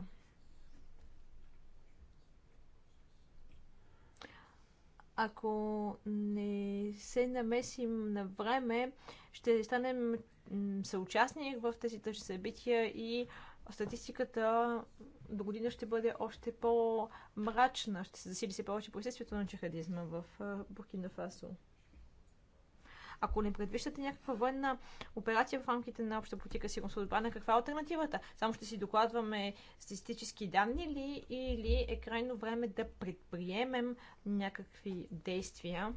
Ако не се намесим на време, ще станем съучастник в тези тъжи събития и статистиката до година ще бъде още по-мрачна, ще се засили се повече присъствието на джихадизма в Буркина Фасо. Ако не предвиждате някаква военна операция в рамките на обща политика сигурност отбрана, каква е альтернативата? Само ще си докладваме статистически данни ли или е крайно време да предприемем някакви действия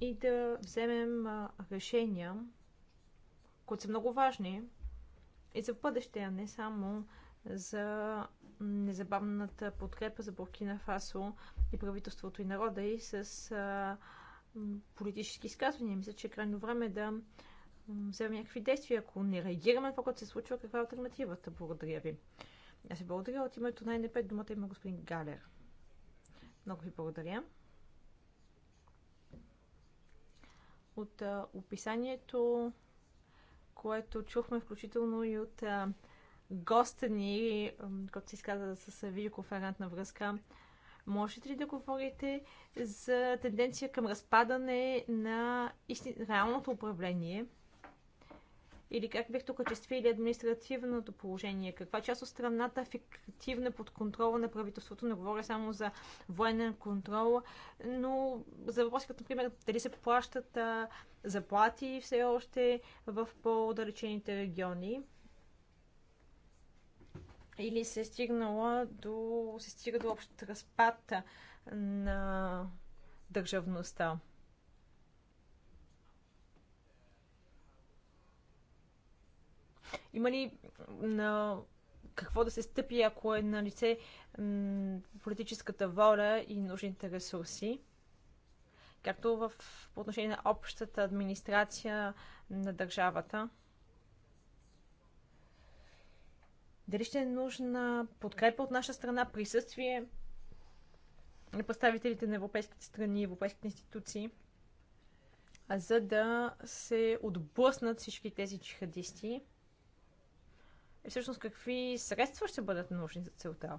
и да вземем решения, които са много важни, и за бъдеще, а не само за незабавната подкрепа за Буркина Фасо и правителството и народа и с а, политически изказвания. Мисля, че е крайно време да вземем някакви действия. Ако не реагираме на това, което се случва, каква е альтернативата? Благодаря ви. Аз ви благодаря от името на НП Думата има господин Галер. Много ви благодаря. От а, описанието което чухме включително и от а, госта ни, който се изказа с видеоконферентна връзка. Можете ли да говорите за тенденция към разпадане на истин... реалното управление или как бихте окачествили административното положение? Каква част от страната фиктивна под контрола на правителството? Не говоря само за военен контрол, но за въпроси като, например, дали се плащат а, заплати все още в по-далечените региони? Или се е стигнала до, се стига до общ разпад на държавността? Има ли на какво да се стъпи, ако е на лице политическата воля и нужните ресурси? Както в, по отношение на общата администрация на държавата. Дали ще е нужна подкрепа от наша страна, присъствие на представителите на европейските страни, европейските институции, за да се отблъснат всички тези джихадисти? и всъщност какви средства ще бъдат нужни за целта.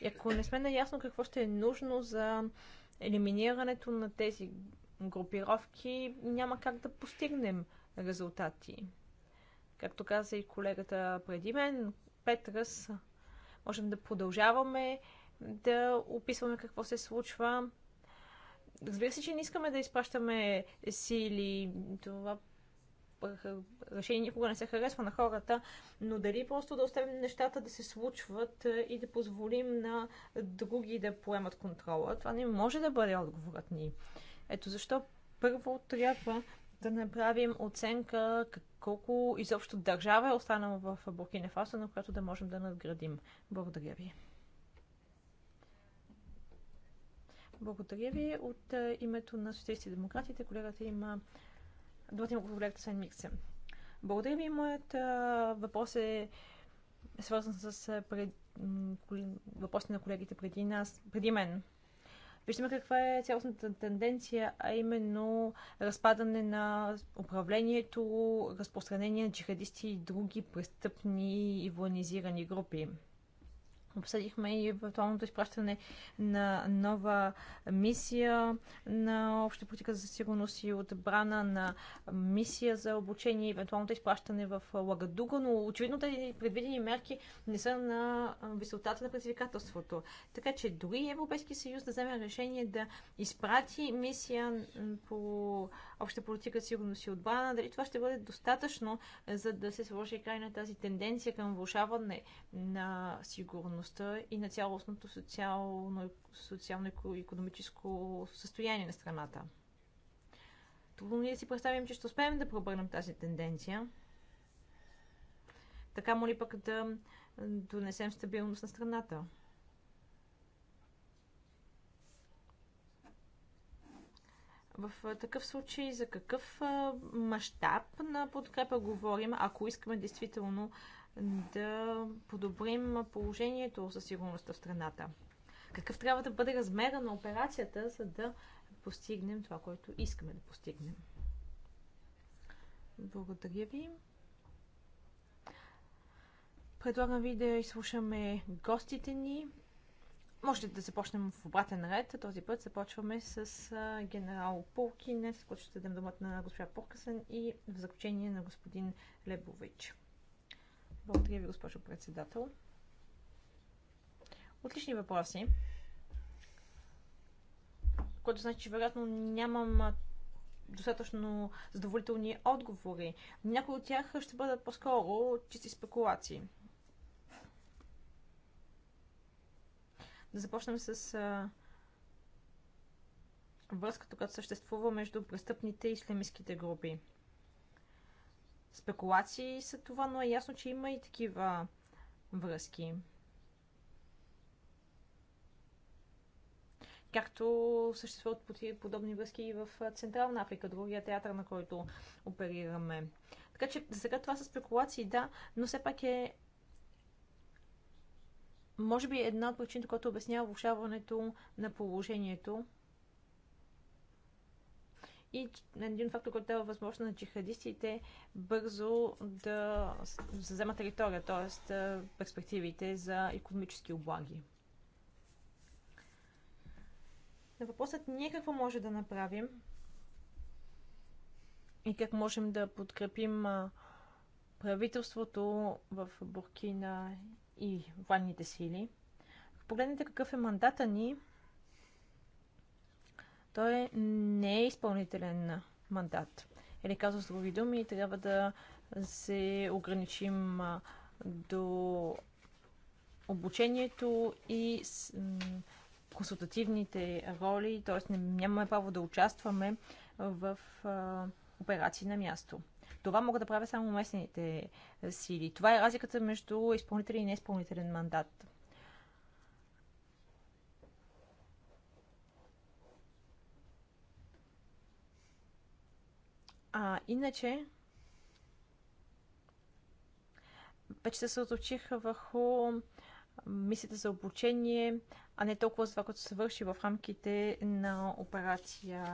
И ако не сме наясно какво ще е нужно за елиминирането на тези групировки, няма как да постигнем резултати. Както каза и колегата преди мен, Петръс, можем да продължаваме да описваме какво се случва. Разбира се, че не искаме да изпращаме сили. Това решение никога не се харесва на хората, но дали просто да оставим нещата да се случват и да позволим на други да поемат контрола, това не може да бъде отговорът ни. Ето защо първо трябва да направим оценка колко изобщо държава е останала в Буркина Фасо, на която да можем да надградим. Благодаря ви. Благодаря ви. От е, името на социалисти демократите колегата има Думата има колегата Сен Миксен. Благодаря ви. Моят е, въпрос е свързан с е, пред... въпросите на колегите преди, нас, преди мен. Виждаме каква е цялостната тенденция, а именно разпадане на управлението, разпространение на джихадисти и други престъпни и военизирани групи. Обсъдихме и евентуалното изпращане на нова мисия на обща политика за сигурност и отбрана, на мисия за обучение, евентуалното изпращане в Лагадуга, но очевидно тези предвидени мерки не са на висотата на предизвикателството. Така че дори Европейски съюз да вземе решение да изпрати мисия по обща политика сигурност и отбрана, дали това ще бъде достатъчно, е, за да се сложи край на тази тенденция към влушаване на сигурността и на цялостното социално, социално-економическо състояние на страната. Трудно ли е да си представим, че ще успеем да пробърнем тази тенденция? Така моли пък да донесем стабилност на страната? В такъв случай за какъв мащаб на подкрепа говорим, ако искаме действително да подобрим положението със сигурността в страната? Какъв трябва да бъде размера на операцията, за да постигнем това, което искаме да постигнем? Благодаря ви. Предлагам ви да изслушаме гостите ни може да започнем в обратен ред. Този път започваме с генерал Полкин, с който ще дадем думата на госпожа Поркасен и в заключение на господин Лебович. Благодаря ви, госпожо председател. Отлични въпроси. Което значи, че вероятно нямам достатъчно задоволителни отговори. Някои от тях ще бъдат по-скоро чисти спекулации. Да започнем с а, връзката, която съществува между престъпните и ислямистските групи. Спекулации са това, но е ясно, че има и такива връзки. както съществуват подобни връзки и в Централна Африка, другия театър, на който оперираме. Така че за сега това са спекулации, да, но все пак е може би е една от причините, която обяснява влушаването на положението и един фактор, който дава възможност на джихадистите бързо да вземат територия, т.е. перспективите за економически облаги. На въпросът ние какво може да направим и как можем да подкрепим правителството в Буркина и военните сили. Ако погледнете какъв е мандата ни, той не е изпълнителен мандат. Или казвам с други думи, трябва да се ограничим до обучението и консултативните роли, т.е. нямаме право да участваме в операции на място. Това могат да правят само местните сили. Това е разликата между изпълнителен и неизпълнителен мандат. А иначе, вече се съоточих върху мисията за обучение, а не толкова за това, което се върши в рамките на операция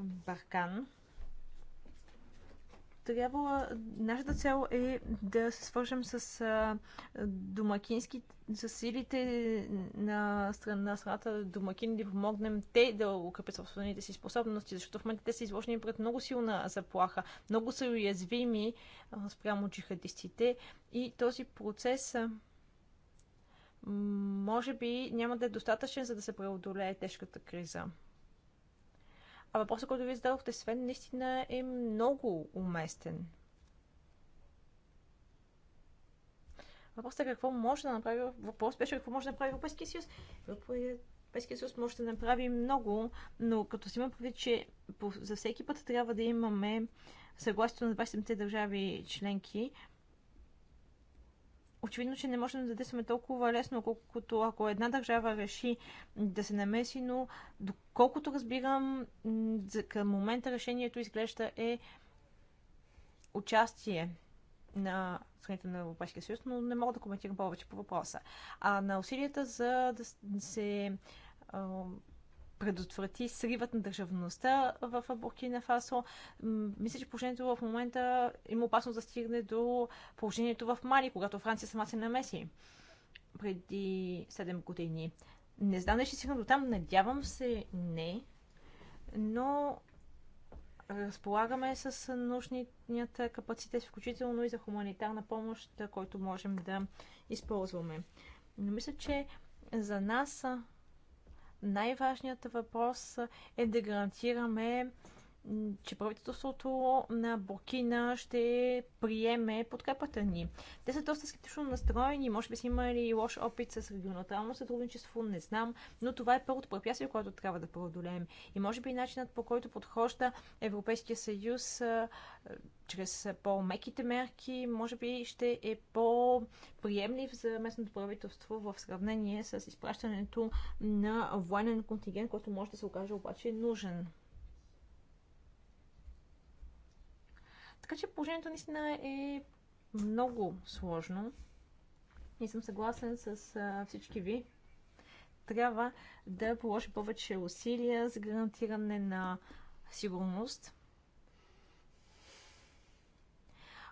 Баркан трябвало. нашата цел е да се свържем с домакински, с силите на страна, страната домакин, да помогнем те да укрепят собствените си способности, защото в момента те са изложени пред много силна заплаха, много са уязвими спрямо джихадистите и този процес може би няма да е достатъчен, за да се преодолее тежката криза. А въпросът, който вие зададохте, Свен, наистина е много уместен. Въпросът е какво може да направи, въпрос беше какво може да направи Европейския съюз. Европейския съюз може да направи много, но като си има предвид, че за всеки път трябва да имаме съгласието на 27-те държави членки, очевидно, че не можем да задействаме толкова лесно, колкото ако една държава реши да се намеси, но доколкото разбирам, към момента решението изглежда е участие на страните на Европейския съюз, но не мога да коментирам повече по въпроса. А на усилията за да се предотврати сривът на държавността в Буркина Фасо. Мисля, че положението в момента има опасност да стигне до положението в Мали, когато Франция сама се намеси преди 7 години. Не знам дали ще стигна до там, надявам се не, но разполагаме с нужният капацитет, включително и за хуманитарна помощ, който можем да използваме. Но мисля, че за нас най-важният въпрос е да гарантираме че правителството на Буркина ще приеме подкрепата ни. Те са доста скептично настроени, може би са имали лош опит с регионално сътрудничество, не знам, но това е първото препятствие, което трябва да преодолеем. И може би начинът по който подхожда Европейския съюз чрез по-меките мерки, може би ще е по-приемлив за местното правителство в сравнение с изпращането на военен контингент, който може да се окаже обаче нужен. Така че положението наистина е много сложно. И съм съгласен с а, всички ви. Трябва да положи повече усилия за гарантиране на сигурност.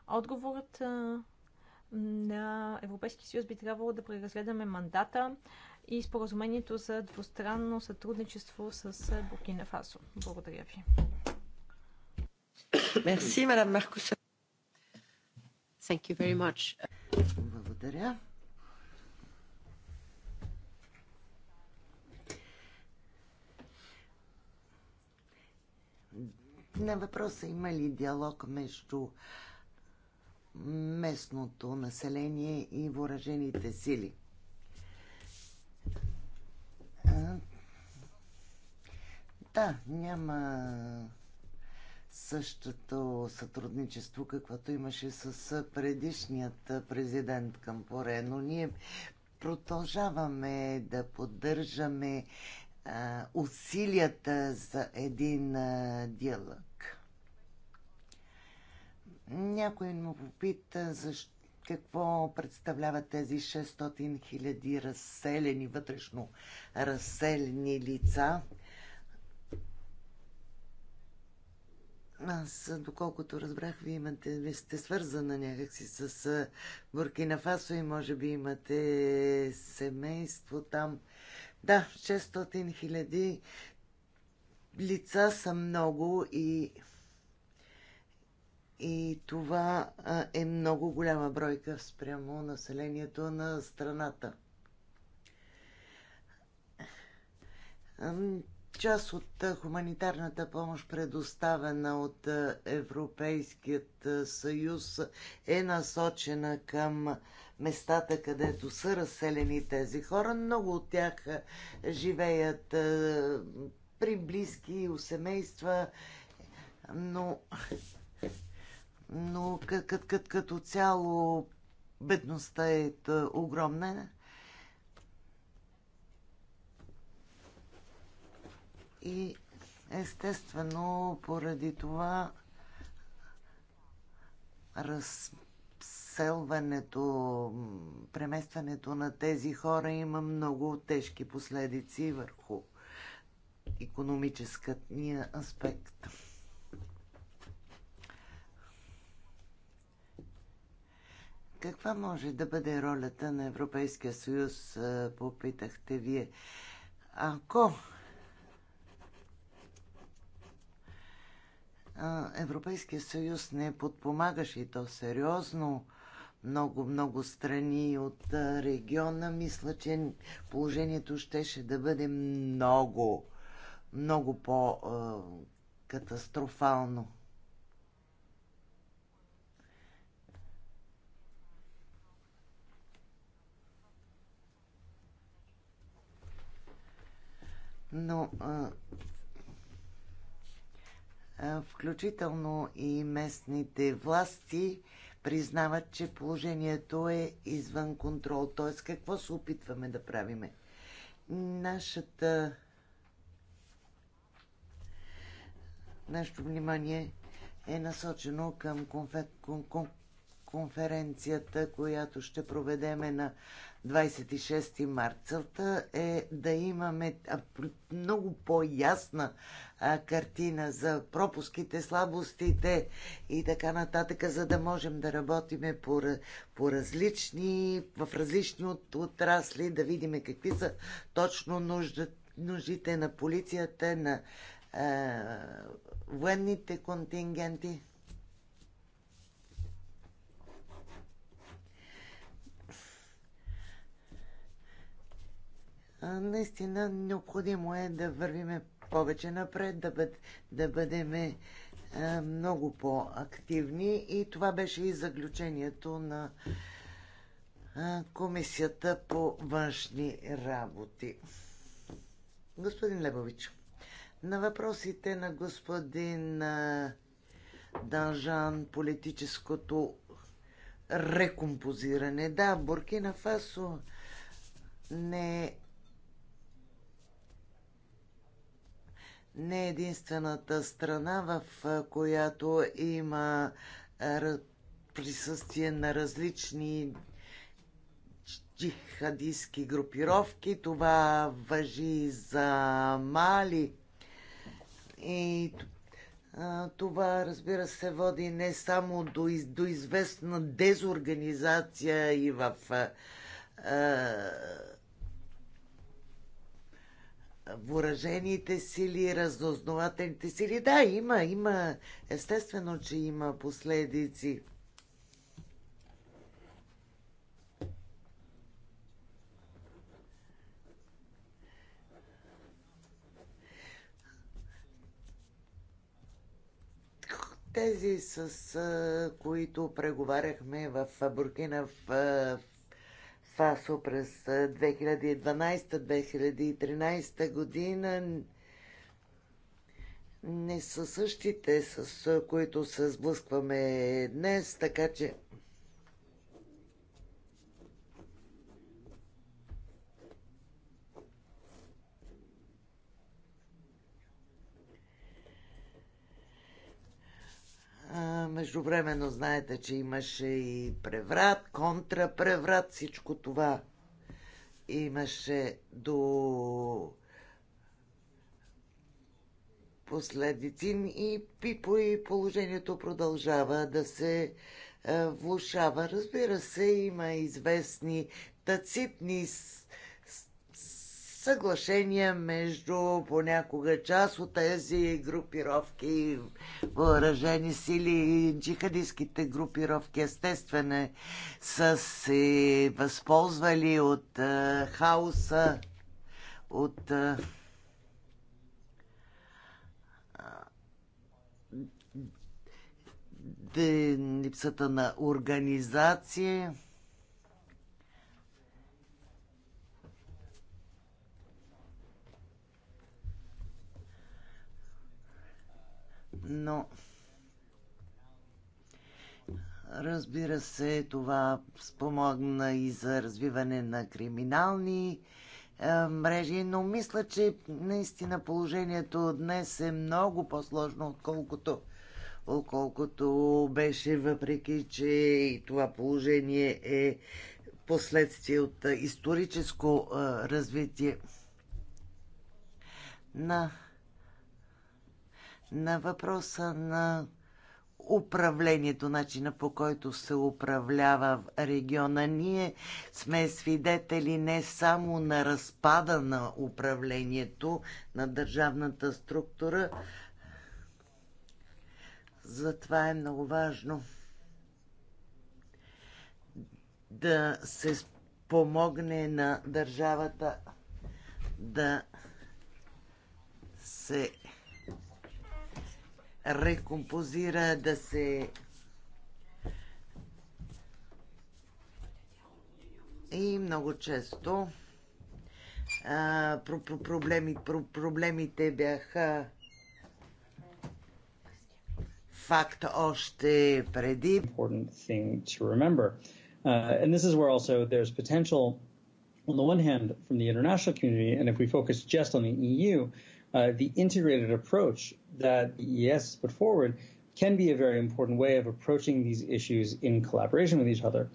Отговорът а, на Европейския съюз би трябвало да преразгледаме мандата и споразумението за двустранно сътрудничество с Буркина Фасо. Благодаря ви. Мерси, мадам Маркуса. Thank you very much. Благодаря. На въпроса има ли диалог между местното население и въоръжените сили? Да, няма същото сътрудничество, каквото имаше с предишният президент Кампоре, но ние продължаваме да поддържаме а, усилията за един а, диалог. Някой му попита защо какво представляват тези 600 хиляди разселени, вътрешно разселени лица. Аз, доколкото разбрах, вие, имате, вие сте свързана някакси с Буркина Фасо и може би имате семейство там. Да, 600 хиляди лица са много и, и това е много голяма бройка спрямо населението на страната част от хуманитарната помощ, предоставена от Европейският съюз, е насочена към местата, където са разселени тези хора. Много от тях живеят при близки у семейства, но, но като, като цяло бедността е огромна И естествено, поради това разселването, преместването на тези хора има много тежки последици върху економическът ни аспект. Каква може да бъде ролята на Европейския съюз, е, попитахте вие. Ако Европейския съюз не подпомагаше и то сериозно много, много страни от региона, мисля, че положението щеше да бъде много, много по-катастрофално. Но включително и местните власти, признават, че положението е извън контрол. Т.е. какво се опитваме да правиме? Нашата... Нашето внимание е насочено към конфет... кон... Кон конференцията, която ще проведеме на 26 марта, Целта е да имаме много по-ясна картина за пропуските, слабостите и така нататък, за да можем да работиме по, по различни, в различни от, отрасли, да видим какви са точно нуждите, нуждите на полицията, на е, военните контингенти. наистина необходимо е да вървиме повече напред, да, бъд, да бъдем е, много по-активни и това беше и заключението на Комисията по външни работи. Господин Лебович, на въпросите на господин Данжан политическото рекомпозиране. Да, Буркина Фасо не е. не е единствената страна, в която има присъствие на различни джихадистски групировки. Това въжи за Мали. И това, разбира се, води не само до, до известна дезорганизация и в въоръжените сили, разнознавателните сили. Да, има, има. Естествено, че има последици. Тези, с които преговаряхме в Буркина в Фасо през 2012-2013 година не са същите, с които се сблъскваме днес, така че Междувременно знаете, че имаше и преврат, контрапреврат, всичко това имаше до последици и пипо и положението продължава да се влушава. Разбира се, има известни тацитни съглашения между понякога част от тези групировки, въоръжени сили и джихадистските групировки, естествено, са се възползвали от е, хаоса, от е, е липсата на организация. но разбира се, това спомогна и за развиване на криминални е, мрежи, но мисля, че наистина положението днес е много по-сложно, отколкото, отколкото беше, въпреки че и това положение е последствие от историческо е, развитие на на въпроса на управлението, начина по който се управлява в региона. Ние сме свидетели не само на разпада на управлението на държавната структура, затова е много важно да се помогне на държавата да се рекомпозира, да се и много често а, про, про, проблеми, про, проблемите бяха факт още преди. thing to remember. Uh, and this is where also there's potential on the one hand from the international community, and if we focus just on the EU, uh, the integrated approach that the ES put forward can be a very important way of approaching these issues in collaboration with each other.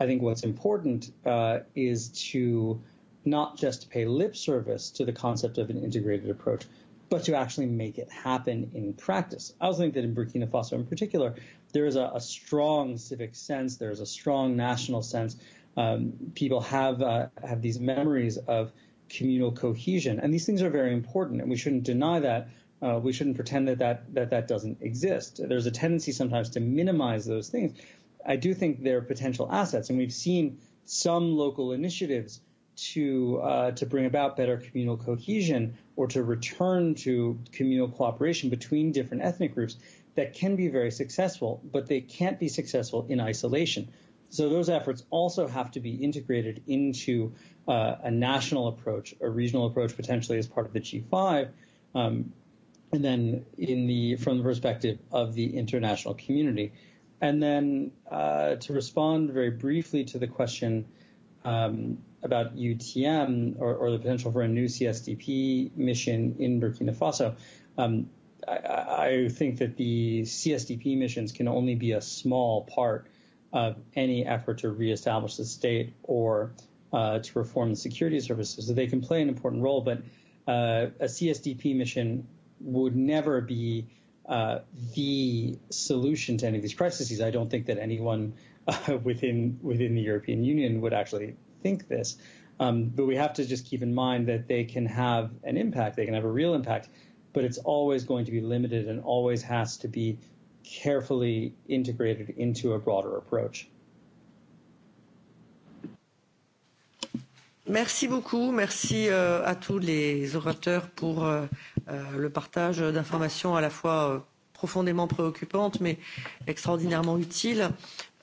I think what's important uh, is to not just pay lip service to the concept of an integrated approach, but to actually make it happen in practice. I also think that in Burkina Faso in particular, there is a, a strong civic sense, there is a strong national sense. Um, people have uh, have these memories of communal cohesion. And these things are very important, and we shouldn't deny that. Uh, we shouldn't pretend that that, that that doesn't exist. There's a tendency sometimes to minimize those things. I do think they're potential assets, and we've seen some local initiatives to uh, to bring about better communal cohesion or to return to communal cooperation between different ethnic groups that can be very successful, but they can't be successful in isolation. So those efforts also have to be integrated into uh a national approach, a regional approach, potentially as part of the G5, um, and then in the from the perspective of the international community. And then uh, to respond very briefly to the question um, about UTM or, or, the potential for a new CSDP mission in Burkina Faso, um, I, I, think that the CSDP missions can only be a small part of any effort to reestablish the state or uh, to reform the security services. So they can play an important role, but uh, a CSDP mission would never be uh, the solution to any of these crises. I don't think that anyone uh, within within the European Union would actually think this. Um, but we have to just keep in mind that they can have an impact. They can have a real impact, but it's always going to be limited and always has to be carefully integrated into a broader approach. Merci beaucoup. Merci à tous les orateurs pour le partage d'informations à la fois profondément préoccupantes mais extraordinairement utiles.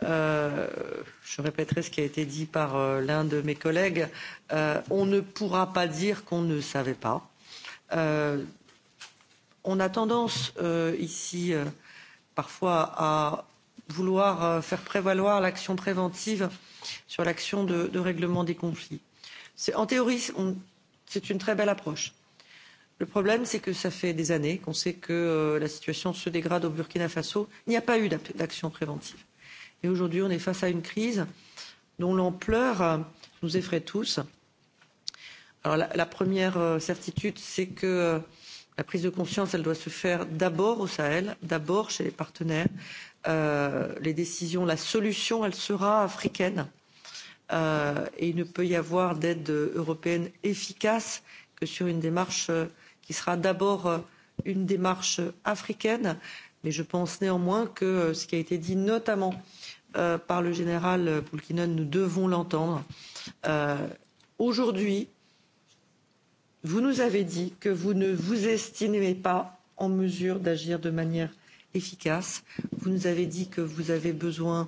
je répéterai ce qui a été dit par l'un de mes collègues. on ne pourra pas dire qu'on ne savait pas. on a tendance ici parfois à vouloir faire prévaloir l'action préventive sur l'action de, de règlement des conflits. En théorie, c'est une très belle approche. Le problème, c'est que ça fait des années qu'on sait que la situation se dégrade au Burkina Faso. Il n'y a pas eu d'action préventive. Et aujourd'hui, on est face à une crise dont l'ampleur nous effraie tous. Alors, la, la première certitude, c'est que la prise de conscience, elle doit se faire d'abord au Sahel, d'abord chez les partenaires. Euh, les décisions, la solution, elle sera africaine. Euh, et il ne peut y avoir d'aide européenne efficace que sur une démarche qui sera d'abord une démarche africaine. Mais je pense néanmoins que ce qui a été dit notamment par le général Poulkinen, nous devons l'entendre. Aujourd'hui, vous nous avez dit que vous ne vous estimez pas en mesure d'agir de manière efficace. Vous nous avez dit que vous avez besoin euh,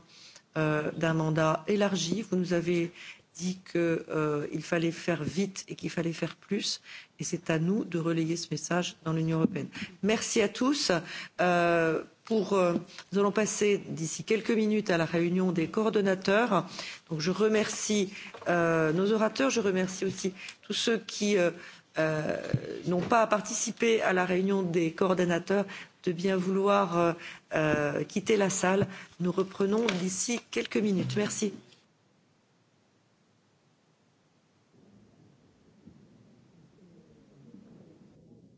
d'un mandat élargi. Vous nous avez dit qu'il euh, fallait faire vite et qu'il fallait faire plus. Et c'est à nous de relayer ce message dans l'Union européenne. Merci à tous. Euh, pour, euh, nous allons passer d'ici quelques minutes à la réunion des coordonnateurs. Donc, je remercie euh, nos orateurs. Je remercie aussi tous ceux qui. Euh, n'ont pas participé à la réunion des coordonnateurs de bien vouloir quitter la salle. Nous reprenons d'ici quelques minutes. Merci.